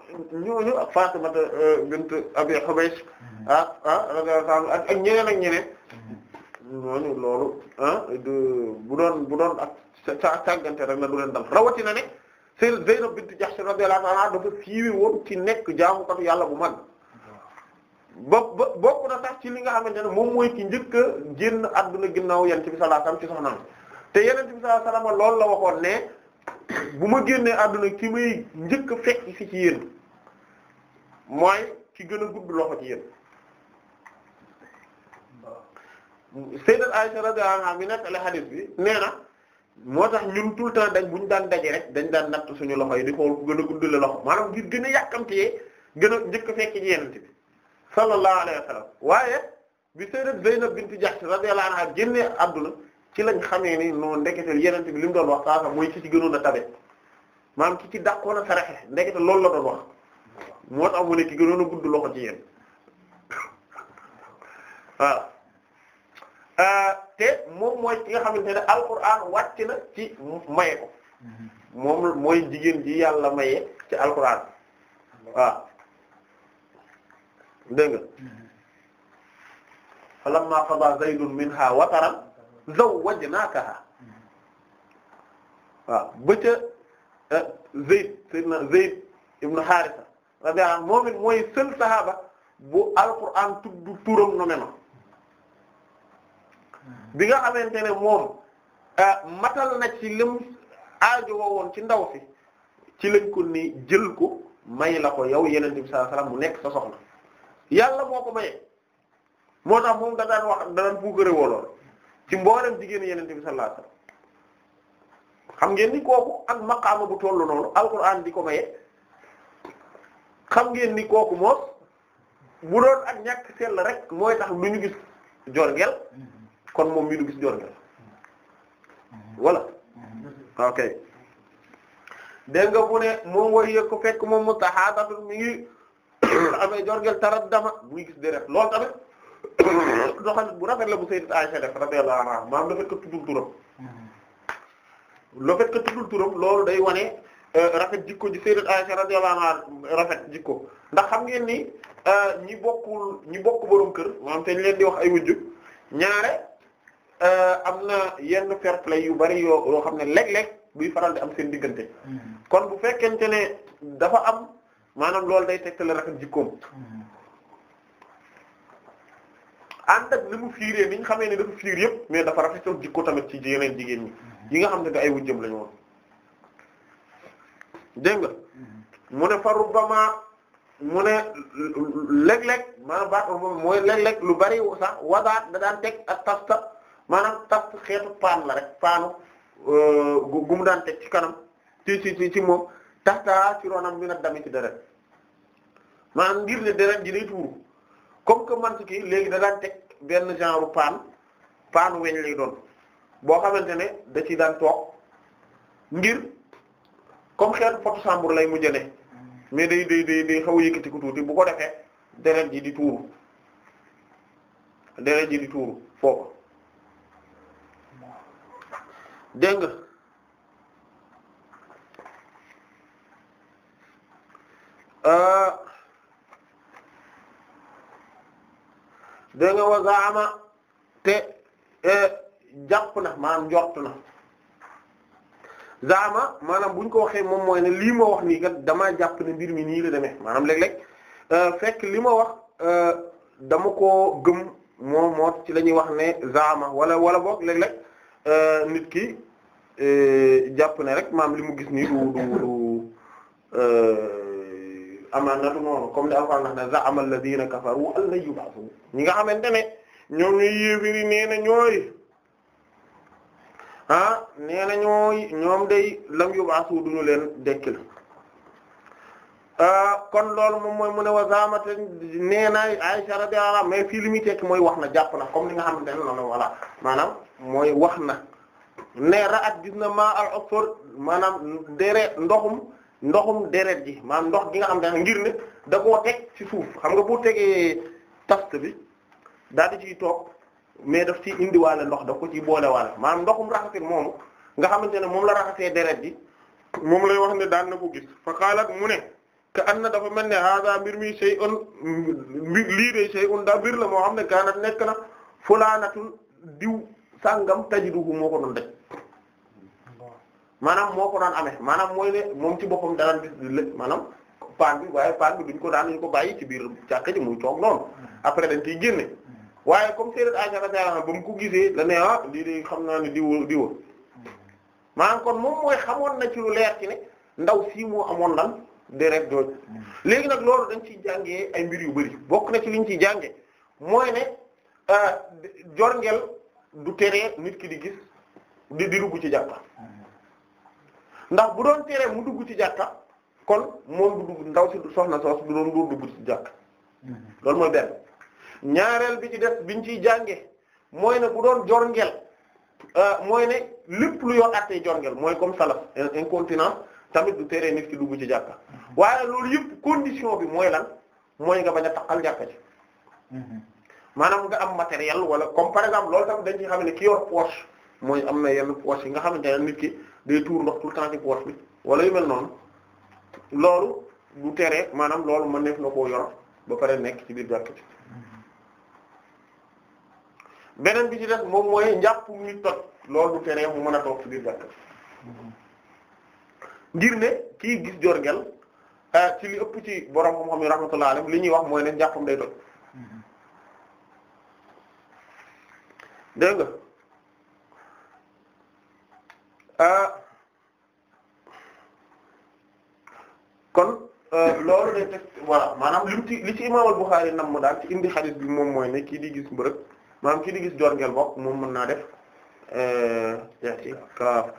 ñooñu ak Fatimata eh, bint Abi Hubaysh hmm. ah ah ak ak ñeneen ak ñeneen hmm. ñooñu loolu ah bu doon bu doon ak càggante rek la lu leen dal rawati na ne Zaynab bint Jahsh radiyallahu anha dafa siiwi woon ci nekk jaamu jaamukatu yàlla bu mag ba ba bokk na tax ci li nga xamante ne moom mooy ki njëkk a génn adduna ginnaaw yonent bi sallallahu alayhi wasallam ci soxnaam te yonent bi sallallahu alayhi wasallam loolu la waxoon ne bu ma génnee adduna ki may njëkk a fekk fi ci yéen mooy ki gën a gudd loxo ci yéen. Sayyidat Aisha radiyallahu anha mi nettali hadith bi nee na moo tax ñun tout le temps dañ ñu daan daje dañ daan natt suñu loxo yi di xool gën a gudd la loxo maanaam ngir gën a yàkkamtee gën a njëkk a fekk ci bi. sallallahu alayhi wa sallam waaye bi sayyidat Zaynab bint Jahsh radiyallahu anha génnee àdduna ci lañ xamee ni noo ndeketal yeneen bi li mu doon wax saa mooy ki ci gënoon a tabe maanaam ki ci dàqoon a saraxe ndekete loolu la doon wax moo tax mu ne ki gënoon a gudd loxo ci yéen waaw euh, te moom mooy ki nga xamante ne alquran wàcc na ci maye ko mhm. moom mooy jigéen ji yàlla maye ci alquran waaw. dégg nga falamma qada zaydun minha wataran zawwajnakaha waaw ba ca eh, Zayd sayyidina ibn Haarisa radiyallahu moom it mooy sën sahaaba bu alquran tudd turam no meno bi nga xamante ne moom eh, matal na ci lim aajo woon ci ndaw si ci lañ ko ni jël ko may la ko yow yeneen bi sallallahu alayhi mu nekk sa soxna yàlla moo ko maye moo tax moom da daan wax da daan puukare wolool ci mboolem jigéen yeneen bi sallallahu alayhi xam ngeen ni kooku ak maqaama bu tollu noonu alquran di ko maye xam ngeen ni kooku moos bu doon ak ñàkk sell rek mooy tax lu ñu gis jorngel kon moom mi du gis jorngel voilà ok dégg nga ne moom war yëg fekk moom mustahaadatun mi ngi amee jorgel tarat dama muy gis deret loolu tamit doxal bu rafet la bu sayyidat Aisha def radiyallahu maam le fait que tuddul turam le fait que loolu day wane euh, rafet jikko ji sayyidat Aisha radiyallahu anha rafet jikko ndax xam ngeen ni euh, ñi bokkul ñi bokk borom kër maanaam te leen di wax ay wujju ñaare euh, am na yenn fair play yu bari yoo yoo xam ne léeg-léeg buy faral di am seen diggante hmm. kon bu fekkente ne dafa am maanaam loolu day tegtale rafet jikkoom ànd ak mu fiiree ni xamee ne dafa fiir yëpp mais dafa rafetal jikko tamit ci yeneen jigéen ñi yi nga xam ne da ay wujjëm la ñu nga mu ne fa rubbama mu ne léeg-léeg maanaam baat mooy lu bari sax wasaat da daan teg ak tasta maanaam tast xeetu paan la rek paanu euh, gu daan teg ci kanam ci ci ci moom taxtaa ci ronam mi nag ci deret maanaam ngir ne deret ji day tuuru comme que ki léegi da daan teg benn genre paan paanu weñ lay doon boo xamante ne da ci daan toog ngir comme xeetu pot chambre lay mujjë ne mais day day day day xaw a ko tuuti bu ko defee deret ji di tuuru deret ji di tuuru foofu dégg Ah. dégg nga wa zaama te e, jàpp na maanaam njort na zaama maanaam buñ ko waxee moom mooy ne lii ma wax nii dama damaa jàpp ne mbir mi nii la demee maanaam léeg-léeg eh, fekk li ma wax eh, dama koo gëm moo moo ci la ñuy wax ne zaama wala wala boog léeg eh, nit ki jàpp ne rek maam li mu gis nii du du du amaan natu noonu comme ni alxuraan wax na za'ama alladhina kafaru an lan yub'athu ñi nga xamante ne ñoom ñuy na ñooy ah nee ñoom day lam yub'athu duñu leen dekkil ah, kon loolu moom mooy mu ne wa zamata nee na Aisha radiyallahu anha li muy tekki mooy wax na jàpp na comme ni nga xamante ne noonu voilà maanaam mooy wax na ne ra'at gis na ma al-usfur maanaam dere ndoxum ndoxum deret ji maanaam ndox gi nga xam ne ngir ne da koo teg ci suuf xam nga bu tegee tast bi daal di ciy toog mais daf ciy indiwaale ndox daf ko ciy boolewaale maanaam ndoxum raxasit moomu nga xamante ne moom la raxasee deret ji moom lay wax ne daan na ko gis fa xaalaat mu ne ka an na dafa mel ne hada mbir mi shay'un mbir lii de shay'un daa mbir la moo xam ne ka kaanat nekk na fulaanatul diw sàngam tajiduhu moo ko doon de maanaam moo ko daan amee maanaam mooy ne moom ci boppam daan gis lépp maanaam paan bi waaye paan bi duñ ko daan duñ ko bàyyi ci biir càkk ji muy toog noonu après dañ ciy génne waaye comme Sayyidat Aisha radiyallahu anha mu ko gisee da ne ah lii de xam naa ne diwa diwa kon moom xamoon na ci lu leer ci ne ndaw sii moo amoon lan deret jooju léegi nag loolu dañ ciy jàngee ay yu bari bokk na ci liñ ciy jànge mooy ne euh, jorngel du teree nit ki di gis di dugg ci jàkka ndax bu doon tere mu dugg ci jàkka kon moom du dugg ndaw si soxna soos du doon dóor dugg ci jàkka loolu mooy benn ñaareel bi ci def biñ ciy jàngee mooy ne bu doon jorngeel euh, mooy ne lipp lu yor attee jorngeel mooy comme salaf incontinence tamit du teree nit ki dugg ci jàkka waaye loolu yëpp condition bi mooy lan mooy nga bañ a taqal jàkka ci maanaam nga am matériel wala comme par exemple loolu tamit dañ ci xam ne ki yor poche mooy am na yenn poche yi nga xamante ne nit ki day tuur ndox tout le temps ci poche bi wala yu mel noonu loolu du tere maanaam loolu mën neef na koo yor ba pare nekk ci biir jàkk ci beneen bi ci def moom mooy njàpp mi toj loolu du tere mu mën a toog ci biir jàkk ngir ne kii gis jorngel eh, ci li ëpp ci borom xam-xam yi rahmatullah alayhi li ñuy wax mooy ne njàppam day toj mm-hmm. dégg nga Ah. kon euh, loolu day teg voilà maanaam li ci li ci imaam al-Bukhari nam mu daal ci indi xadis bi moom mooy ne kii di gis mbërëg maanaam kii di gis jorngeel bokk moom mën naa def i'tikaaf euh,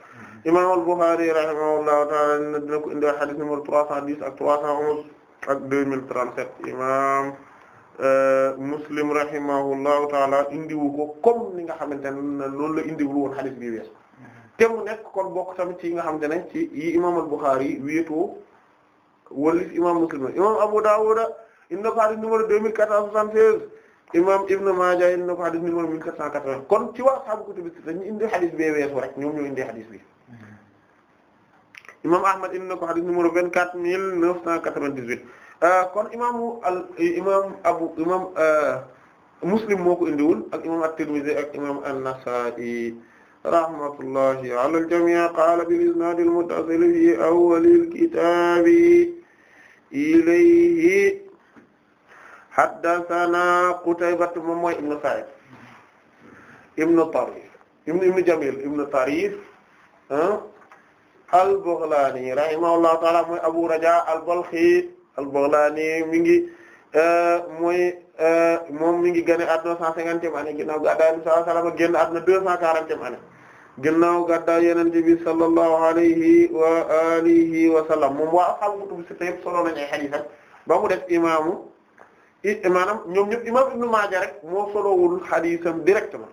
imaam al-Bukhari rahimahullahu ta'ala dina ko indi xadis numéro 310 ak 311 ak 2037 imaam euh, Muslim rahimahullahu ta'ala indiwu ko comme ni nga xamante ne loolu la indiwul woon xadis bi wees te nekk kon bokk tamit ci yi nga xamante ne ci yi imam al-Bukhari yi wéetoo walis imam Muslim imam Abu Dawud inna ko hadith numéro deux mille quatre cent soixante-seize imam Ibn Maaja inna ko hadith numéro mille quatre vingt ñoo indi hadith bi imam Ahmad inna ko hadith numéro vingt-quatre vingt dix huit kon imaamu al imam Abu imam euh, Muslim moo ko indiwul ak imam at-Tirmidhi ak imam an-Nasa'i rahmatullahi ala al-jamii' qaala bil-isnaad al-muttasil fii awwali al-kitaabi ilayhi haddasanaa Qutaybatu moom mooy ibnu Sa'iid ibnu Tariif ibnu Jamiil ibnu Tariif ah, al-Baghlaani rahimahullahu ta'aala mooy Abu Rajaa al-Balkhi al-Baghlaani mi ngi eh, mooy eh, moom mi ngi génn àdduna 150e année ginnaaw gàddaay Yonent bi sallallahu alayhi wa sallam génn àdduna 240e année ginnaaw gàddaay yeneen bi sallallahu alayhi wa alihi wa sallam moom waa ashaabu kutubu sitta yëpp solo nañu ay hadiis ba mu def imaamu maanaam ñoom ñëpp imaam Ibnu Maaja rek moo solowul hadiisam directement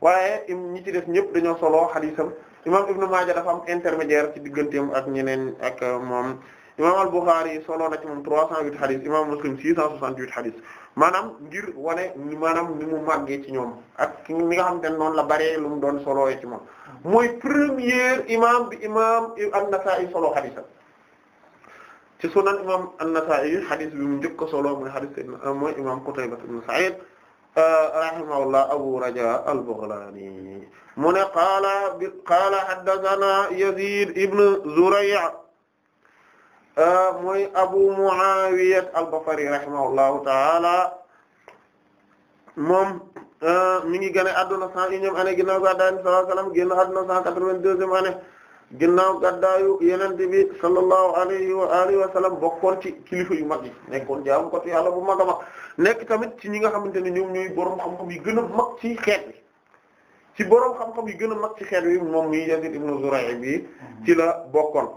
waaye ñi ci def ñëpp dañoo solo hadiisam imaam Ibnu Maaja dafa am intermédiaire ci digganteem ak ñeneen ak moom imaam al-Bukhari solo na ci moom 308 hadiis imaam Muslim 668 hadiis. maanaam ngir wane maanaam ni mu màggee ci ñoom ak ni nga xamante ne noonu la bare lu mu doon solooye ci moom mooy premier imam bi imam an-Nasa'i solo xadisa ci sunan imam an-Nasa'i xadis bi mu njëkk solo mooy xadis mooy imam Qutayba ibn Sa'id rahimahullah Abu Raja al-Baghlani mu qaala qaala haddathana ibn Zuray' Euh, mooy Abu Muawiya al-Basri rahimahullahu ta'ala moom euh, mi ngi gane adduna cent unième année ginnaaw gàddaayu sallallahu alayhi wasallam génn adduna cent quatre-vingt-deuxième année ginnaaw gàddaayu Yonent bi sallallahu alayhi wa alihi wa sallam bokkoon ci kilifa yu mag yi nekkoon jaamu ko ci Yàlla bu mag a mag nekk tamit ci ñi nga xamante ne ñoom ñooy boroom xam-xam yi gën a mag ci xeet bi ci boroom xam-xam yi gën mag ci xeet bi moom mi Yazid ibn Zuray' bi ci la bokkoon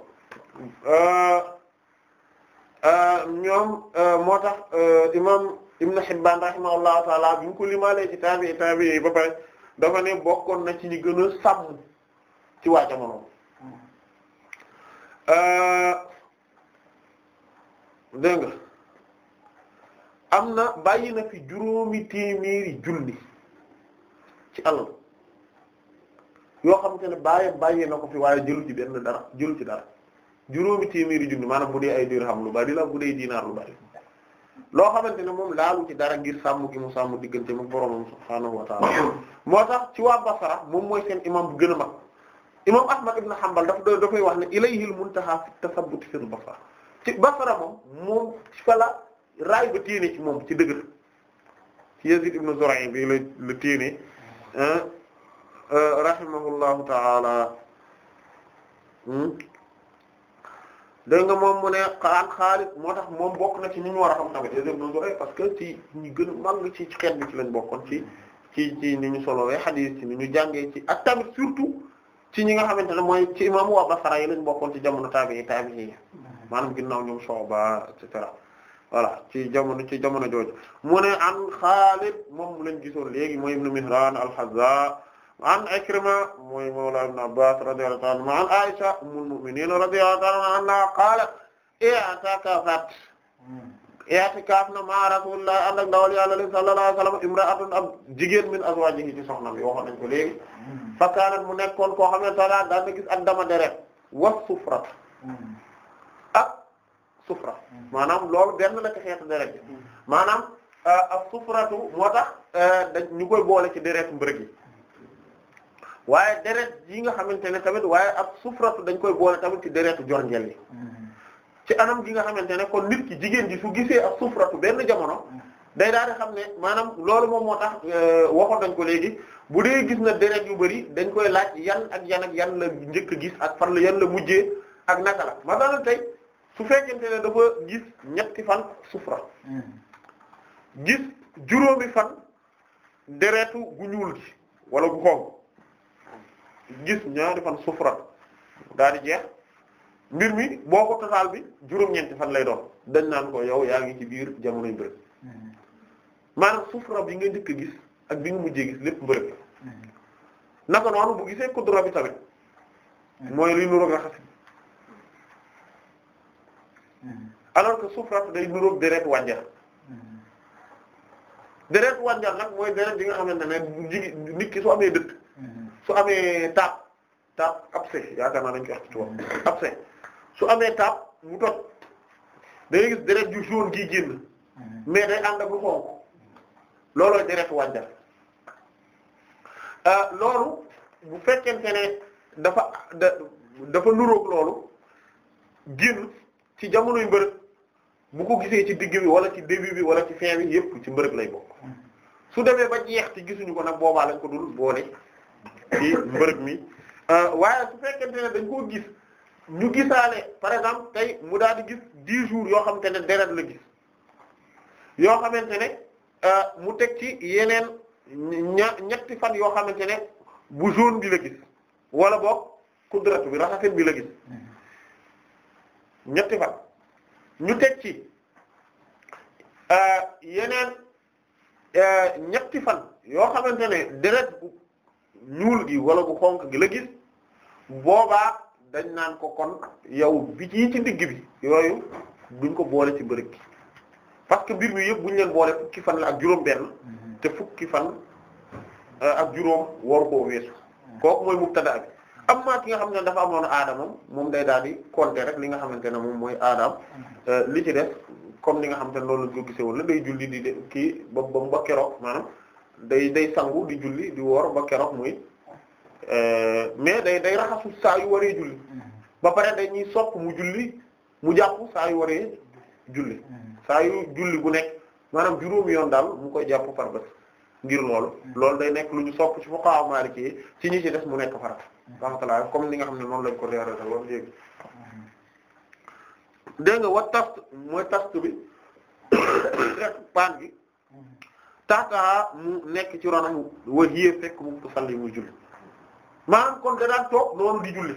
euh, Euh, ñoom euh, moo tax euh, imam Ibn Hibban rahimahullahu taala bi ñu ko limaalee ci taabi taabi ba pare dafa ne bokkoon na ci ñi gën a sàmm ci waa jamono dégg nga am na bàyyi na fi juróomi téeméeri julli ci alal yoo xamante ne bàyyi bàyyi na ko fi waaye jëlu ci benn dara jëlu ci daal juróomi téeméeri junni maanaam bu dee ay dirham lu bari la bu dinaar lu bari loo xamante ne moom laalu ci dara ngir sàmm ki mu sàmm diggante mu boromam subhaanahu wa taala moo tax ci waa Basra moom mooy seen imam bu a mag imam Ahmad ibn Hanbal daf dafay wax ne ilayhil muntaha fi tasabbut fil Basra ci moom moom fa raay ba téene ci moom ci dëgg ci Yazid ibn Zur'a bi la la téene euh, rahimahullahu taala hmm? dégg nga moom mu ne xaan Xaalid moo tax moom bokk na ci ñu ñu war a xam tamit parce que ci ñu gën a mag ci xeet bi ci lañ bokkoon ci ci ci ni ñu solowee hadith ci ni ñu jàngee ci ak tamit surtout ci ñi nga xamante ne mooy ci imam waa Basra yi lañ bokkoon ci jamono tabi'i tabi'i yi maanaam ginnaaw ñoom Shu'ba et cetera voilà ci jamono ci jamono jooju mu an Xaalid moom lañ gisoon léegi mooy ibn Mihraan al an Ikrima mooy mawla ibn Abbas radiyallahu ta'ala anhu an Aisha ummul mu'minin radiyallahu ta'ala anha qaala i'takafat i'tikaf na ma rasulullah ànd ak ndawal yàlla li sallallahu alayhi wa sallam imra'atun ab jigéen min azwajihi ci soxnam yi waxoon nañ ko hmm. fa kaanat mu nekkoon koo xam ne tala daan ak dama deret wa sufrat ak sufra hmm. ah, hmm. maanaam loolu benn la ci xeetu deret bi maanaam ak ah, sufratu moo tax ah, dañ ñu koy boole ci deret mbërëg waaye deret yi nga xamante ne tamit waaye ab sufratu dañ koy boole tamit ci deretu jorngel yi ci anam gi nga xamante ne kon nit ki jigéen gi su gisee ab sufratu benn jamono day daal xam ne maanaam loolu moom moo tax euh, waxoon nañ ko léegi bu dee gis na deret yu bari dañ koy laaj yan ak yan ak yan la njëkk gis ak fan la yan la mujjee ak naka la ma maanaam tey su fekkente ne dafa gis ñetti fan sufra gis juróomi fan deretu gu ñuul gi wala gu gis ñaari fan sufra daal di jeex mbir mi boo ko total bi juróom-ñeenti fan lay doon dañ naan ko yow yaa ngi ci biir jamonoy mbërëg mm-hmm. maanaam sufra bi nga njëkk a gis ak bi nga mujjee gis lépp mbërëg mm-hmm. naka noonu bu gisee kudra bi tamit mm-hmm. mooy li nuroog raxas alors que sufrat day nuroog deret wànjar deret wànjar nag mooy deret bi nga xamante ne jigi nit ki soo amee dëkk su amee taab taab abcès yaakaar naa dañ koy wax ci tubaab abcès su amee taab mu toj da ngay gis deret ju jaune gi génn mais day ànd ak lu xonq loolooy deret wànjar euh, loolu bu fekkente ne dafa da dafa nuróog loolu génn ci jamonoy mbërëg bu ko gisee ci digg bi wala ci début bi wala ci fin bi yépp ci mbërëg lay bokk mm. su demee ba jeex ci gisuñu ko nag boobaa lañ ko dul boole ci mbërëg mi euh, waaye su fekkente ne dañ koo gis ñu gisaale par exemple tey mu daal di gis dix jours yoo xamante ne deret la gis yoo xamante ne euh, mu teg ci yeneen ñetti fan yoo xamante ne bu jaune bi wala boog kudratu bi raxasin bi la ñetti fan ñu teg ci euh, yeneen ñetti fan yoo xamante ne deret ñuul gi wala bu xonk gi la gis boobaa dañ naan ko kon yow bi ci ci digg bi yooyu duñ ko boole ci bërëb gi parce que mbir mi yëpp buñ leen boole fukki fan la ak juróom benn mhm. fan euh, ak juróom waru koo weesu kooku mooy mubtada bi am maa ki nga xam ne dafa amoon aadamam moom day daal di compter rek li nga xamante ne moom mooy aadam mhm. euh, li ci def comme li nga xam te loolu lañ ko gisee woon la day julli di de ki ba ba ba keroog day day sangu di julli di woor ba keroog muy euh, mais day day raxasu saa yu waree julli mm-hmm. ba pare dañuy sopp mu julli mu jàpp saa yu waree julli mm-hmm. saa yu julli bu nekk maanaam juróom yoon daal mu koy jàpp par ngir loolu mm-hmm. loolu day nekk lu ñu sopp ci fuqaha maliki ci ñi ci des mu nekk farata rahmatullah comme li nga xam ne noonu lañ ko leeral woon léegi dégg nga wa tast mooy tast bi rek paan bi taxtaa mu nekk ci ronam wa hiya fekk mu tusalli muy julli maanaam kon daa daan toog noonu di julli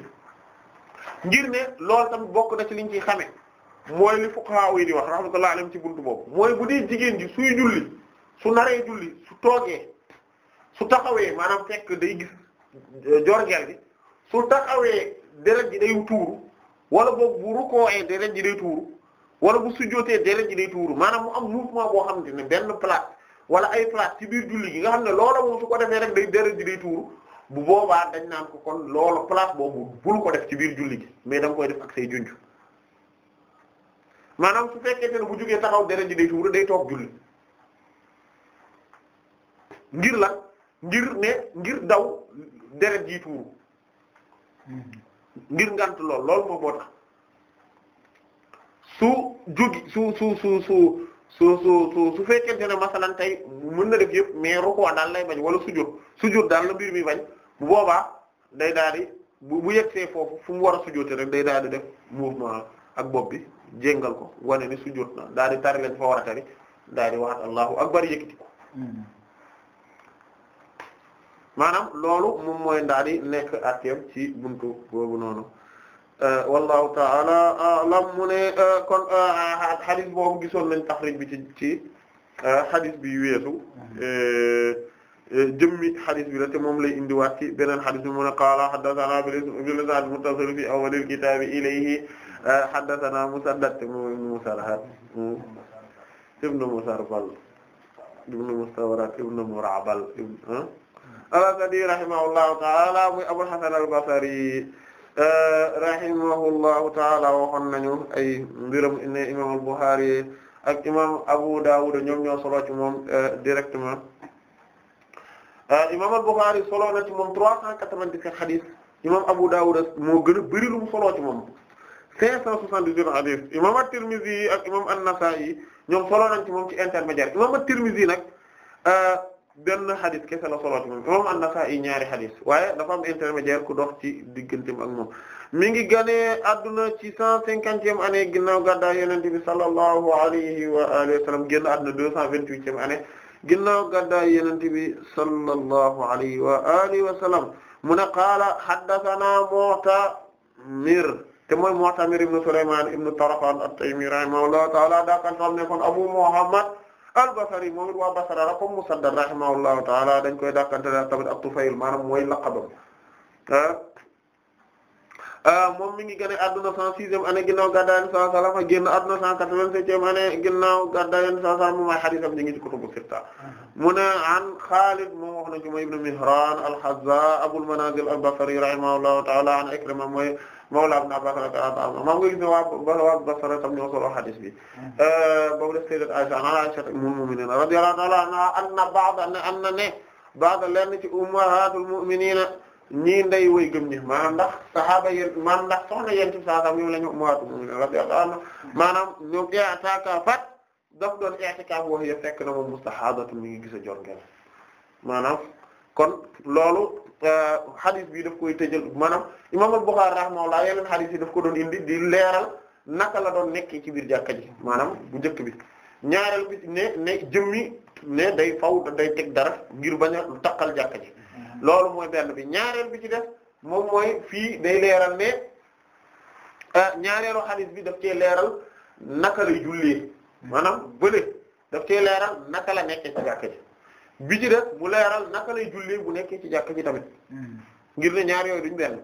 ngir ne lool tamit bokk na ci liñ ciy xame mooy li fuqaha yi di wax rahmatullahi alayhim ci buntu boobu mooy bu dee jigéen ji suy julli su naree julli su toogee su taxawee maanaam fekk day gis euh, jorgeel bi su taxawee deret ji day tuuru wala boobu bu rukkooee deret ji day tuuru wala bu sujjootee deret ji day tuuru maanaam mu am mouvement boo xamante ne benn place wala ay place ci biir julli gi nga xam ne loola moom su ko defee rek day deret ji day tuuru bu boobaa dañ naan ko kon loola place boobu bul def ci biir julli gi mais danga koy def ak say junj maanaam su fekkee ne bu jógee taxaw deret ji day tuuru day toog julli ngir la ngir ne ngir daw deret ji tuuru ngir ngant lool lool moo tax su jógi su su su su su su su su fekkente ne masalan tey mun na def yëpp mais rukkoo daal lay bañ wala sujud sujud daal la mbir mi bañ bu boobaa day daal bu bu yegsee foofu fu mu war a sujoote rek day daal di def mouvement ak bopp bi jéngal ko wane ni sujud na daal di tari leen fa war a tari daal di waxat allahu ak yëkkati ko hmm. maanaam loolu moom mooy daal di nekk atteem ci buntu boobu noonu Euh, wallahu ta'ala a'lam mu ne euh, kon euh, hadith boobu gisoon nañ taxrij bi ci ci hadith bi weesu jëmmi hadith bi la te moom lay indiwaat ci beneen hadith bi mu ne qaala haddathana bil-isnaad al-muttasil fi awwal al-kitaab ilayhi haddathana Musaddad ibn Musarhad hmm. ibn Musarbal ibn Mustawrad ibn Murabal ibn al-Asadi rahimahullahu ta'ala muy Abul Hasan al-Basri Euh, rahimahullahu taala waxoon nañu ay mbiram ne imam al-Bukhari ak imam Abu Dawud ñoom ñoo solo ci moom euh, directement euh, imam al-Bukhari solo na ci moom trois cent quatre-vingt-sept hadith imam Abu Dawud moo gën a bëri lu mu solo ci moom cinq cent soixante ak imam an-Nasa'i ñoom solo nañ ci moom ci intermédiaire imam at-Tirmidhi nag benn xadis kese la solo ci moom imam An-Nasa'i ñaari xadis waaye dafa am intermédiaire ku dox ci digganteem ak moom mi ngi ganee adduna ci cent cinquantième année ginnaaw gàddaay yonent bi sallallahu alayhi wa alihi wa sallam génn adduna deux cent vingt-huitième année ginnaaw gàddaay yonent bi sallallahu alayhi wa wa sallam mu ne te mooy Mu'tamir ibn Sulayman kon Abu Muhammad al-Basri moom it waa Basra la comme Musaddad rahimahullahu ta'ala dañ koy dàkkanteel tamit ak Tufayl maanaam mooy laqabam ah. Ah, moom mi ngi génne adduna 106eem année ginnaaw gàddaa salaam moom ay hadiisam ñu ngi ci kutubu sitta ah. mu an Xaalid moom wax na ci mooy ibn Mihraan al-Hazza Abul Manaazil al ta'ala an Ikrima mooy. mawla ibn Abbas radiyallahu anhu maa ngi gis ne waa waa Basra tam ñoo solo hadith bi mm-hmm. euh, boobu la sayyidat Aisha ana Aisha ummul mu'minin radiyallahu ta'ala anha anna ba'da ne am na ne ba'da lenn ci ummahatul mu'minina ñii nday woy gëm ñi maanaam ndax sahaaba yén maanaam ndax soxna yenti saa sam ñoom la ñu ummahatul mu'minin radiyallahu anha mm-hmm. maanaam ñoom i'taka fat daf doon i'tikaf wax yëpp fekk na moom mustahadatun mi ngi gis a jor ngel maanaam kon loolu xadis euh, bi daf koy tëjal maanaam imaam al-Bukhari rahimahullah daf ko doon indi di leeral naka la doon nekkee ci biir jàkka maanaam bu njëkk bi ñaareel bi ne ne day faw day teg dara ngir bañ a taqal jàkka ji mhm. loolu mooy benn bi ñaareel bi ci def moom mooy fii day leeral ne euh, ñaareelu xadis bi daf cee leeral naka lay jullee mhm. maanaam bële daf cee leeral naka la nekkee ci jàkka ji bi ci des mu leeral naka lay jullee bu nekkee ci jàkk ci tamit hmm. ngir ne ñaar yooyu duñ benn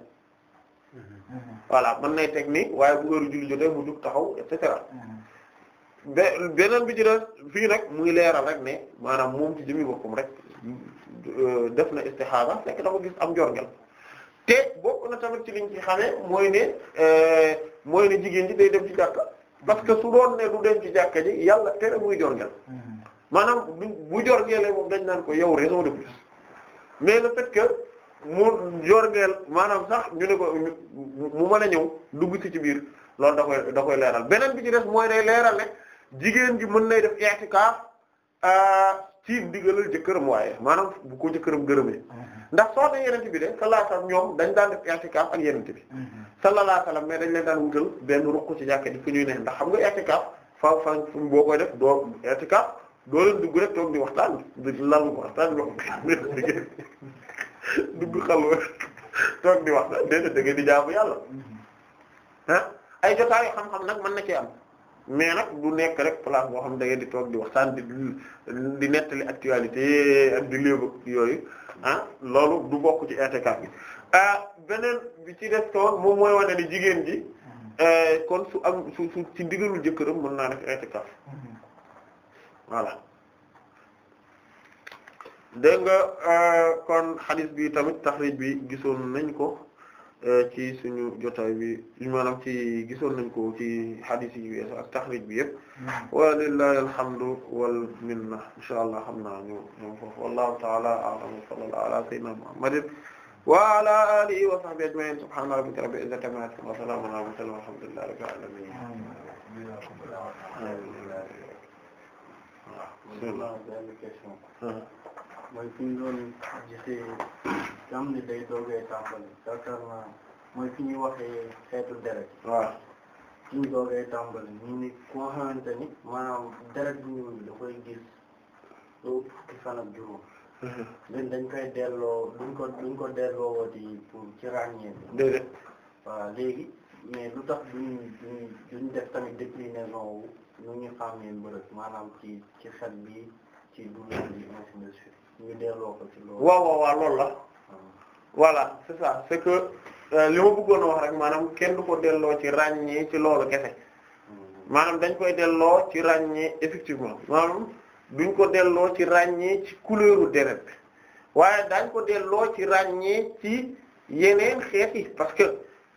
hmm. voilà mën nay teg ni waaye bu heure julli jotee mu dug taxaw et cetera hmm. beneen bi ci des fii nag muy leeral rek ne maanaam moom ci jëmi boppam rek euh, def na istixaara fekk dafa gis am jorgel te bokk na tamit ci liñ ci xamee mooy ne euh, mooy ne jigéen ji day dem ci jàkka parce que su doon ne du dem ci jàkka ji yàlla tere muy jorgel maanaam bu jorngeele moom dañ naan ko yow raison de plus mais le fait que mu jorngeel maanaam sax ñu ne ko mu mën a ñëw dugg ci ci biir loolu da koy da koy leeral beneen bi ci des mooy day leeral ne jigéen ji mën nay def i'tikaf euh, ci ndigalal jëkkëram waaye maanaam bu ko jëkkëram gërëmee mm-hmm. ndax soo na yenente bi de sallallahu ñoom dañ daan def i'tikaf ak yenente bi mm-hmm. sallallahu alayhi wasallam mais dañ leen daan wutal benn ruq ci jàkka ji fu ñuy ne ndax xam nga i'tikaf fa fa boo koy doo i'tikaf doo leen dugg rek toog di waxtaan di lal waxtaan di wax dugg xalwa toog di waxtaan déedéet yàlla mm-hmm. ah ay jotaayu xam-xam nag man na cee am mais nag du nekk rek place boo xam da ngeen di toog di waxtaan di di nettali actualité di léebag yooyu ah loolu du bokk ci i'tikaf bi ah beneen bi ci des tool moom mooy wane ni jigéen ji mm-hmm. eh, kon su am su su ci ndigalul jëkkëram mën naa def i'tikaf mm-hmm. voilà dégg nga euh, kon hadith bi tamit taxrij bi gisoon nañ ko euh, ci suñu jotaay bi maanaam ci gisoon nañ ko ci hadith taxrij bi yëpp hmm. walillahi alhamdu wal minna insha allah xam naa ñu ñoom foofu wallahu ta'ala a'lam wa sallallahu ala sayyidina muhammadin wa ala alihi wa sahbihi ajma'in subhana rabbika rabbil izzati amma yasifun wa salamun ala waaw benn question mooy fi ñu doon gisee ni day doogee tàmbali yaakaar naa mooy fi ñuy waxee xeetu deret waaw fi ñu doogee tàmbali ni koo xamante ni maanaam deret bu ñuul da koy gis lu fukki fan ak juróom léegi dañ koy delloo duñ ko duñ ko delloo wooti pour ci ni bi déedéet waaw léegi mais lu tax du duñ duñ def tamit déclinaison wu ñu ngi xàmmee mbërëg maanaam ci ci xel bi ci dundal bi delloo ko ci loolu. waaw waaw waaw loolu la. Ah. voilà c'est ça c'est que euh, li ma bëggoon a wax rek maanaam kenn du ko delloo ci ràññee ci loolu kese mm-hmm. maanaam dañ koy delloo ci ràññee effectivement maanaam duñ ko delloo ci ràññee ci couleuru deret waaye daañ ko delloo ci ràññee ci yeneen xeet yi parce que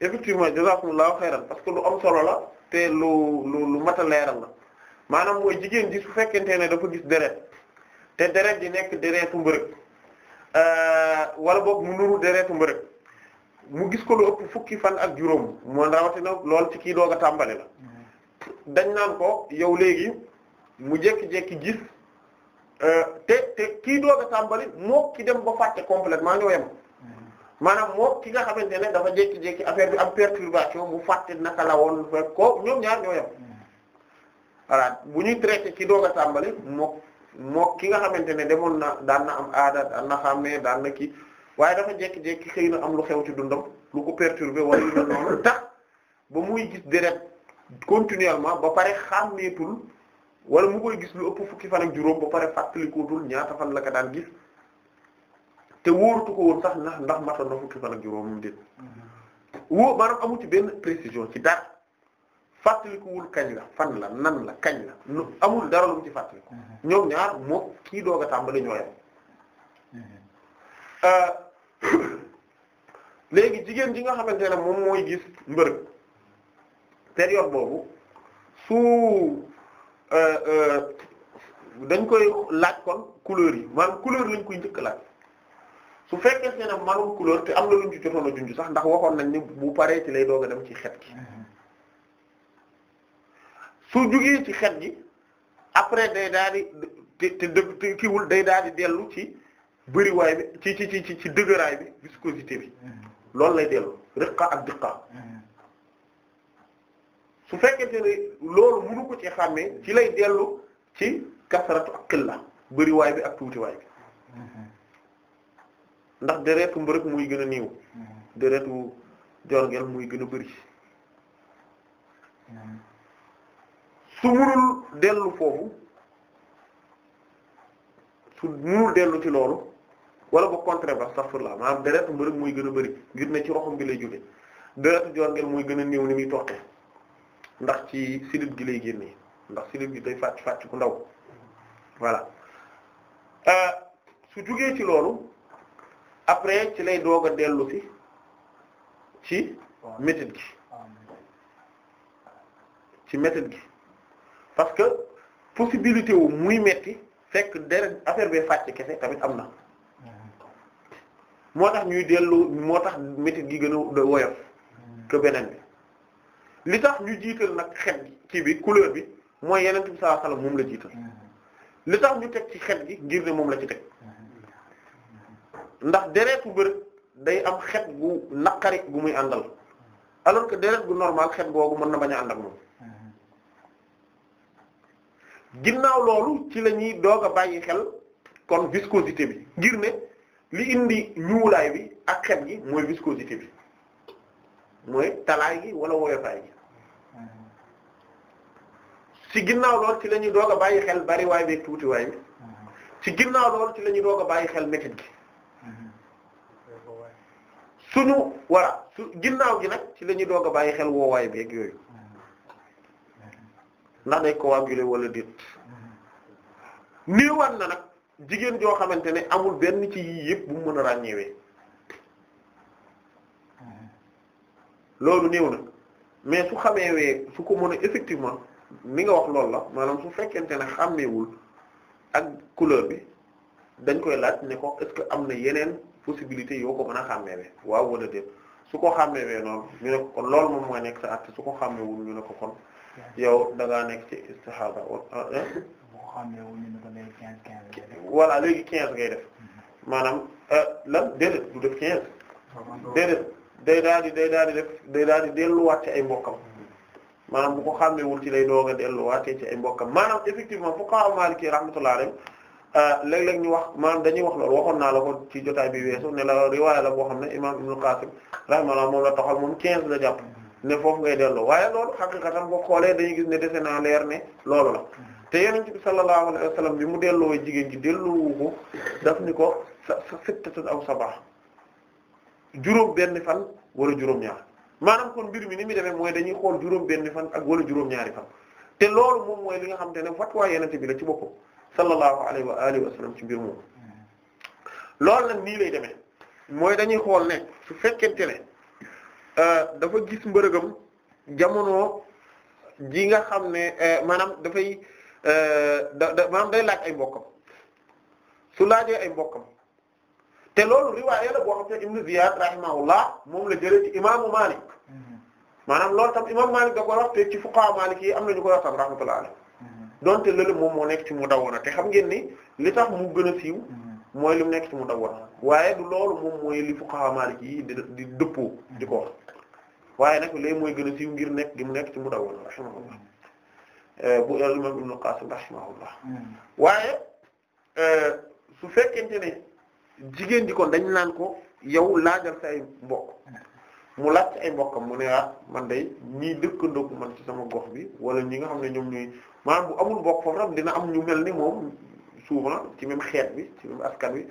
effectivement jazakumullahu xayran parce que lu am solo la te lu lu lu mat a leeral la maanaam mooy jigéen ji su fekkente ne dafa gis deret te deret di nekk deretu mbërëg euh, wala boog mu nuru deretu mbërëg mu gis ko lu ëpp fukki fan ak juróom moo rawatina lool ci kii doog tàmbali la dañ naan ko yow léegi mu jékki-jékki gis euh, te te kii doog a tàmbali moo ki dem ba fàtte maa ñoo yem maanaam moo ki nga xamante ne dafa jékki-jékki am bi am perturbation mu fàtte naka la woon fekk ko ñoom ñaar ñoo yem bu ñuy traité ci doog tàmbali mook mook ki nga xamante ne demoon na daan na am aada daan na xàmmee daan na kii waaye dafa jékki-jékki xëy na am lu xew ci dundam lu ko perturbé wala lu noonu tax ba muy gis deret continuellement ba pare xàmmeetul wala mu koy gis lu ëpp fukki fan ak juróom ba pare fàttalikuutul ñaata fan la ko daan gis te wóorutu ko woon sax ndax ndax matoon na fukki fan ak juróom déet wóo maanaam amu ci benn précision ci dara fàttalikuwul kañ la fan la nan la kañ la amul dara lu mu ci fàttaliku mm-hmm. ñoom ñaar moo kii doog a tàmbali ñoo yem mm-hmm. euh, léegi jigéen ji nga xamante ne moom mooy gis mbërëg période boobu su euh, euh, dañ koy laaj kon couleur yi maanaam couleur lañ koy njëkk laaj su fekkee ne nag manul couleur te am na lu ci jotoon a junj sax ndax waxoon nañ ni bu paree ci lay doog a dem ci xet gi mhm. su jugee ci xet gi après day daal di te te kiwul day daal di dellu ci bëriwaay bi ci ci ci ci dëgëraay bi viscosité bi mhm. loolu lay dellu riqa ak diqa mhm. su fekkente ne loolu mënu ko ci xàmmee ci lay dellu ci kasaratu ak xilla bëriwaay bi ak tuutiwaay bi ndax deretu mbërëg muy gën a néew mm-hmm. deretu jorgel muy gën a bari mm-hmm. su munul dellu foofu su munul dellu ci loolu wala ba contraire ba astaghfirullah maanaam deretu mbërëg muy gën a bari ngir ne ci roxam bi lay jóge deretu jorgel muy gën a néew ni muy toxte ndax ci sidit gi lay génnee ndax sidit gi day fàcc fàcc ku ndaw mm-hmm. voilà euh, su jugee ci loolu après ci lay doog a dellu ci metit gi ci métit gi parce que possibilité wu muy metti fekk deret affaire bee fàcc kese tamit am na moo tax ñuy dellu moo tax métit gi gën a woyof que beneen bi li tax ñu jiital nag xet ci bi couleur bi mooy yeneen bi sallallahu alayhi moom la jiital li tax ñu teg ci xet gi ngir ne moom la ci teg ndax deretu bërëg day am xet gu naqari gu muy àndal alors que deret gu normal xet googu mën na bañ a ànd ak moom ginnaaw loolu ci la ñuy doog a bàyyi xel kon viscosité bi ngir ne li indi ñuulaay bi ak xet gi mooy viscosité bi mooy talaay gi wala woyofaay gi ci ginnaaw loolu ci la ñuy doog a bàyyi xel bariwaay bi tuutiwaay bi ci ginnaaw loolu ci la ñuy doog a bàyyi xel métit gi suñu voilà su ginnaaw gi nag ci la ñuy doog a bàyyi xel woowaay bi ak yooyu ndax day coagulé walla déet néewaan na nag jigéen joo xamante ne amul benn ci yii yëpp bu mu mën a ràññeewee loolu néew na mais su xameewee su ko mën a effectivement ni nga wax loolu la maanaam su fekkente ne xàmmeewul ak couleur bi dañ koy laaj ne ko est que am na yeneen possibilité yoo ko mën a xàmmeewee waaw wala déet su ko xàmmeewee noonu ñu ne kon lool moom mooy nekk sa àtte su ko xàmmeewul ñu ne ko kon yow da nekk ci istihada ah, eh? voilà léegi quinze ngay def mhm. maanaam eh, lan du def quinze déedéet day daal di day daal di def day daal di delluwaat ci ay mbokkam mhm. maanaam bu ko xàmmeewul ci lay dooga delluwaatee ci ay mbokkam maanaam effectivement fuqaha Maliki rahmatullahi alayhi Euh, léeg-léeg ñu wax maanaam dañuy wax loolu waxoon naa la ko ci jotaay bi weesu ne la riwaaya la boo xam ne imaam Ibnu Qaasim rahimahullah moom la taxal moom 15 la jàpp ne foofu ngay delloo waaye loolu xaqiqatan boo xoolee ne dese naa leer ne loolu la te Yonent bi sallallahu alayhi mu delloo jigéen ji delloowu ko daf ko sa sittatun aw sab'a juróom benn fan wala juróom ñaar maanaam kon mbir mi ni muy demee mooy dañuy xool juróom benn fan ak wala juróom ñaari fan te loolu moom mooy li nga xam te ne fatwa Yonent bi la ci boppam sallallahu alayhi wa alihi wa sallam ci biir moom loolu nag nii lay demee mooy dañuy xool ne su fekkente ne euh, dafa gis mbërëgam jamono ji nga xam ne euh, maanaam dafay euh, da da maanaam day laaj ay mbokkam su laajee ay mbokkam te loolu riwaaya la boo xam ne Ibn Ziyad rahimahullah moom la jëlee ci imaamu Malik mm-hmm. maanaam loolu tam imaamu Malik da ko ci fuqaha Malik yi am nañu ko wax tam rahmatullah alayhi donte lële moom moo nekk ci mu Mudawwara te xam ngeen ni li tax mu gën a siiw mm-hmm. mooy li mu nekk ci Mudawwara waaye du loolu moom mooy li fuqaha Maliki yi di di dëppoo di ko mm-hmm. waaye nag léegi mooy gën a siiw ngir nekk gi mu nekk ci mu rahimahullah eh, bu imam Ibn Qasim mm-hmm. waaye eh, su fekkente ne jigéen ji kon dañ naan ko yow laajal say mbokk mu laaj ay mbokkam mu ne ah man de ñii dëkkandoo ko man ci sama gox bi wala ñi nga xam ne ñoom ñuy maanaam bu amul mbokk foofu tam dina am ñu mel ni moom souvent ci même xeet bi ci même askan bi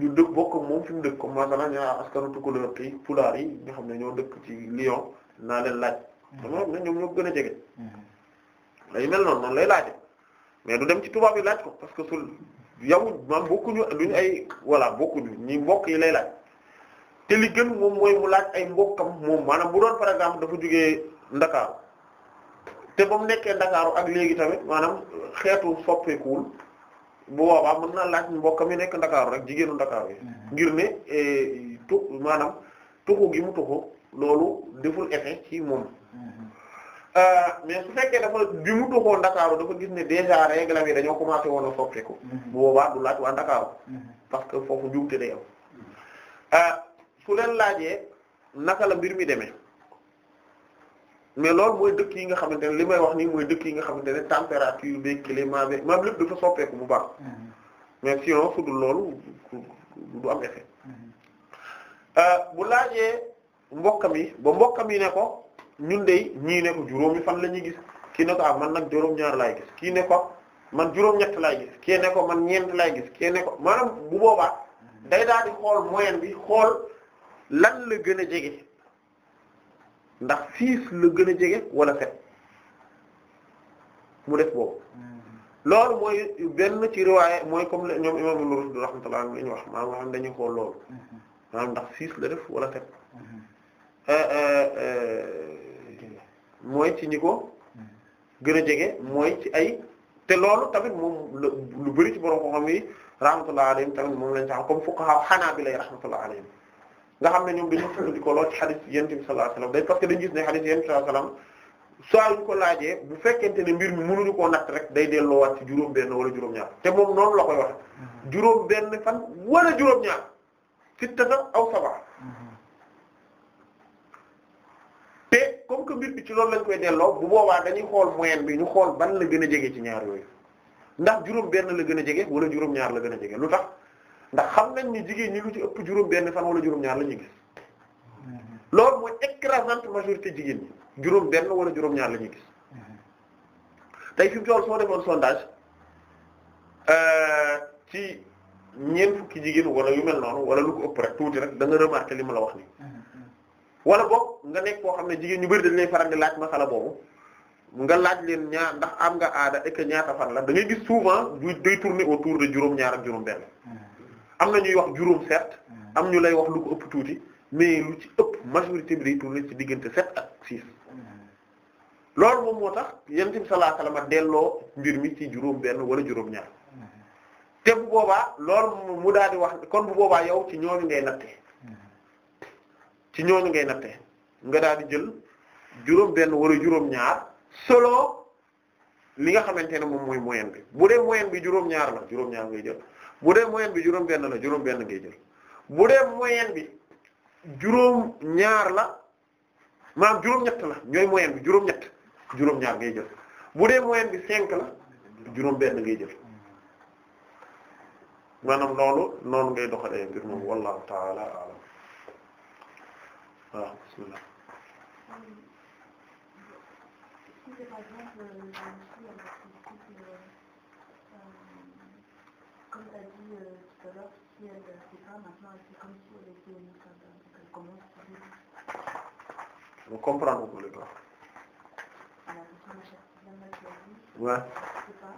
ñu dëkk bokk moom fi mu dëkk comme maanaam ñu askanu Tukulóor yi Pulaar yi nga xam ne ñoo dëkk ci Lyon naa leen laaj. dama xam ne ñoom ñoo gën a jege. lay mel noonu noonu lay laajee mais du dem ci tubaab yi laaj ko parce que su yow maanaam bokkuñu duñu ay voilà bokkuñu ñi mbokk yi lay laaj. te li moom mooy mu laaj ay mbokkam moom maanaam bu doon par exemple dafa jógee Ndakaaru te ba mu nekkee Ndakaaru ak léegi tamit maanaam xeetu soppeekuwul bu boobaa mën na laaj mbokkam yi nekk Ndakaaru rek jigéenu Ndakaaru yi mhm. ngir ne e, tu maanaam tuxu gi mu tuxu loolu deful effet ci moom mhm. euh, mais su fekkee dafa bi mu tuxoo Ndakaaru dafa gis ne déjà règle yi dañoo commencé woon a soppeeku mhm. bu boobaa du laaj waa Ndakaaru parce que foofu juumte day am euh, su leen laajee naka la mbir mi demee mais loolu mooy dëkk yi nga xamante ne li may wax nii mooy dëkk yi nga xamante ne température bi climat bi maam lépp dafa soppeeku bu baax mm-hmm. mais sinon su dul loolu du am effet mm-hmm. euh, bu laajee mbokkam yi ba mbokkam yi ne ko ñun de ñii ne ko juróomi fan la ñuy gis kii ne ko ah man nag juróom-ñaar laay gis kii ne ko man juróom-ñett laay gis kii ko man ñeent laay gis kii ko maanaam bu boobaa mm-hmm. day daal xool moyenne bi xool lan la gën a jege ndax six la gën a jege wala fet mu def boobu hmm. loolu mooy benn ci riwaaya mooy comme la ñoom imam ñu wax maanaam xam dañuy xool loolu hmm. maanaam ndax fiis la def wala fet hmm. euh, euh, euh, mooy ci ñi ko gën a jege mooy ci ay te loolu tamit moom lu bari ci borom ko xam yi rahmatullah alayhim tamit moom lañ tax comme fuqaha Hanaabila rahmatullah alayhim nga xam ne ñoom dañu sukkandikoo lool ci xadis yonent bi sallallahu alayhi wasallam day parce que dañu gis ne xadis yonent bi sallallahu alayhi wasallam saa yu ko laajee bu fekkente ne mbir mi mënuñu koo natt rek day delloowaat ci juróom benn wala juróom ñaar te moom noonu la koy wax mhm. juróom benn fan wala juróom ñaar sittata aw saba mhm. te comme que mbir bi ci loolu lañ koy delloo bu boobaa dañuy xool moyenne bi ñu xool ban la gën a jege ci ñaar yooyu ndax juróom benn la gën a jege wala juróom ñaar la gën a jege lu tax ndax xam nañ ni jigéen ñi lu ci ëpp juróom benn fan wala juróom ñaar la ñuy gis loolu mooy écrasante majorité jigéen ñi juróom benn wala juróom ñaar la ñuy gis tey fi mu toll soo defoon sondage euh, ci ñeent fukki jigéen wala yu mel noonu wala lu ko ëpp rek tuuti rek da nga remarqué li ma la wax ni wala boog nga nekk koo xam ne jigéen ñu bari dañ lay faral di laaj masala boobu nga laaj leen ñaar ndax am nga aada et ñaata fan la da ngay gis souvent du day tourner autour juróom ñaar ak am na ñuy wax juróom certes hmm. am ñu lay wax lu ko ëpp tuuti mais lu ci ëpp majorité bi day tourner ci diggante sept ak six hmm. loolu moom moo tax yonent bi sallallahu alayhi delloo mbir mi ci juróom benn wala juróom ñaar hmm. te bu boobaa loolu mu daal di wax kon bu boobaa yow ci ñooñu ngay natte ci ñooñu ngay natte nga daal di jël juróom benn wala juróom ñaar solo li nga xamante ne moom mooy moyenne bi bu dee moyenne bi juróom ñaar la juróom ñaar ngay jël bu dee moyenne bi juróom benn la juróom benn ngay jël bu dee moyenne bi juróom ñaar la maanaam juróom ñett la ñooy moyenne bi juróom ñett juróom ñaar ngay jël bu dee moyenne bi cinq la juróom benn ngay jël maanaam loolu noonu ngay doxalee mbir moom wallahu taala alam comme tu as dit euh, tout à l'heure, si elle ne fait pas, maintenant elle fait comme si elle était au niqab, donc elle commence toujours. comprendre ko léegi. voilà donc ma chère Diana tu as dit. ouais. elle fait pas,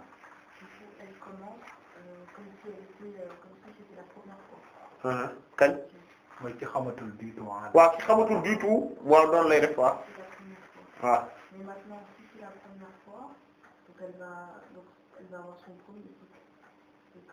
du coup elle commence euh, comme si elle était euh, comme si c'était la première fois. kañ. mooy ci xamatul du tout ah. waaw ci xamatul du tout waaw noonu lay def waaw. waaw. mais maintenant si c'est la première fois donc elle va donc elle va avoir son premier.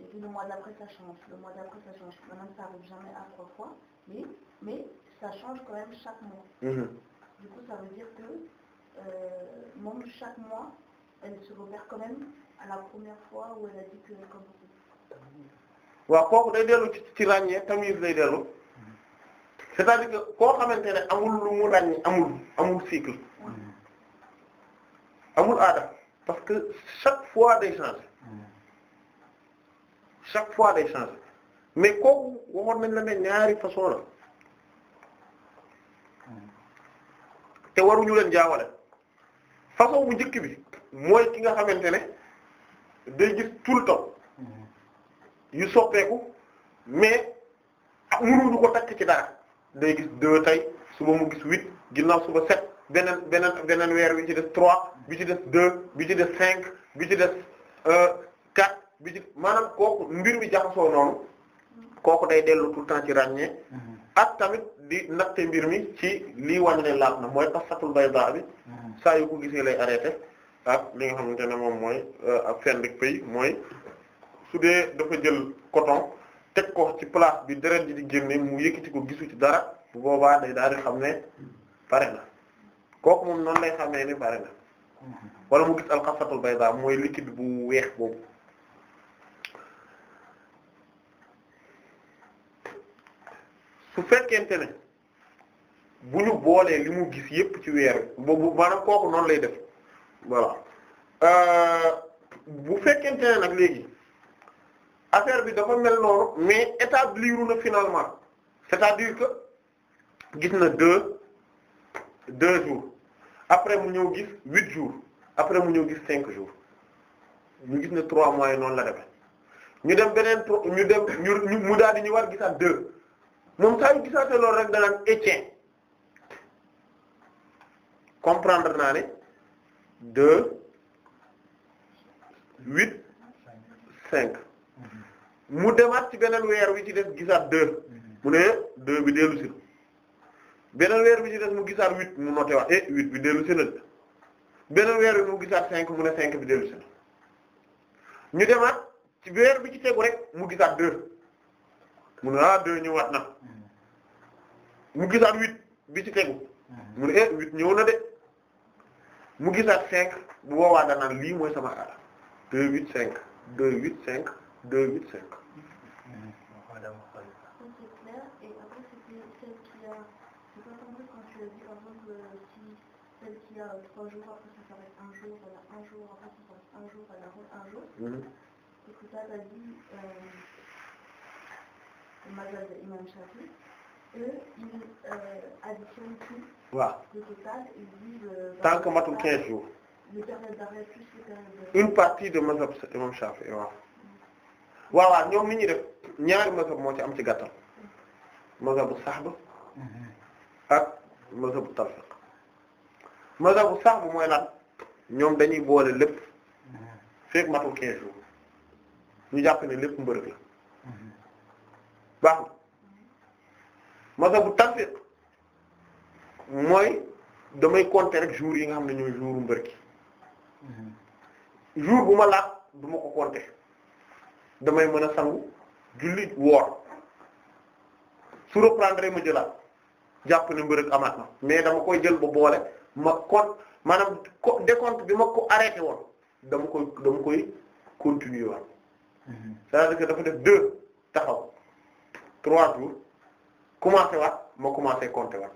et puis le mois d'après ça change, le mois d'après ça change. Maintenant ça arrive jamais à trois fois, mais, mais ça change quand même chaque mois. Mmh. Du coup ça veut dire que euh, chaque mois, elle se repère quand même la première fois où elle a dit que comme waaw kooku day dellu ci ci ràññee tamit lay dellu c'est-à-dire que koo xamante ne amul lu mu ràññee cycle amul aada parce que chaque fois day changer chaque fois day changer mais kooku waxoon nañ la ne ñaari façon la te waruñu leen jaawale façon bu njëkk bi mooy ki nga xamante ne day gis tout le temps yu soppeeku mais ak mënuñu ko takk ci dara day gis deux tey suba mu gis huit ginnaaw suba sept beneen beneen beneen weer bi ci des trois bi ci des deux bi ci des cinq bi ci des euh, quatre bi ci maanaam kooku mbir mi jaxasoo noonu kooku day dellu tout le temps ci ràññee mm-hmm. ak tamit di natte mbir mi ci lii wàññi ne laab na mooy tasatul bayda bi mm-hmm. saa yu ko gisee lay arrêté ak li nga xamante ne moom mooy euh, ak fenn rek pay mooy su dee dafa jël coton teg ko ci place bi deret ji di génne mu yëkkati ko gisu ci dara bu boobaa day daal di xam ne pare na kooku moom noonu lay xamee ni pare na mm-hmm. wala mu gis alxafatul bayda mooy liquide bu weex boobu su fekkente ne bu ñu boolee li mu gis yépp ci weer boobu maanaam kooku noonu lay def voilà euh, bu fekkente ne nag léegi affaire bi dafa mel noonu mais état établiru na finalement c'est-à-dire que gis na deux deux jours après mu ñëw gis huit jours après mu ñëw gis cinq jours ñu gis na trois mois yi noonu la demee ñu dem beneen ñu dem ñu mu daal di ñu war gisaat deux moom saa yu gisaate loolu rek danaan Étienne comprendre naa ne deux huit cinq mu demaat ci beneen weer wi ci def gisaat deux mu ne deux bi dellu si beneen weer bi ci def mu gisaat huit mu noté wax eh huit bi dellu si na beneen weer bi mu gisaat cinq mu ne cinq bi dellu ñu demaat ci weer bi ci tegu rek mu gisaat deux mu ne ah deux w na mu gisaat huit bi ci tegu mu ne eh huit ñëw na de mu gisaat cinq bu boobaa danaan lii mooy sama aada deux huit cinq a trois jours, après ça s'arrête un jour, voilà, un jour, mhm. après mazhab de Imam Shafi, eux, ils euh, additionnent tout. Voilà. Au total, ils disent... Euh, Tant que matul 15 jours. une partie de mazhab Imam Shafi waaw. Mm. waaw waaw ñoom ni ñuy def ñaari mazhab moo ci am ci gàttal. Mm. mazhabu sahba mm-hmm. ak mazhabu talfiq mazhabu sahba mooy lan ñoom dañuy boole lépp mm-hmm. fekk matul 15 jours ñu jàpp ne lépp mbërëg la baax na mazhabu tasfiq mooy damay compter rek jours yi nga xam ne ñooy jouru mbër gi mhm. jour bu ma laaj du ma ko compter damay mën a sangu julli woor su reprendre ma jëlaat jàpp ne mbërëg amaat na mais dama koy jël ba boole ma compte maanaam décompte bi ma ko arrêté woon dama koy dama koy continuer waat mhm. que dafa def deux taxaw trois jours commencé waat ma commencé compter waat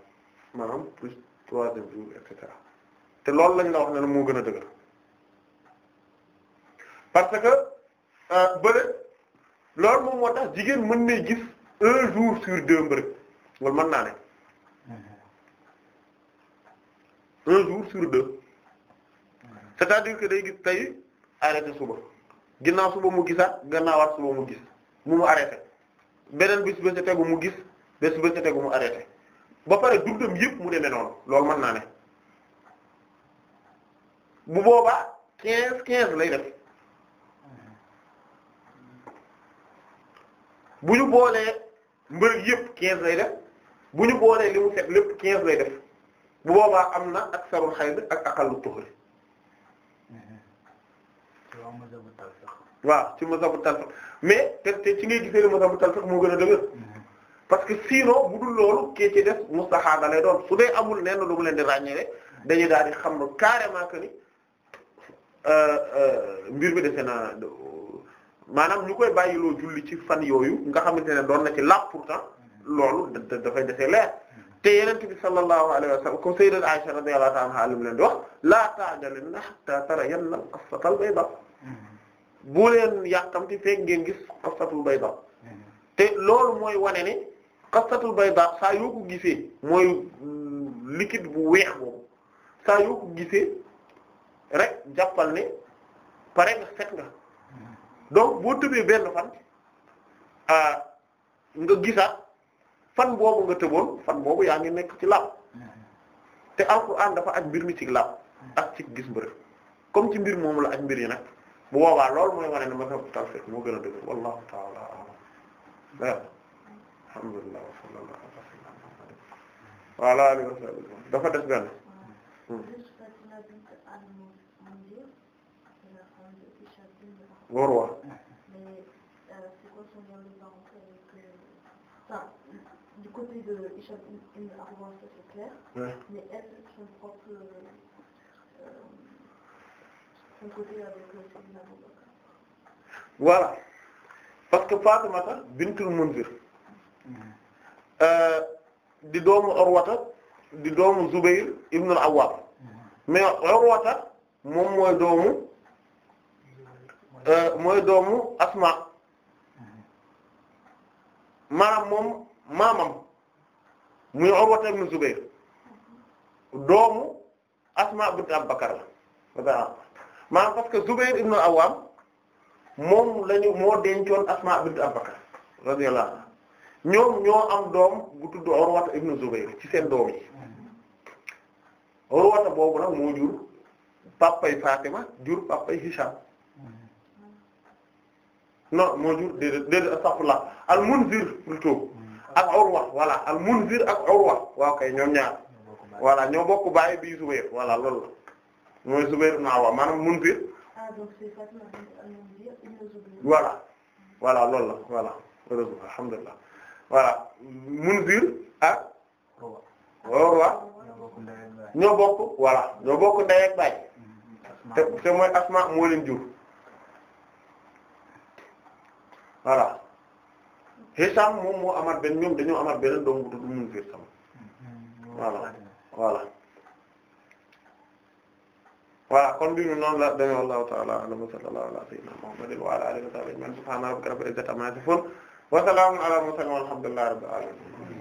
maanaam plus troisième jour et te loolu lañ la wax ne moo gën a dëgër parce que euh, bële loolu moom moo tax jigéen mën na gis un jour sur deux mbërëg loolu mën naa ne mm-hmm. un jour sur deux c'est-à-dire que day gis tey arrêté suba ginnaaw suba mu gisaat gannaawaat suba mu gis mu mu arrêté beneen bis ba ca tegu mu gis bés ba ca tegu mu arrêté ba pare dundam yëpp mu demee noonu loolu mën naa ne bu boobaa quinze quinze lay def bu ñu boolee mbër yëpp quinze lay def bu ñu boolee li mu set lépp quinze lay def bu boobaa am na ak sarul xayd ak aqallu tuhri waaw ci mazhabu talfiq mais te te ci ngay gisee ne musamutal sax moo gën a dëgër parce que sinon bu dul loolu kii ci des mustahaada lay doon su dee amul lenn lu mu leen di ràññee dañuy daal di xam ne carrément que ni euh, euh, mbir mi dese na maanaam ñu koy bàyyi bàyyiloo julli ci fan yooyu nga xamante ne doon na ci laaj pourtant loolu dafay defee leer te yeneen bi sallallahu alayhi wa sallam ko sayyidat Aisha radiyallahu anha lim leen di wax laa ta'jalanna hatta tara yanna al-qasata al-bayda bu leen yàqamti fekk ngeen gis xasatul bayda te loolu mooy wane ne xasatul bayda saa yoo ko gisee mooy mm, liquide bu weex boobu saa yoo gisee rek jàppal ne pare nga set nga donc boo tëbee benn fan ah nga gisaat fan boobu nga tëboon fan boobu yaa ngi nekk ci laab te alxuraan dafa ak mbir mi ci laab ak ci gis mbir comme ci mbir moom la ak mbir yi nag. bu boobaa loolu mooy wane ne mazhabu tafsir moo gën a dëgg wallahu ta'ala a'lam alhamdulillah wa sallallahu ala sayyidina wa ala alihi wa sahbihi dafa des benn Urwa hmm. du côté de Hisham ibn Urwa c'est clair mais est-ce que son propre voilà parce que Fatimata bintul Munzir euh, di doomu Urwata di doomu Zubayr ibn al mais Urwata moom mooy doomu euh, mooy doomu Asma maanaam moom maamam muy Urwata ibn Zubayr doomu Asma bint Abu Bakr maanaam parce que Zubayr ibn Awwam moom lañu moo dencoon Asma bint Abubakar ñoom ñoo am doom bu tudd Urwata ibn Zubayr ci seen doom yi boobu nag moo jur papay Fatima jur papay Hisham non moo jur déedéet déedéet astaghfirullah al Munzir plutôt ak Urwa voilà al Munzir ak Urwa waaw kay ñoom ñaar voilà ñoo bokk baay bi Zubayr voilà loolu mooy Zubayr ibn Awwam maanaam Munzir ah, voilà voilà loolu la voilà heureusement alhamdulillah voilà Munzir ak Urwa ñoo bokk voilà ñoo bokk ndey ak baay mooy Asma moo leen jur voilà Hisham moom moo amaat benn ñoom dañoo amaat benn doom bu tudd Munzir sama voilà voilà voilà kon mbiru noonu la demee wallahu ta'ala a'lam wa sallallahu ala sayyidina muhammadin wa ala alihi wa sahbihi subhana rabbika rabbil izzati amma yasifun wa salamun ala mursalin walhamdulillahi rabbil alamin